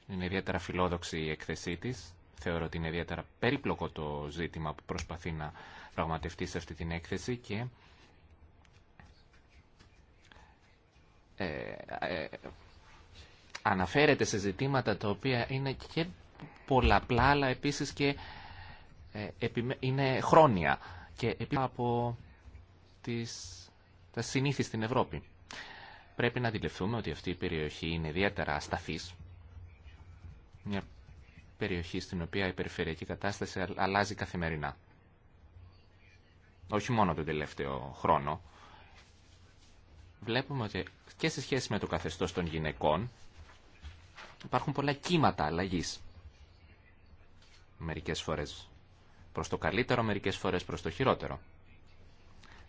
Είναι ιδιαίτερα φιλόδοξη η έκθεσή της. Θεωρώ ότι είναι ιδιαίτερα περίπλοκο το ζήτημα που προσπαθεί να πραγματευτεί σε αυτή την έκθεση και ε, ε, ε αναφέρεται σε ζητήματα τα οποία είναι και πολλαπλά, αλλά επίσης και ε, είναι χρόνια και από τις, τα συνήθεια στην Ευρώπη. Πρέπει να αντιληφθούμε ότι αυτή η περιοχή είναι ιδιαίτερα ασταθής. Μια περιοχή στην οποία η περιφερειακή κατάσταση αλλάζει καθημερινά. Όχι μόνο τον τελευταίο χρόνο. Βλέπουμε ότι και σε σχέση με το καθεστώς των γυναικών υπάρχουν πολλά κύματα αλλαγής μερικές φορές προς το καλύτερο, μερικές φορές προς το χειρότερο.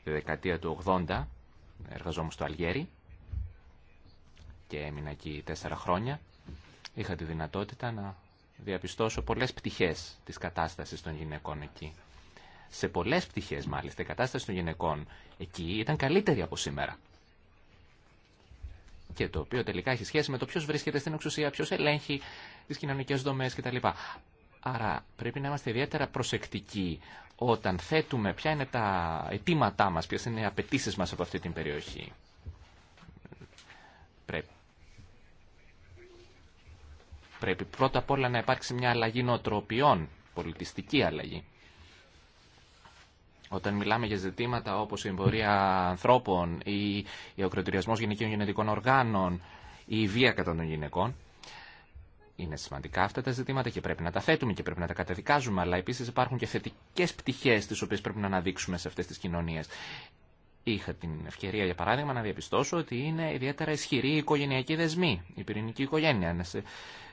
Τη δεκαετία του 80 εργαζόμουν στο Αλγέρι και έμεινα εκεί τέσσερα χρόνια. Είχα τη δυνατότητα να διαπιστώσω πολλές πτυχές της κατάστασης των γυναικών εκεί. Σε πολλές πτυχές μάλιστα η κατάσταση των γυναικών εκεί ήταν καλύτερη από σήμερα. Και το οποίο τελικά έχει σχέση με το ποιο βρίσκεται στην εξουσία, ποιο ελέγχει τι κοινωνικέ δομέ κτλ. Άρα πρέπει να είμαστε ιδιαίτερα προσεκτικοί όταν θέτουμε ποια είναι τα αιτήματά μας, ποιες είναι οι απαιτήσει μας από αυτή την περιοχή. Πρέπει. πρώτα απ' όλα να υπάρξει μια αλλαγή νοοτροπιών, πολιτιστική αλλαγή. Όταν μιλάμε για ζητήματα όπως η εμπορία ανθρώπων ή ο ακροτηριασμός γυναικείων γενετικών οργάνων ή η ο ακροτηριασμος γενικων γενετικων οργανων κατά των γυναικών, είναι σημαντικά αυτά τα ζητήματα και πρέπει να τα θέτουμε και πρέπει να τα καταδικάζουμε, αλλά επίση υπάρχουν και θετικέ πτυχέ τι οποίε πρέπει να αναδείξουμε σε αυτέ τι κοινωνίε. Είχα την ευκαιρία, για παράδειγμα, να διαπιστώσω ότι είναι ιδιαίτερα ισχυρή η οικογενειακή δεσμή, η πυρηνική οικογένεια.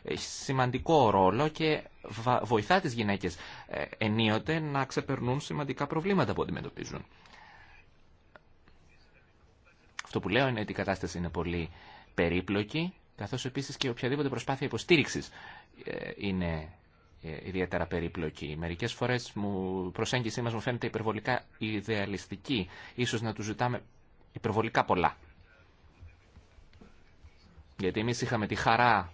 Έχει σημαντικό ρόλο και βοηθά τις γυναίκες ε, ενίοτε να ξεπερνούν σημαντικά προβλήματα που αντιμετωπίζουν. Αυτό που λέω είναι ότι η κατάσταση είναι πολύ περίπλοκη καθώ επίση και οποιαδήποτε προσπάθεια υποστήριξης ε, είναι ε, ιδιαίτερα περίπλοκη. Μερικέ φορέ η προσέγγιση μα μου φαίνεται υπερβολικά ιδεαλιστική, ίσω να του ζητάμε υπερβολικά πολλά. Γιατί εμεί είχαμε τη χαρά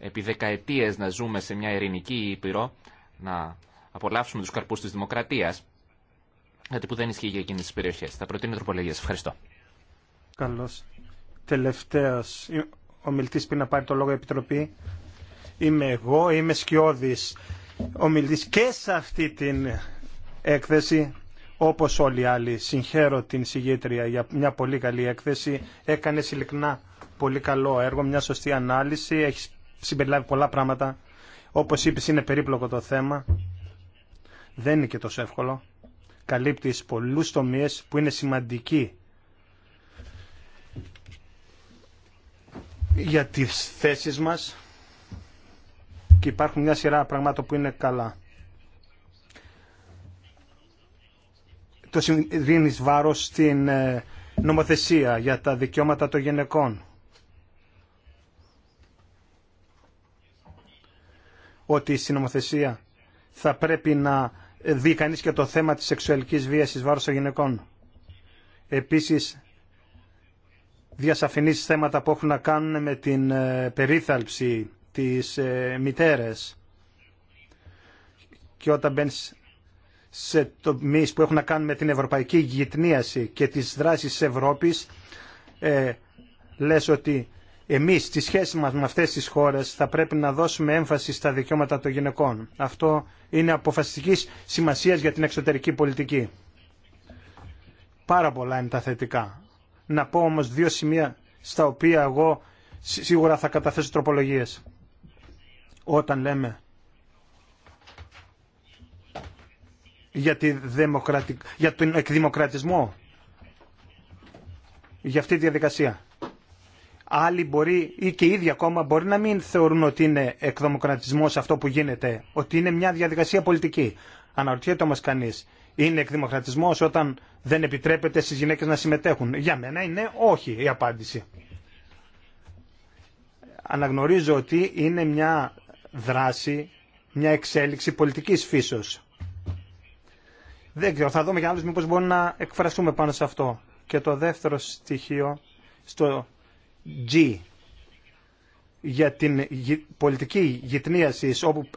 επί δεκαετίε να ζούμε σε μια ειρηνική ήπειρο, να απολαύσουμε του καρπού τη δημοκρατία γιατί που δεν ισχύει για εκείνε τι περιοχέ. Θα προτείνω τροπολογίε. Ευχαριστώ. Καλώς ο μιλητή να πάρει το λόγο η Επιτροπή είμαι εγώ, είμαι σκιώδη ο και σε αυτή την έκθεση όπως όλοι οι άλλοι συγχαίρω την συγγήτρια για μια πολύ καλή έκθεση έκανε συλλικνά πολύ καλό έργο, μια σωστή ανάλυση έχει συμπεριλάβει πολλά πράγματα όπως είπε, είναι περίπλοκο το θέμα δεν είναι και τόσο εύκολο Καλύπτει πολλού τομεί που είναι σημαντικοί για τις θέσεις μας και υπάρχουν μια σειρά πραγμάτων που είναι καλά. Το δίνεις βάρος στην ε, νομοθεσία για τα δικαιώματα των γυναικών. Ότι στην νομοθεσία θα πρέπει να δει κανείς και το θέμα της σεξουαλικής βίας εις βάρος των γυναικών. Επίσης διασαφηνίσει θέματα που έχουν να κάνουν με την ε, περίθαλψη της ε, μητέρες και όταν μπαίνει σε τομείς που έχουν να κάνουν με την ευρωπαϊκή γυτνίαση και τις δράσεις της Ευρώπης ε, λες ότι εμείς στη σχέση μας με αυτές τις χώρες θα πρέπει να δώσουμε έμφαση στα δικαιώματα των γυναικών. Αυτό είναι αποφασιστικής σημασίας για την εξωτερική πολιτική. Πάρα πολλά είναι τα θετικά να πω όμως δύο σημεία στα οποία εγώ σίγουρα θα καταθέσω τροπολογίες. Όταν λέμε για, τη για τον εκδημοκρατισμό, για αυτή τη διαδικασία. Άλλοι μπορεί ή και ίδιοι ακόμα μπορεί να μην θεωρούν ότι είναι εκδημοκρατισμός αυτό που γίνεται, ότι είναι μια διαδικασία πολιτική. Αναρωτιέται όμως κανείς, είναι εκδημοκρατισμός όταν δεν επιτρέπεται στις γυναίκες να συμμετέχουν. Για μένα είναι όχι η απάντηση. Αναγνωρίζω ότι είναι μια δράση, μια εξέλιξη πολιτικής φύσεως. Δεν ξέρω, θα δούμε για άλλους μήπως μπορούμε να εκφραστούμε πάνω σε αυτό. Και το δεύτερο στοιχείο στο G για την πολιτική γυτνίαση, όπου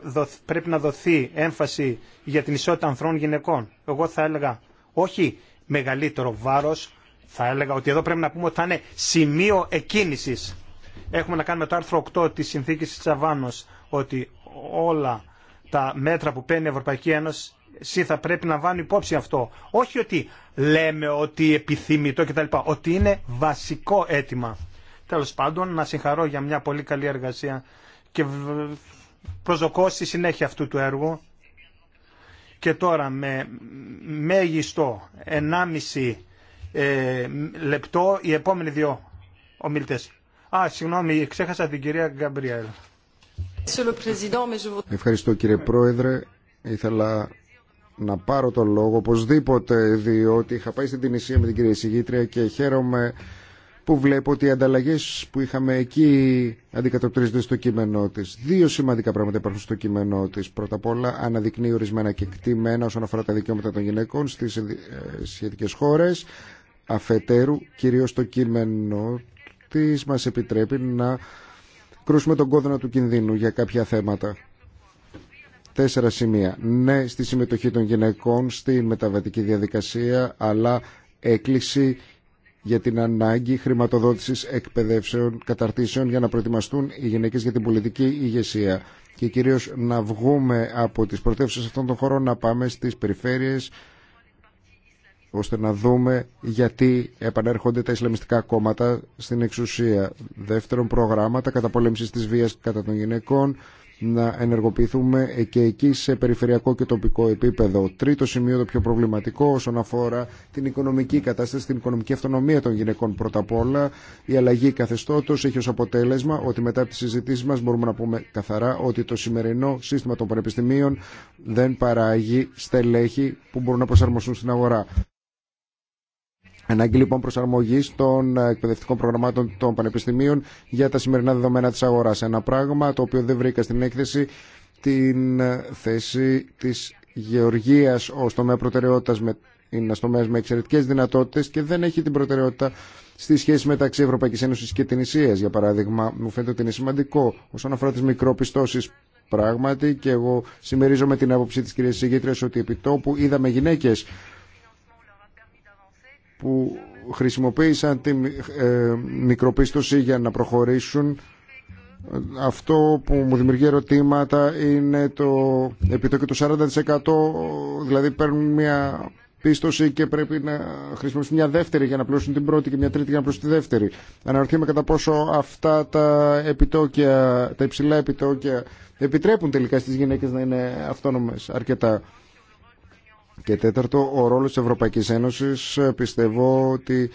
πρέπει να δοθεί έμφαση για την ισότητα ανθρώπων γυναικών. Εγώ θα έλεγα όχι μεγαλύτερο βάρος. Θα έλεγα ότι εδώ πρέπει να πούμε ότι θα είναι σημείο εκκίνησης. Έχουμε να κάνουμε το άρθρο 8 της συνθήκης της Τσαβάνος ότι όλα τα μέτρα που παίρνει η Ευρωπαϊκή Ένωση θα πρέπει να βάλουν υπόψη αυτό. Όχι ότι λέμε ότι επιθυμητό κτλ. Ότι είναι βασικό αίτημα. Τέλος πάντων, να συγχαρώ για μια πολύ καλή εργασία και προσδοκώ στη συνέχεια αυτού του έργου και τώρα με μέγιστο 1,5 ε, λεπτό οι επόμενοι δύο ομιλητές. Α, συγγνώμη, ξέχασα την κυρία Γκαμπριέλ. Ευχαριστώ κύριε Πρόεδρε. Ήθελα να πάρω το λόγο οπωσδήποτε διότι είχα πάει στην Τινησία με την κυρία Συγήτρια και χαίρομαι που βλέπω ότι οι ανταλλαγέ που είχαμε εκεί αντικατοπτρίζονται στο κείμενό τη. Δύο σημαντικά πράγματα υπάρχουν στο κείμενό τη. Πρώτα απ' όλα, αναδεικνύει ορισμένα κεκτημένα όσον αφορά τα δικαιώματα των γυναικών στι ε, σχετικέ χώρε. Αφετέρου, κυρίω το κείμενό τη μα επιτρέπει να κρούσουμε τον κόδωνα του κινδύνου για κάποια θέματα. Τέσσερα σημεία. Ναι στη συμμετοχή των γυναικών στη μεταβατική διαδικασία, αλλά έκκληση για την ανάγκη χρηματοδότησης εκπαιδεύσεων, καταρτήσεων για να προετοιμαστούν οι γυναίκε για την πολιτική ηγεσία και κυρίως να βγούμε από τις πρωτεύουσε αυτών των χωρών να πάμε στις περιφέρειες ώστε να δούμε γιατί επανέρχονται τα Ισλαμιστικά κόμματα στην εξουσία. Δεύτερον, προγράμματα καταπολέμησης της βίας κατά των γυναικών, να ενεργοποιηθούμε και εκεί σε περιφερειακό και τοπικό επίπεδο. Τρίτο σημείο, το πιο προβληματικό όσον αφορά την οικονομική κατάσταση, την οικονομική αυτονομία των γυναικών πρώτα απ' όλα. Η αλλαγή καθεστώτος έχει ως αποτέλεσμα ότι μετά από τις συζητήσεις μας μπορούμε να πούμε καθαρά ότι το σημερινό σύστημα των πανεπιστημίων δεν παράγει στελέχη που μπορούν να προσαρμοστούν στην αγορά. Ανάγκη λοιπόν προσαρμογή των ε, εκπαιδευτικών προγραμμάτων των πανεπιστημίων για τα σημερινά δεδομένα τη αγορά. Ένα πράγμα το οποίο δεν βρήκα στην έκθεση την ε, θέση τη γεωργία ω τομέα προτεραιότητα με είναι ένα τομέα με εξαιρετικέ δυνατότητε και δεν έχει την προτεραιότητα στη σχέση μεταξύ Ευρωπαϊκή Ένωση και την Ισία, για παράδειγμα. Μου φαίνεται ότι είναι σημαντικό όσον αφορά τι μικροπιστώσει. Πράγματι, και εγώ συμμερίζομαι την άποψη τη κυρία Συγγήτρια ότι επί τόπου είδαμε γυναίκε που χρησιμοποίησαν τη ε, μικροπίστωση για να προχωρήσουν. Αυτό που μου δημιουργεί ερωτήματα είναι το επιτόκιο του 40%, δηλαδή παίρνουν μια πίστοση και πρέπει να χρησιμοποιήσουν μια δεύτερη για να πλώσουν την πρώτη και μια τρίτη για να πλώσουν τη δεύτερη. Αναρωτιέμαι κατά πόσο αυτά τα επιτόκια, τα υψηλά επιτόκια επιτρέπουν τελικά στις γυναίκες να είναι αυτόνομες αρκετά. Και τέταρτο, ο ρόλος της Ευρωπαϊκής Ένωσης ε, πιστεύω ότι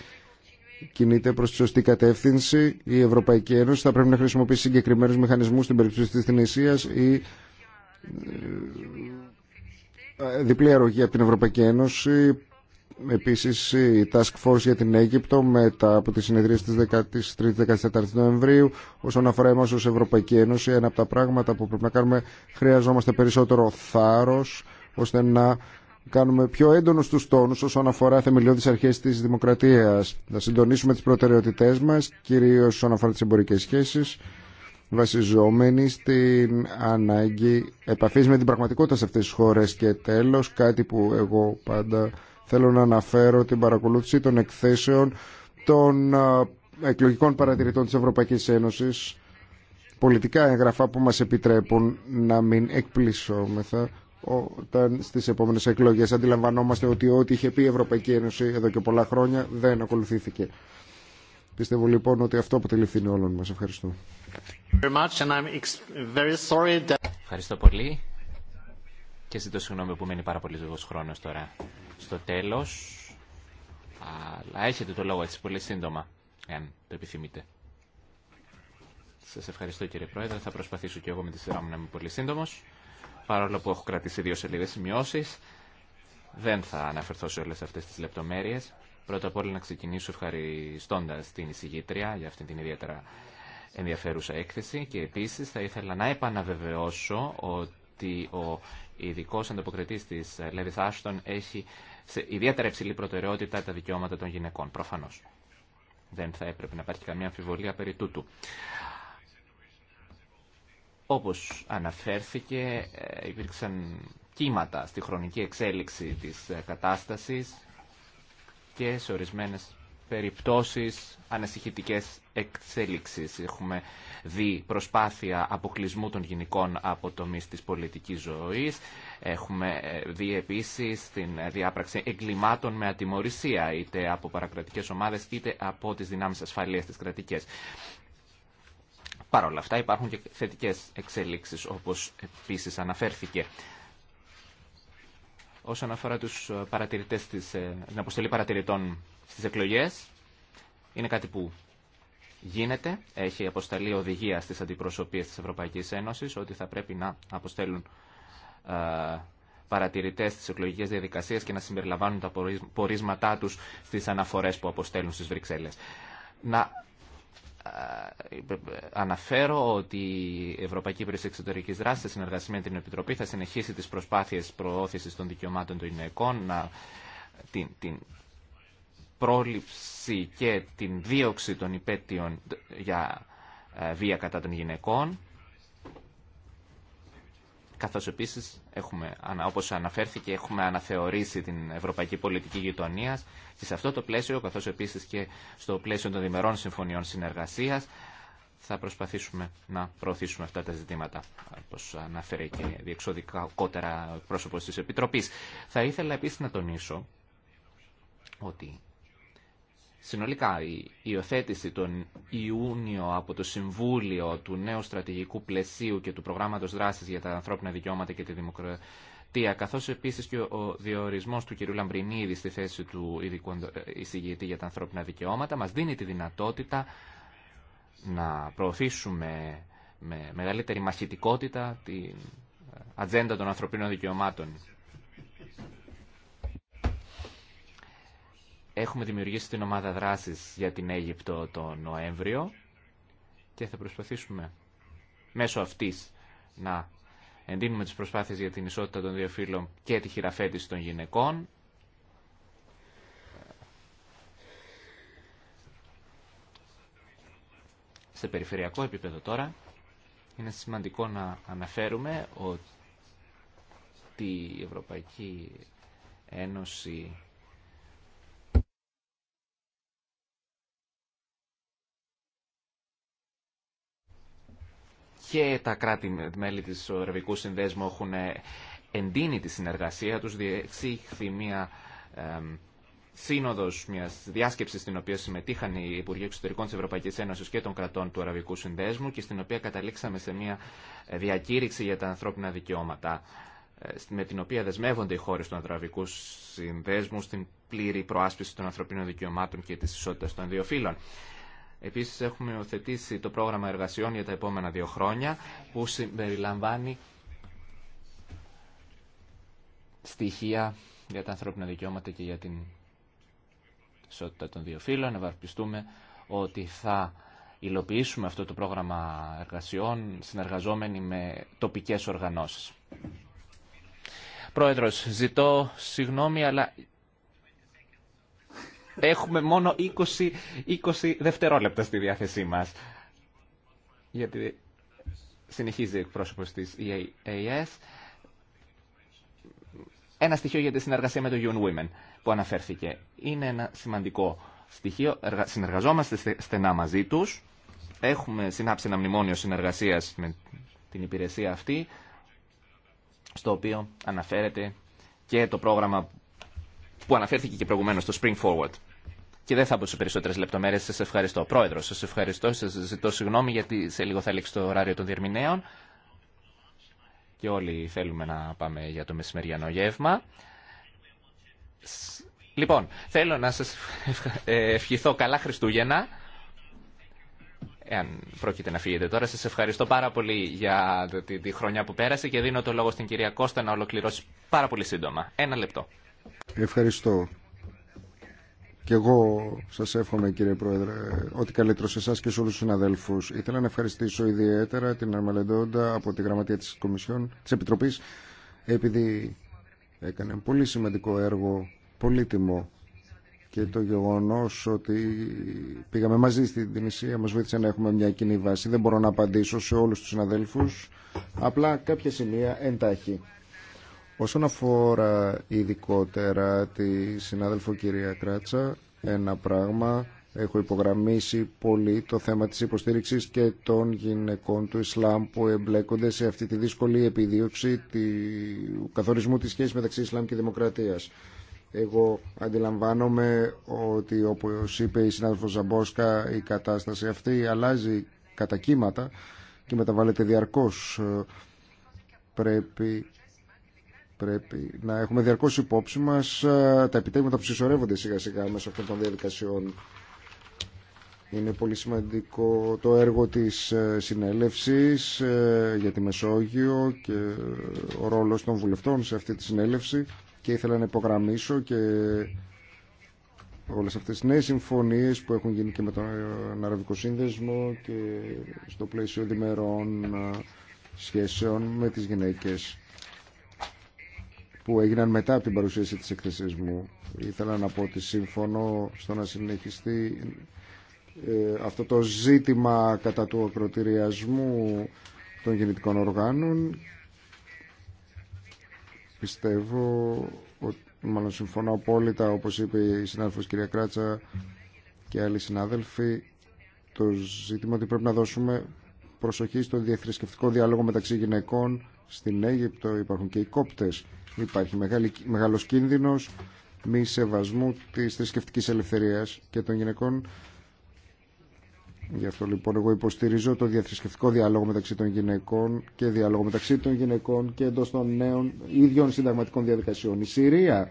κινείται προς τη σωστή κατεύθυνση. Η Ευρωπαϊκή Ένωση θα πρέπει να χρησιμοποιήσει συγκεκριμένους μηχανισμούς στην περίπτωση της Θηνησίας ή ε, ε, διπλή αρρωγή από την Ευρωπαϊκή Ένωση. Επίσης η Task Force για την Αίγυπτο μετά από τις συνεδρίες της 13ης-14ης Νοεμβρίου όσον αφορά εμάς ως Ευρωπαϊκή Ένωση ένα από τα πράγματα που πρέπει να κάνουμε χρειαζόμαστε περισσότερο θάρρος ώστε να κάνουμε πιο έντονο του τόνου όσον αφορά θεμελιώδεις αρχέ τη δημοκρατία. Να συντονίσουμε τις προτεραιότητές μα, κυρίω όσον αφορά τι εμπορικές σχέσεις, βασιζόμενοι στην ανάγκη επαφή με την πραγματικότητα σε αυτέ τι χώρε Και τέλο, κάτι που εγώ πάντα θέλω να αναφέρω, την παρακολούθηση των εκθέσεων των εκλογικών παρατηρητών της Ευρωπαϊκής Ένωσης, πολιτικά έγγραφα που μας επιτρέπουν να μην εκπλησώμεθα όταν στις επόμενες εκλογές αντιλαμβανόμαστε ότι ό,τι είχε πει η Ευρωπαϊκή Ένωση εδώ και πολλά χρόνια δεν ακολουθήθηκε. Πιστεύω λοιπόν ότι αυτό αποτελεί ευθύνη όλων μας. Ευχαριστώ. Ευχαριστώ πολύ και ζητώ συγγνώμη που μένει πάρα πολύ λίγος χρονο τώρα στο τέλο, Αλλά έχετε το λόγο έτσι πολύ σύντομα, εάν το επιθυμείτε. Σα ευχαριστώ κύριε Πρόεδρε. Θα προσπαθήσω και εγώ με τη σειρά μου να είμαι πολύ σύντομο παρόλο που έχω κρατήσει δύο σελίδε σημειώσει, δεν θα αναφερθώ σε όλε αυτέ τι λεπτομέρειε. Πρώτα απ' όλα να ξεκινήσω ευχαριστώντα την εισηγήτρια για αυτήν την ιδιαίτερα ενδιαφέρουσα έκθεση και επίσης θα ήθελα να επαναβεβαιώσω ότι ο ειδικό ανταποκριτής τη Λέβη Άστον έχει σε ιδιαίτερα υψηλή προτεραιότητα τα δικαιώματα των γυναικών, Προφανώ, Δεν θα έπρεπε να υπάρχει καμία αμφιβολία περί τούτου. Όπως αναφέρθηκε, ε, υπήρξαν κύματα στη χρονική εξέλιξη της ε, κατάστασης και σε ορισμένες περιπτώσεις ανασυχητικές εξέλιξεις. Έχουμε δει προσπάθεια αποκλεισμού των γυναικών από τομείς της πολιτικής ζωής. Έχουμε ε, δει επίσης την διάπραξη εγκλημάτων με ατιμορρησία είτε από παρακρατικές ομάδες είτε από τις δυνάμεις ασφαλείας της κρατικές. Παρ' όλα αυτά υπάρχουν και θετικές εξελίξεις όπως επίσης αναφέρθηκε. Όσον αφορά τους ε, παρατηρητές της, ε, την αποστολή παρατηρητών στις εκλογές, είναι κάτι που γίνεται. Έχει αποσταλεί οδηγία στις αντιπροσωπείες της Ευρωπαϊκής Ένωσης ότι θα πρέπει να αποστέλουν ε, παρατηρητές στις εκλογικέ διαδικασίες και να συμπεριλαμβάνουν τα πορίσματά τους στις αναφορές που αποστέλουν στις Βρυξέλλες αναφέρω ότι η Ευρωπαϊκή Υπηρεσία Εξωτερικής Δράσης σε συνεργασία με την Επιτροπή θα συνεχίσει τις προσπάθειες προώθησης των δικαιωμάτων των γυναικών, να, την, την πρόληψη και την δίωξη των υπέτειων για ε, βία κατά των γυναικών καθώς επίσης, έχουμε, όπως αναφέρθηκε, έχουμε αναθεωρήσει την Ευρωπαϊκή Πολιτική Γειτονία και σε αυτό το πλαίσιο, καθώς επίσης και στο πλαίσιο των διμερών συμφωνιών συνεργασίας, θα προσπαθήσουμε να προωθήσουμε αυτά τα ζητήματα, όπως αναφέρει και διεξοδικά κότερα πρόσωπος της Επιτροπής. Θα ήθελα επίσης να τονίσω ότι Συνολικά, η υιοθέτηση τον Ιούνιο από το Συμβούλιο του νέου στρατηγικού πλαισίου και του προγράμματος δράσης για τα ανθρώπινα δικαιώματα και τη δημοκρατία, καθώς επίσης και ο διορισμός του κ. Λαμπρινίδη στη θέση του ειδικού ε, εισηγητή για τα ανθρώπινα δικαιώματα, μας δίνει τη δυνατότητα να προωθήσουμε με μεγαλύτερη μαχητικότητα την ατζέντα των ανθρωπίνων δικαιωμάτων Έχουμε δημιουργήσει την ομάδα δράσης για την Αίγυπτο το Νοέμβριο και θα προσπαθήσουμε μέσω αυτής να εντείνουμε τις προσπάθειες για την ισότητα των δύο φύλων και τη χειραφέτηση των γυναικών. Σε περιφερειακό επίπεδο τώρα είναι σημαντικό να αναφέρουμε ότι η Ευρωπαϊκή Ένωση και τα κράτη-μέλη της αραβικού Συνδέσμου έχουν ε, εντείνει τη συνεργασία τους. Διεξήχθη μια σύνοδο μια διάσκεψη στην οποία συμμετείχαν οι Υπουργοί Εξωτερικών τη Ευρωπαϊκή Ένωση και των κρατών του Αραβικού Συνδέσμου και στην οποία καταλήξαμε σε μια ε, διακήρυξη για τα ανθρώπινα δικαιώματα ε, με την οποία δεσμεύονται οι χώρες του Αραβικού Συνδέσμου στην πλήρη προάσπιση των ανθρωπίνων δικαιωμάτων και της ισότητα των δύο φύλων. Επίσης έχουμε υιοθετήσει το πρόγραμμα εργασιών για τα επόμενα δύο χρόνια που συμπεριλαμβάνει στοιχεία για τα ανθρώπινα δικαιώματα και για την ισότητα των δύο φύλων. Ευαρπιστούμε ότι θα υλοποιήσουμε αυτό το πρόγραμμα εργασιών συνεργαζόμενοι με τοπικές οργανώσεις. Πρόεδρος, ζητώ συγγνώμη, αλλά Έχουμε μόνο 20, 20 δευτερόλεπτα στη διάθεσή μας. Γιατί συνεχίζει ο εκπρόσωπο της EAS. Ένα στοιχείο για τη συνεργασία με το Young Women που αναφέρθηκε. Είναι ένα σημαντικό στοιχείο. Συνεργαζόμαστε στενά μαζί τους. Έχουμε συνάψει ένα μνημόνιο συνεργασίας με την υπηρεσία αυτή, στο οποίο αναφέρεται και το πρόγραμμα που αναφέρθηκε και προηγουμένως, το Spring Forward και δεν θα πω σε περισσότερε λεπτομέρειε. Σα ευχαριστώ. Πρόεδρο, σα ευχαριστώ. Σα ζητώ συγγνώμη γιατί σε λίγο θα λήξει το ωράριο των διερμηνέων. Και όλοι θέλουμε να πάμε για το μεσημεριανό γεύμα. Λοιπόν, θέλω να σας ε, ευχηθώ καλά Χριστούγεννα. Εάν πρόκειται να φύγετε τώρα, σας ευχαριστώ πάρα πολύ για τη, χρονιά που πέρασε και δίνω το λόγο στην κυρία Κώστα να ολοκληρώσει πάρα πολύ σύντομα. Ένα λεπτό. Ευχαριστώ. Και εγώ σα εύχομαι κύριε Πρόεδρε ότι καλύτερο σε εσά και σε όλου του συναδέλφου. Ήθελα να ευχαριστήσω ιδιαίτερα την Αρμαλεντόντα από τη Γραμματεία τη Κομισιόν, τη Επιτροπής επειδή έκανε πολύ σημαντικό έργο, πολύτιμο και το γεγονό ότι πήγαμε μαζί στην Τινησία Μα βοήθησε να έχουμε μια κοινή βάση. Δεν μπορώ να απαντήσω σε όλου του συναδέλφου, απλά κάποια σημεία εντάχει. Όσον αφορά ειδικότερα τη συνάδελφο κυρία Κράτσα, ένα πράγμα έχω υπογραμμίσει πολύ το θέμα της υποστήριξης και των γυναικών του Ισλάμ που εμπλέκονται σε αυτή τη δύσκολη επιδίωξη του καθορισμού της σχέσης μεταξύ Ισλάμ και Δημοκρατίας. Εγώ αντιλαμβάνομαι ότι όπως είπε η συνάδελφος Ζαμπόσκα η κατάσταση αυτή αλλάζει κατά κύματα και μεταβάλλεται διαρκώς. Πρέπει Πρέπει να έχουμε διαρκώς υπόψη μας ε, τα επιτέγματα που συσσωρεύονται σιγά σιγά μέσα αυτών των διαδικασιών. Είναι πολύ σημαντικό το έργο της ε, συνέλευσης ε, για τη Μεσόγειο και ο ρόλος των βουλευτών σε αυτή τη συνέλευση και ήθελα να υπογραμμίσω και όλες αυτές τις νέες συμφωνίες που έχουν γίνει και με τον Αραβικό Σύνδεσμο και στο πλαίσιο διμερών σχέσεων με τις γυναίκες που έγιναν μετά από την παρουσίαση της εκθεσής μου. Ήθελα να πω ότι σύμφωνο στο να συνεχιστεί ε, αυτό το ζήτημα κατά του ακροτηριασμού των γεννητικών οργάνων. Πιστεύω, ότι μάλλον συμφωνώ απόλυτα, όπως είπε η συνάδελφος κυρία Κράτσα και άλλοι συνάδελφοι, το ζήτημα ότι πρέπει να δώσουμε προσοχή στο διαθρησκευτικό διάλογο μεταξύ γυναικών στην Αίγυπτο υπάρχουν και οι κόπτες Υπάρχει μεγάλη, μεγάλος κίνδυνος μη σεβασμού της θρησκευτική ελευθερίας και των γυναικών. Γι' αυτό λοιπόν εγώ υποστηρίζω το διαθρησκευτικό διάλογο μεταξύ των γυναικών και διάλογο μεταξύ των γυναικών και εντό των νέων ίδιων συνταγματικών διαδικασιών. Η Συρία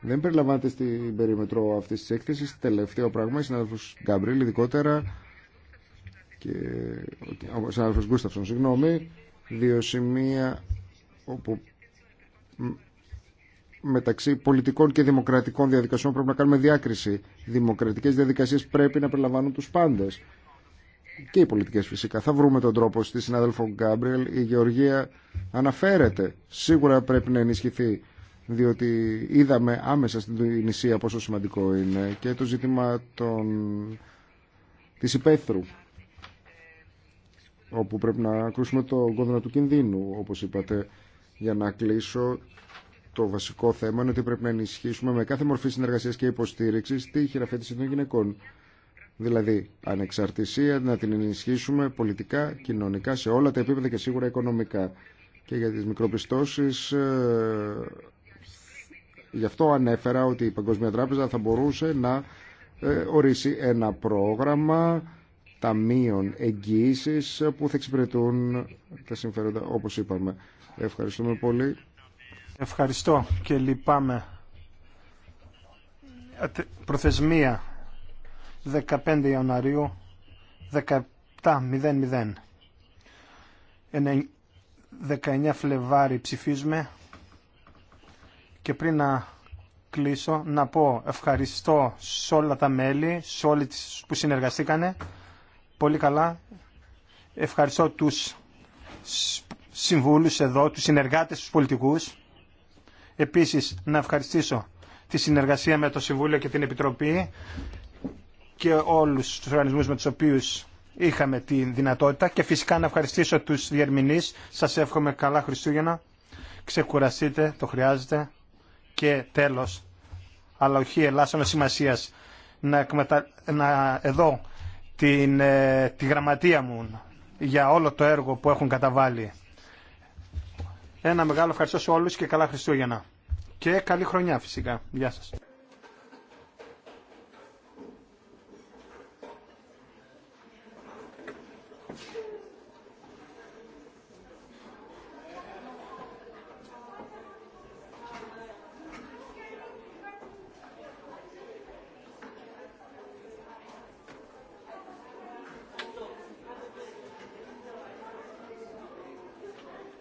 δεν περιλαμβάνεται στην περίμετρο αυτή τη έκθεση. Τελευταίο πράγμα, η συνάδελφο Γκάμπριλ ειδικότερα και ο συνάδελφο Γκούσταυσον, συγγνώμη, δύο σημεία όπου μεταξύ πολιτικών και δημοκρατικών διαδικασιών πρέπει να κάνουμε διάκριση. Δημοκρατικές διαδικασίες πρέπει να περιλαμβάνουν τους πάντες. Και οι πολιτικές φυσικά. Θα βρούμε τον τρόπο στη συνάδελφο Γκάμπριελ. Η Γεωργία αναφέρεται. Σίγουρα πρέπει να ενισχυθεί. Διότι είδαμε άμεσα στην νησία πόσο σημαντικό είναι και το ζήτημα των... της υπαίθρου όπου πρέπει να ακούσουμε το κόδωνα του κινδύνου όπως είπατε για να κλείσω, το βασικό θέμα είναι ότι πρέπει να ενισχύσουμε με κάθε μορφή συνεργασία και υποστήριξη τη χειραφέτηση των γυναικών. Δηλαδή, ανεξαρτησία να την ενισχύσουμε πολιτικά, κοινωνικά, σε όλα τα επίπεδα και σίγουρα οικονομικά. Και για τις μικροπιστώσεις, ε, γι' αυτό ανέφερα ότι η Παγκοσμία Τράπεζα θα μπορούσε να ε, ορίσει ένα πρόγραμμα ταμείων εγγύησης που θα εξυπηρετούν τα συμφέροντα, όπως είπαμε. Ευχαριστούμε πολύ. Ευχαριστώ και λυπάμαι. Προθεσμία 15 Ιανουαρίου 17.00. 19 Φλεβάρι ψηφίζουμε και πριν να κλείσω να πω ευχαριστώ σε όλα τα μέλη, σε όλοι που συνεργαστήκανε πολύ καλά. Ευχαριστώ τους συμβούλους εδώ, τους συνεργάτες, τους πολιτικούς. Επίσης, να ευχαριστήσω τη συνεργασία με το Συμβούλιο και την Επιτροπή και όλους τους οργανισμούς με τους οποίους είχαμε τη δυνατότητα και φυσικά να ευχαριστήσω τους διερμηνείς. Σας εύχομαι καλά Χριστούγεννα. Ξεκουραστείτε, το χρειάζεται. Και τέλος, αλλά όχι ελάσσονος σημασίας, να, να εδώ ε, τη γραμματεία μου για όλο το έργο που έχουν καταβάλει. Ένα μεγάλο ευχαριστώ σε όλους και καλά Χριστούγεννα. Και καλή χρονιά φυσικά. Γεια σας.